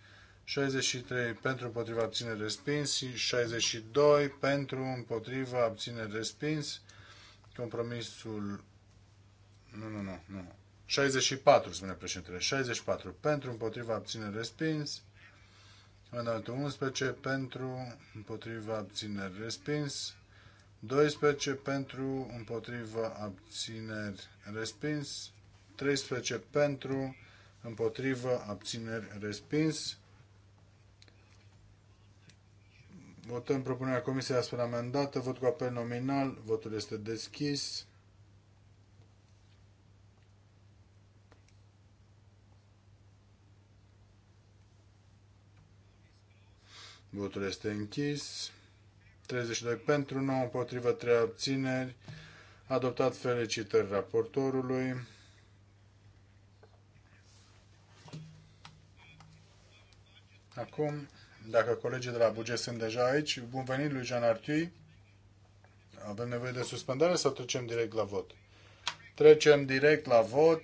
63 pentru, împotriva, abține, respins. 62 pentru, împotriva, abține, respins. Compromisul... Nu, nu, nu, nu. 64, spune președintele. 64. Pentru, împotriva, abține, respins. Amendamentul 11. Pentru, împotriva, abține, respins. 12 pentru, împotriva, abține, respins. 13 pentru, împotriva, abține, respins. Votăm propunerea Comisiei astfel amendată. Vot cu apel nominal. Votul este deschis. Votul este închis. 32 pentru, 9 împotrivă, 3 abțineri. Adoptat felicitări raportorului. Acum dacă colegii de la buget sunt deja aici, bun venit lui Jean Artui. Avem nevoie de suspendare sau trecem direct la vot? Trecem direct la vot.